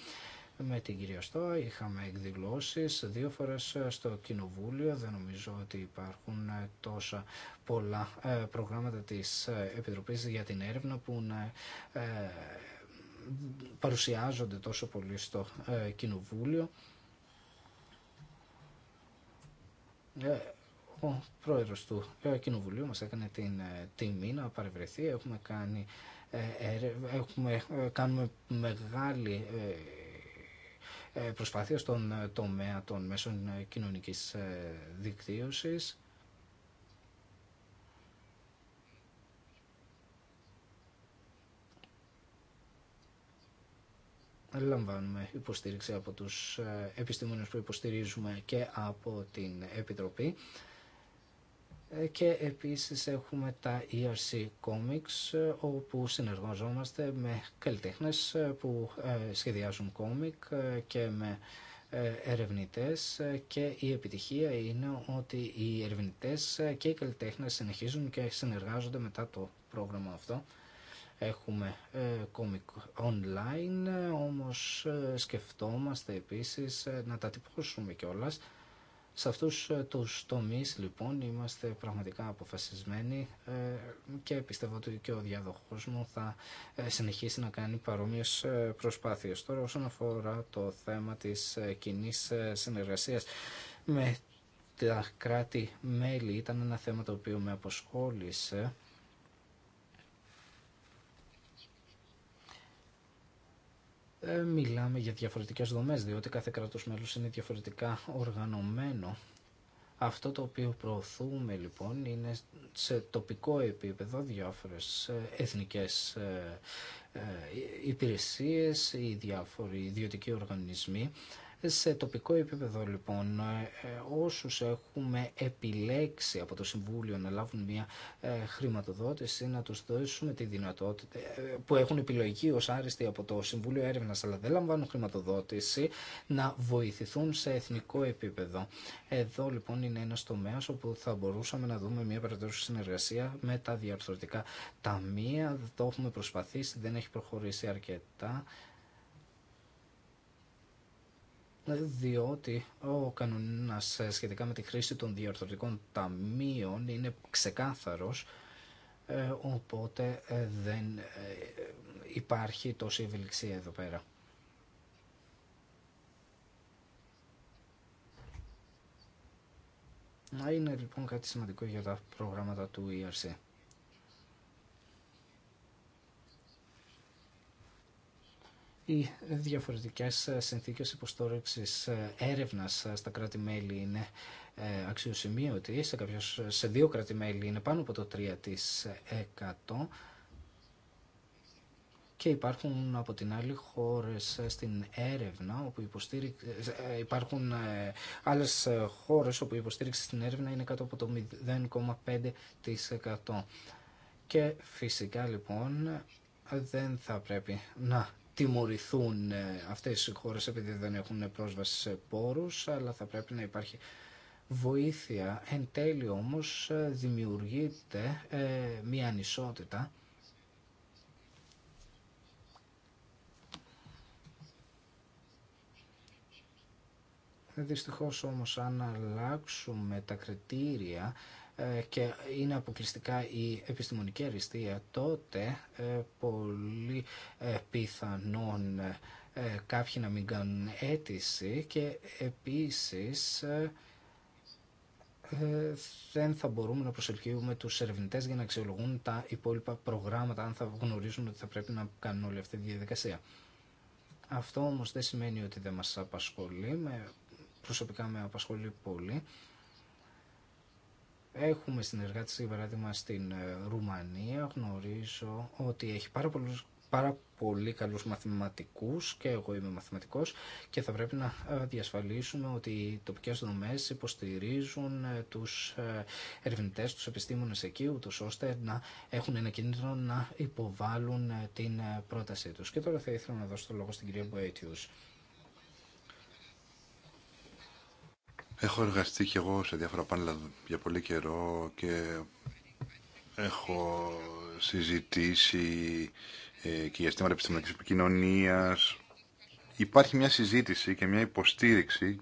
με την κυρία Στόα, είχαμε εκδηλώσεις δύο φορές ε, στο Κοινοβούλιο. Δεν νομίζω ότι υπάρχουν ε, τόσα πολλά ε, προγράμματα της Επιτροπής για την έρευνα που να παρουσιάζονται τόσο πολύ στο Κοινοβούλιο ο πρόεδρος του ε, Κοινοβουλίου μας έκανε την ε, τιμή να παρευρεθεί. Έχουμε κάνει, ε, έχουμε, κάνουμε μεγάλη προσπάθεια στον τομέα των μέσων κοινωνικής δικτύωσης. λαμβάνουμε υποστήριξη από τους επιστήμονες που υποστηρίζουμε και από την Επιτροπή. Ε, και επίσης έχουμε τα ERC Comics όπου συνεργαζόμαστε με καλλιτέχνες ε, που ε, σχεδιάζουν κόμικ και με ερευνητές και η επιτυχία είναι ότι οι ερευνητές και οι καλλιτέχνες συνεχίζουν και συνεργάζονται μετά το πρόγραμμα αυτό. Έχουμε κόμικ online όμως σκεφτόμαστε επίσης να τα τυπώσουμε κιόλας σε αυτούς ε, τους τομείς λοιπόν είμαστε πραγματικά αποφασισμένοι ε, και πιστεύω ότι και ο διαδοχός μου θα ε, συνεχίσει να κάνει παρόμοιες προσπάθειες. Τώρα όσον αφορά το θέμα της κοινή συνεργασίας με τα κράτη-μέλη ήταν ένα θέμα το οποίο με αποσχόλησε Ε, μιλάμε για διαφορετικές δομές, διότι κάθε κράτος μέλος είναι διαφορετικά οργανωμένο. Αυτό το οποίο προωθούμε λοιπόν είναι σε τοπικό επίπεδο διάφορες ε, εθνικές ε, υπηρεσίες ή διάφοροι ιδιωτικοί οργανισμοί σε τοπικό επίπεδο λοιπόν ε, ε, όσους έχουμε επιλέξει από το Συμβούλιο να λάβουν μια ε, χρηματοδότηση να τους δώσουμε τη δυνατότητα που έχουν επιλογή ως άριστοι από το Συμβούλιο Έρευνας αλλά δεν λαμβάνουν χρηματοδότηση να βοηθηθούν σε εθνικό επίπεδο. Εδώ λοιπόν είναι ένας τομέας όπου θα μπορούσαμε να δούμε μια περαιτέρω συνεργασία με τα διαρθρωτικά ταμεία. Το έχουμε προσπαθήσει, δεν έχει προχωρήσει αρκετά. Δηλαδή, διότι ο κανονάς ε, σχετικά με τη χρήση των διορθωτικών ταμείων είναι ξεκάθαρος ε, οπότε ε, δεν υπάρχει τόση ευελιξία εδώ πέρα. Να είναι λοιπόν κάτι σημαντικό για τα προγράμματα του ERC. οι διαφορετικές ε, συνθήκες υποστόρεξης ε, έρευνας ε, στα κράτη-μέλη είναι αξιοσημείωτη. Σε, κάποιος, σε δύο κράτη-μέλη είναι πάνω από το 3% και υπάρχουν από την άλλη χώρες στην έρευνα όπου υποστήριξη, υπάρχουν άλλες χώρες όπου η υποστήριξη στην έρευνα είναι κάτω από το 0,5%. Και φυσικά λοιπόν δεν θα πρέπει να τιμωρηθούν ε, αυτές οι χώρες επειδή δεν έχουν πρόσβαση σε πόρους, αλλά θα πρέπει να υπάρχει βοήθεια. Εν τέλει όμως ε, δημιουργείται ε, μία ανισότητα Δυστυχώς όμως αν αλλάξουμε τα κριτήρια ε, και είναι αποκλειστικά η επιστημονική αριστεία, τότε ε, πολύ ε, πιθανόν κάποιοι να μην κάνουν αίτηση και επίσης δεν θα μπορούμε να προσελκύουμε τους ερευνητέ για να αξιολογούν τα υπόλοιπα προγράμματα αν θα γνωρίζουν ότι θα πρέπει να κάνουν όλη αυτή τη διαδικασία. Αυτό όμως δεν σημαίνει ότι δεν μας απασχολεί. Με, προσωπικά με απασχολεί πολύ Έχουμε συνεργάτη, για παράδειγμα, στην ε, Ρουμανία. Γνωρίζω ότι έχει πάρα πολλούς πάρα πολύ καλούς μαθηματικούς και εγώ είμαι μαθηματικός και θα πρέπει να ε, διασφαλίσουμε ότι οι τοπικές δομές υποστηρίζουν ε, τους ερευνητές, τους επιστήμονες εκεί ούτως ώστε να έχουν ένα κίνητρο να υποβάλουν την πρότασή τους. Και τώρα θα ήθελα να δώσω το λόγο στην κυρία Μποέτιους. Έχω εργαστεί και εγώ σε διάφορα πάνελα για πολύ καιρό και έχω συζητήσει ε, και για στήματα επιστημονικής επικοινωνίας. Υπάρχει μια συζήτηση και μια υποστήριξη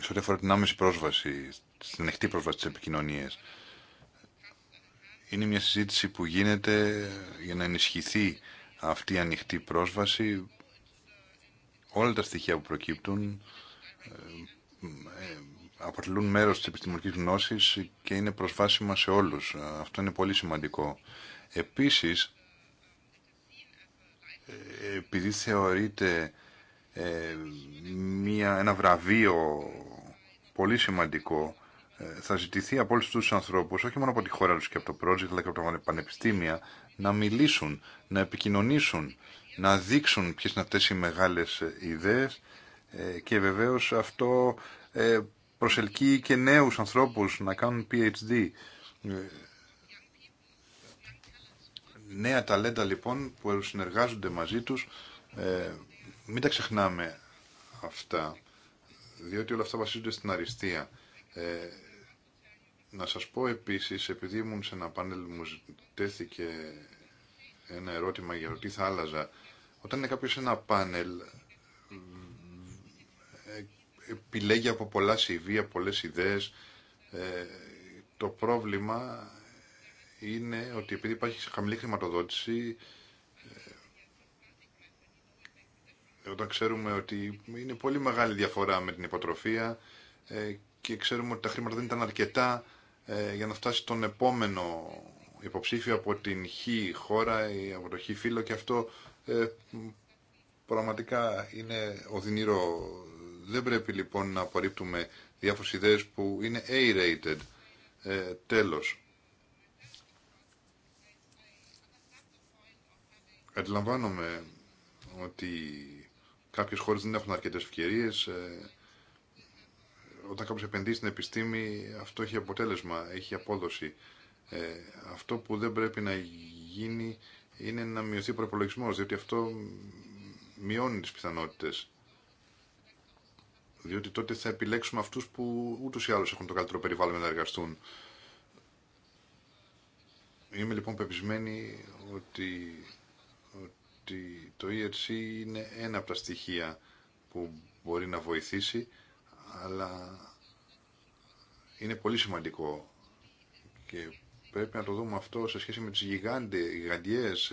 σε ό,τι αφορά την άμεση πρόσβαση, στην ανοιχτή πρόσβαση της επικοινωνίας. Είναι μια συζήτηση που γίνεται για να ενισχυθεί αυτή η ανοιχτή πρόσβαση. Όλα τα στοιχεία που προκύπτουν ε, ε, αποτελούν μέρος της επιστημονικής γνώσης και είναι προσβάσιμα σε όλους. Αυτό είναι πολύ σημαντικό. Επίσης, ε, επειδή θεωρείται ε, μια, ένα βραβείο πολύ σημαντικό, θα ζητηθεί από όλου του ανθρώπου, όχι μόνο από τη χώρα του και από το project, αλλά και από τα πανεπιστήμια, να μιλήσουν, να επικοινωνήσουν, να δείξουν ποιε είναι αυτέ οι μεγάλε ιδέε ε, και βεβαίως αυτό ε, προσελκύει και νέους ανθρώπους να κάνουν PhD. Ε, νέα ταλέντα λοιπόν που συνεργάζονται μαζί τους, μην τα ξεχνάμε αυτά, διότι όλα αυτά βασίζονται στην αριστεία. Να σας πω επίσης, επειδή ήμουν σε ένα πάνελ μου τέθηκε ένα ερώτημα για το τι θα άλλαζα. Όταν είναι κάποιος σε ένα πάνελ, επιλέγει από πολλά CV, από πολλές ιδέες. Ε, το πρόβλημα είναι ότι επειδή υπάρχει χαμηλή χρηματοδότηση, ε, όταν ξέρουμε ότι είναι πολύ μεγάλη διαφορά με την υποτροφία ε, και ξέρουμε ότι τα χρήματα δεν ήταν αρκετά ε, για να φτάσει τον επόμενο υποψήφιο από την χή χώρα ή από το χ φύλλο και αυτό πραγματικά είναι οδυνήρο δεν πρέπει λοιπόν να απορρίπτουμε διάφορες ιδέες που είναι A-rated. Ε, τέλος. Αντιλαμβάνομαι ότι κάποιες χώρες δεν έχουν αρκετές ευκαιρίες. Ε, όταν κάποιος επενδύει στην επιστήμη αυτό έχει αποτέλεσμα, έχει απόδοση. Ε, αυτό που δεν πρέπει να γίνει είναι να μειωθεί ο προπολογισμό, διότι αυτό μειώνει τις πιθανότητες διότι τότε θα επιλέξουμε αυτούς που ούτως ή άλλως έχουν το καλύτερο περιβάλλον να εργαστούν. Είμαι λοιπόν πεπισμένη ότι, ότι το ERC είναι ένα από τα στοιχεία που μπορεί να βοηθήσει, αλλά είναι πολύ σημαντικό και πρέπει να το δούμε αυτό σε σχέση με τις γιγαντιές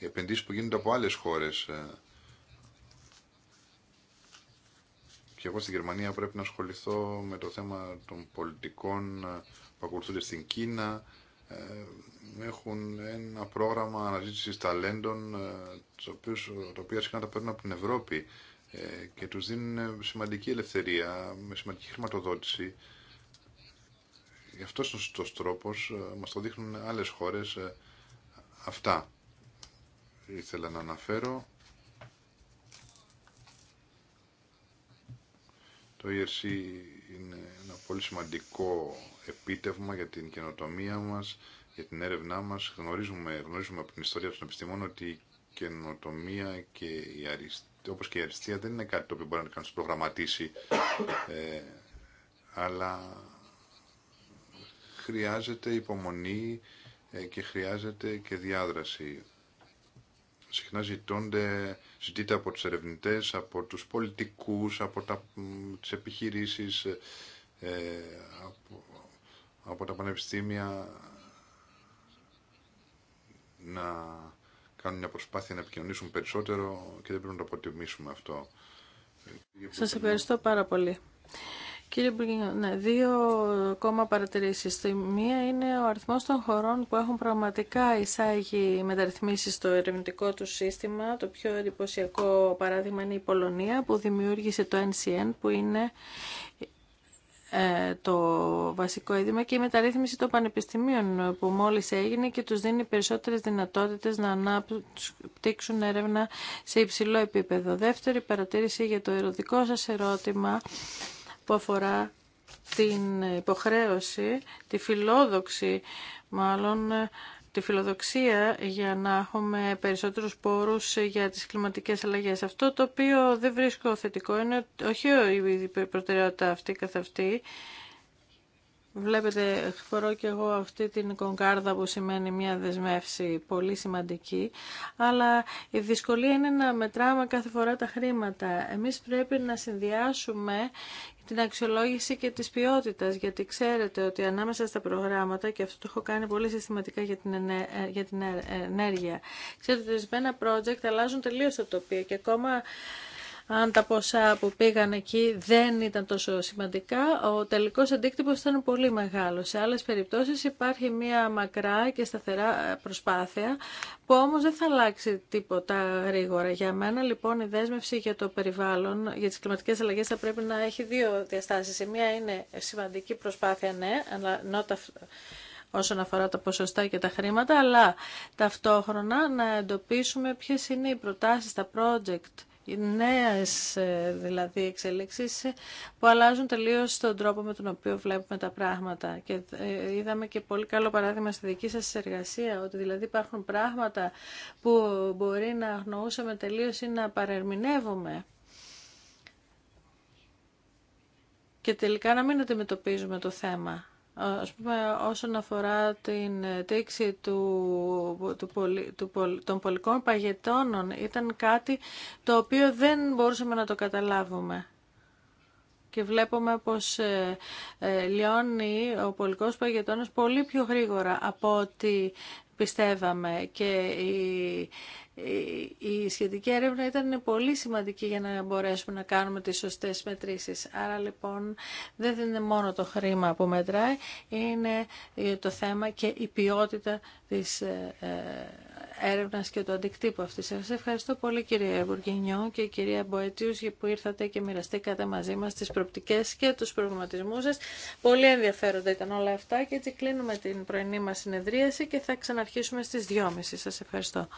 επενδύσεις που γίνονται από άλλες χώρες και εγώ στη Γερμανία πρέπει να ασχοληθώ με το θέμα των πολιτικών ε, που ακολουθούνται στην Κίνα. Ε, έχουν ένα πρόγραμμα αναζήτησης ταλέντων, ε, τα οποία συχνά τα παίρνουν από την Ευρώπη και τους δίνουν σημαντική ελευθερία, με σημαντική χρηματοδότηση. Γι' αυτό είναι ο τρόπος, μας το δείχνουν άλλες χώρες αυτά. Ήθελα να αναφέρω Το ERC είναι ένα πολύ σημαντικό επίτευγμα για την καινοτομία μας, για την έρευνά μας. Γνωρίζουμε, γνωρίζουμε από την ιστορία των επιστημών ότι η καινοτομία και η όπως και η αριστεία δεν είναι κάτι το οποίο μπορεί να κάνει προγραμματίσει ε, αλλά χρειάζεται υπομονή ε, και χρειάζεται και διάδραση συχνά ζητώνται ζητείται από τους ερευνητές, από τους πολιτικούς, από τα, τις επιχειρήσεις, ε, ε, από, από τα πανεπιστήμια να κάνουν μια προσπάθεια να επικοινωνήσουν περισσότερο και δεν πρέπει να το αποτιμήσουμε αυτό. Ε, Σας ναι. ευχαριστώ πάρα πολύ. Κύριε Μπουργκίνο, ναι, δύο ακόμα παρατηρήσεις. Η μία είναι ο αριθμός των χωρών που έχουν πραγματικά εισάγει μεταρρυθμίσεις στο ερευνητικό του σύστημα. Το πιο εντυπωσιακό παράδειγμα είναι η Πολωνία που δημιούργησε το NCN που είναι ε, το βασικό έδημα και η μεταρρύθμιση των πανεπιστημίων που μόλις έγινε και τους δίνει περισσότερες δυνατότητες να αναπτύξουν έρευνα σε υψηλό επίπεδο. Δεύτερη παρατήρηση για το ερωτικό σα ερώτημα που αφορά την υποχρέωση, τη φιλόδοξη μάλλον, τη φιλοδοξία για να έχουμε περισσότερους πόρους για τις κλιματικές αλλαγές. Αυτό το οποίο δεν βρίσκω θετικό είναι όχι η προτεραιότητα αυτή καθ' αυτή, Βλέπετε, φορώ και εγώ αυτή την κονκάρδα που σημαίνει μια δεσμεύση πολύ σημαντική, αλλά η δυσκολία είναι να μετράμε κάθε φορά τα χρήματα. Εμείς πρέπει να συνδυάσουμε την αξιολόγηση και της ποιότητας, γιατί ξέρετε ότι ανάμεσα στα προγράμματα, και αυτό το έχω κάνει πολύ συστηματικά για την, ε, για την ε, ε, ενέργεια, ξέρετε ότι ορισμένα project αλλάζουν τελείως τα τοπία και ακόμα αν τα ποσά που πήγαν εκεί δεν ήταν τόσο σημαντικά, ο τελικός αντίκτυπος ήταν πολύ μεγάλος. Σε άλλες περιπτώσεις υπάρχει μια μακρά και σταθερά προσπάθεια που όμως δεν θα αλλάξει τίποτα γρήγορα. Για μένα λοιπόν η δέσμευση για το περιβάλλον, για τις κλιματικές αλλαγές θα πρέπει να έχει δύο διαστάσεις. Η μία είναι σημαντική προσπάθεια, ναι, αλλά όσον αφορά τα ποσοστά και τα χρήματα, αλλά ταυτόχρονα να εντοπίσουμε ποιες είναι οι προτάσεις, τα project, νέες ε, δηλαδή εξελίξεις ε, που αλλάζουν τελείως τον τρόπο με τον οποίο βλέπουμε τα πράγματα. Και ε, είδαμε και πολύ καλό παράδειγμα στη δική σας εργασία, ότι δηλαδή υπάρχουν πράγματα που μπορεί να αγνοούσαμε τελείως ή να παρερμηνεύουμε. Και τελικά να μην αντιμετωπίζουμε το θέμα. Ας πούμε, όσον αφορά την ε, τήξη του, των πολικών παγετώνων, ήταν κάτι το οποίο δεν μπορούσαμε να το καταλάβουμε. Και βλέπουμε πως ε, ε, λιώνει ο πολικός παγετώνος πολύ πιο γρήγορα από ότι πιστεύαμε και η, η, η σχετική έρευνα ήταν πολύ σημαντική για να μπορέσουμε να κάνουμε τις σωστές μετρήσεις. Άρα λοιπόν δεν είναι μόνο το χρήμα που μετράει, είναι το θέμα και η ποιότητα της ε, ε, έρευνας και το αντικτύπου αυτής. Σας ευχαριστώ πολύ κύριε Βουργινιό και κυρία Μποετίους που ήρθατε και μοιραστήκατε μαζί μας τις προπτικές και τους προβληματισμούς σας. Πολύ ενδιαφέροντα ήταν όλα αυτά και έτσι κλείνουμε την πρωινή μας συνεδρίαση και θα ξαναρχίσουμε στις 2.30. Σας ευχαριστώ.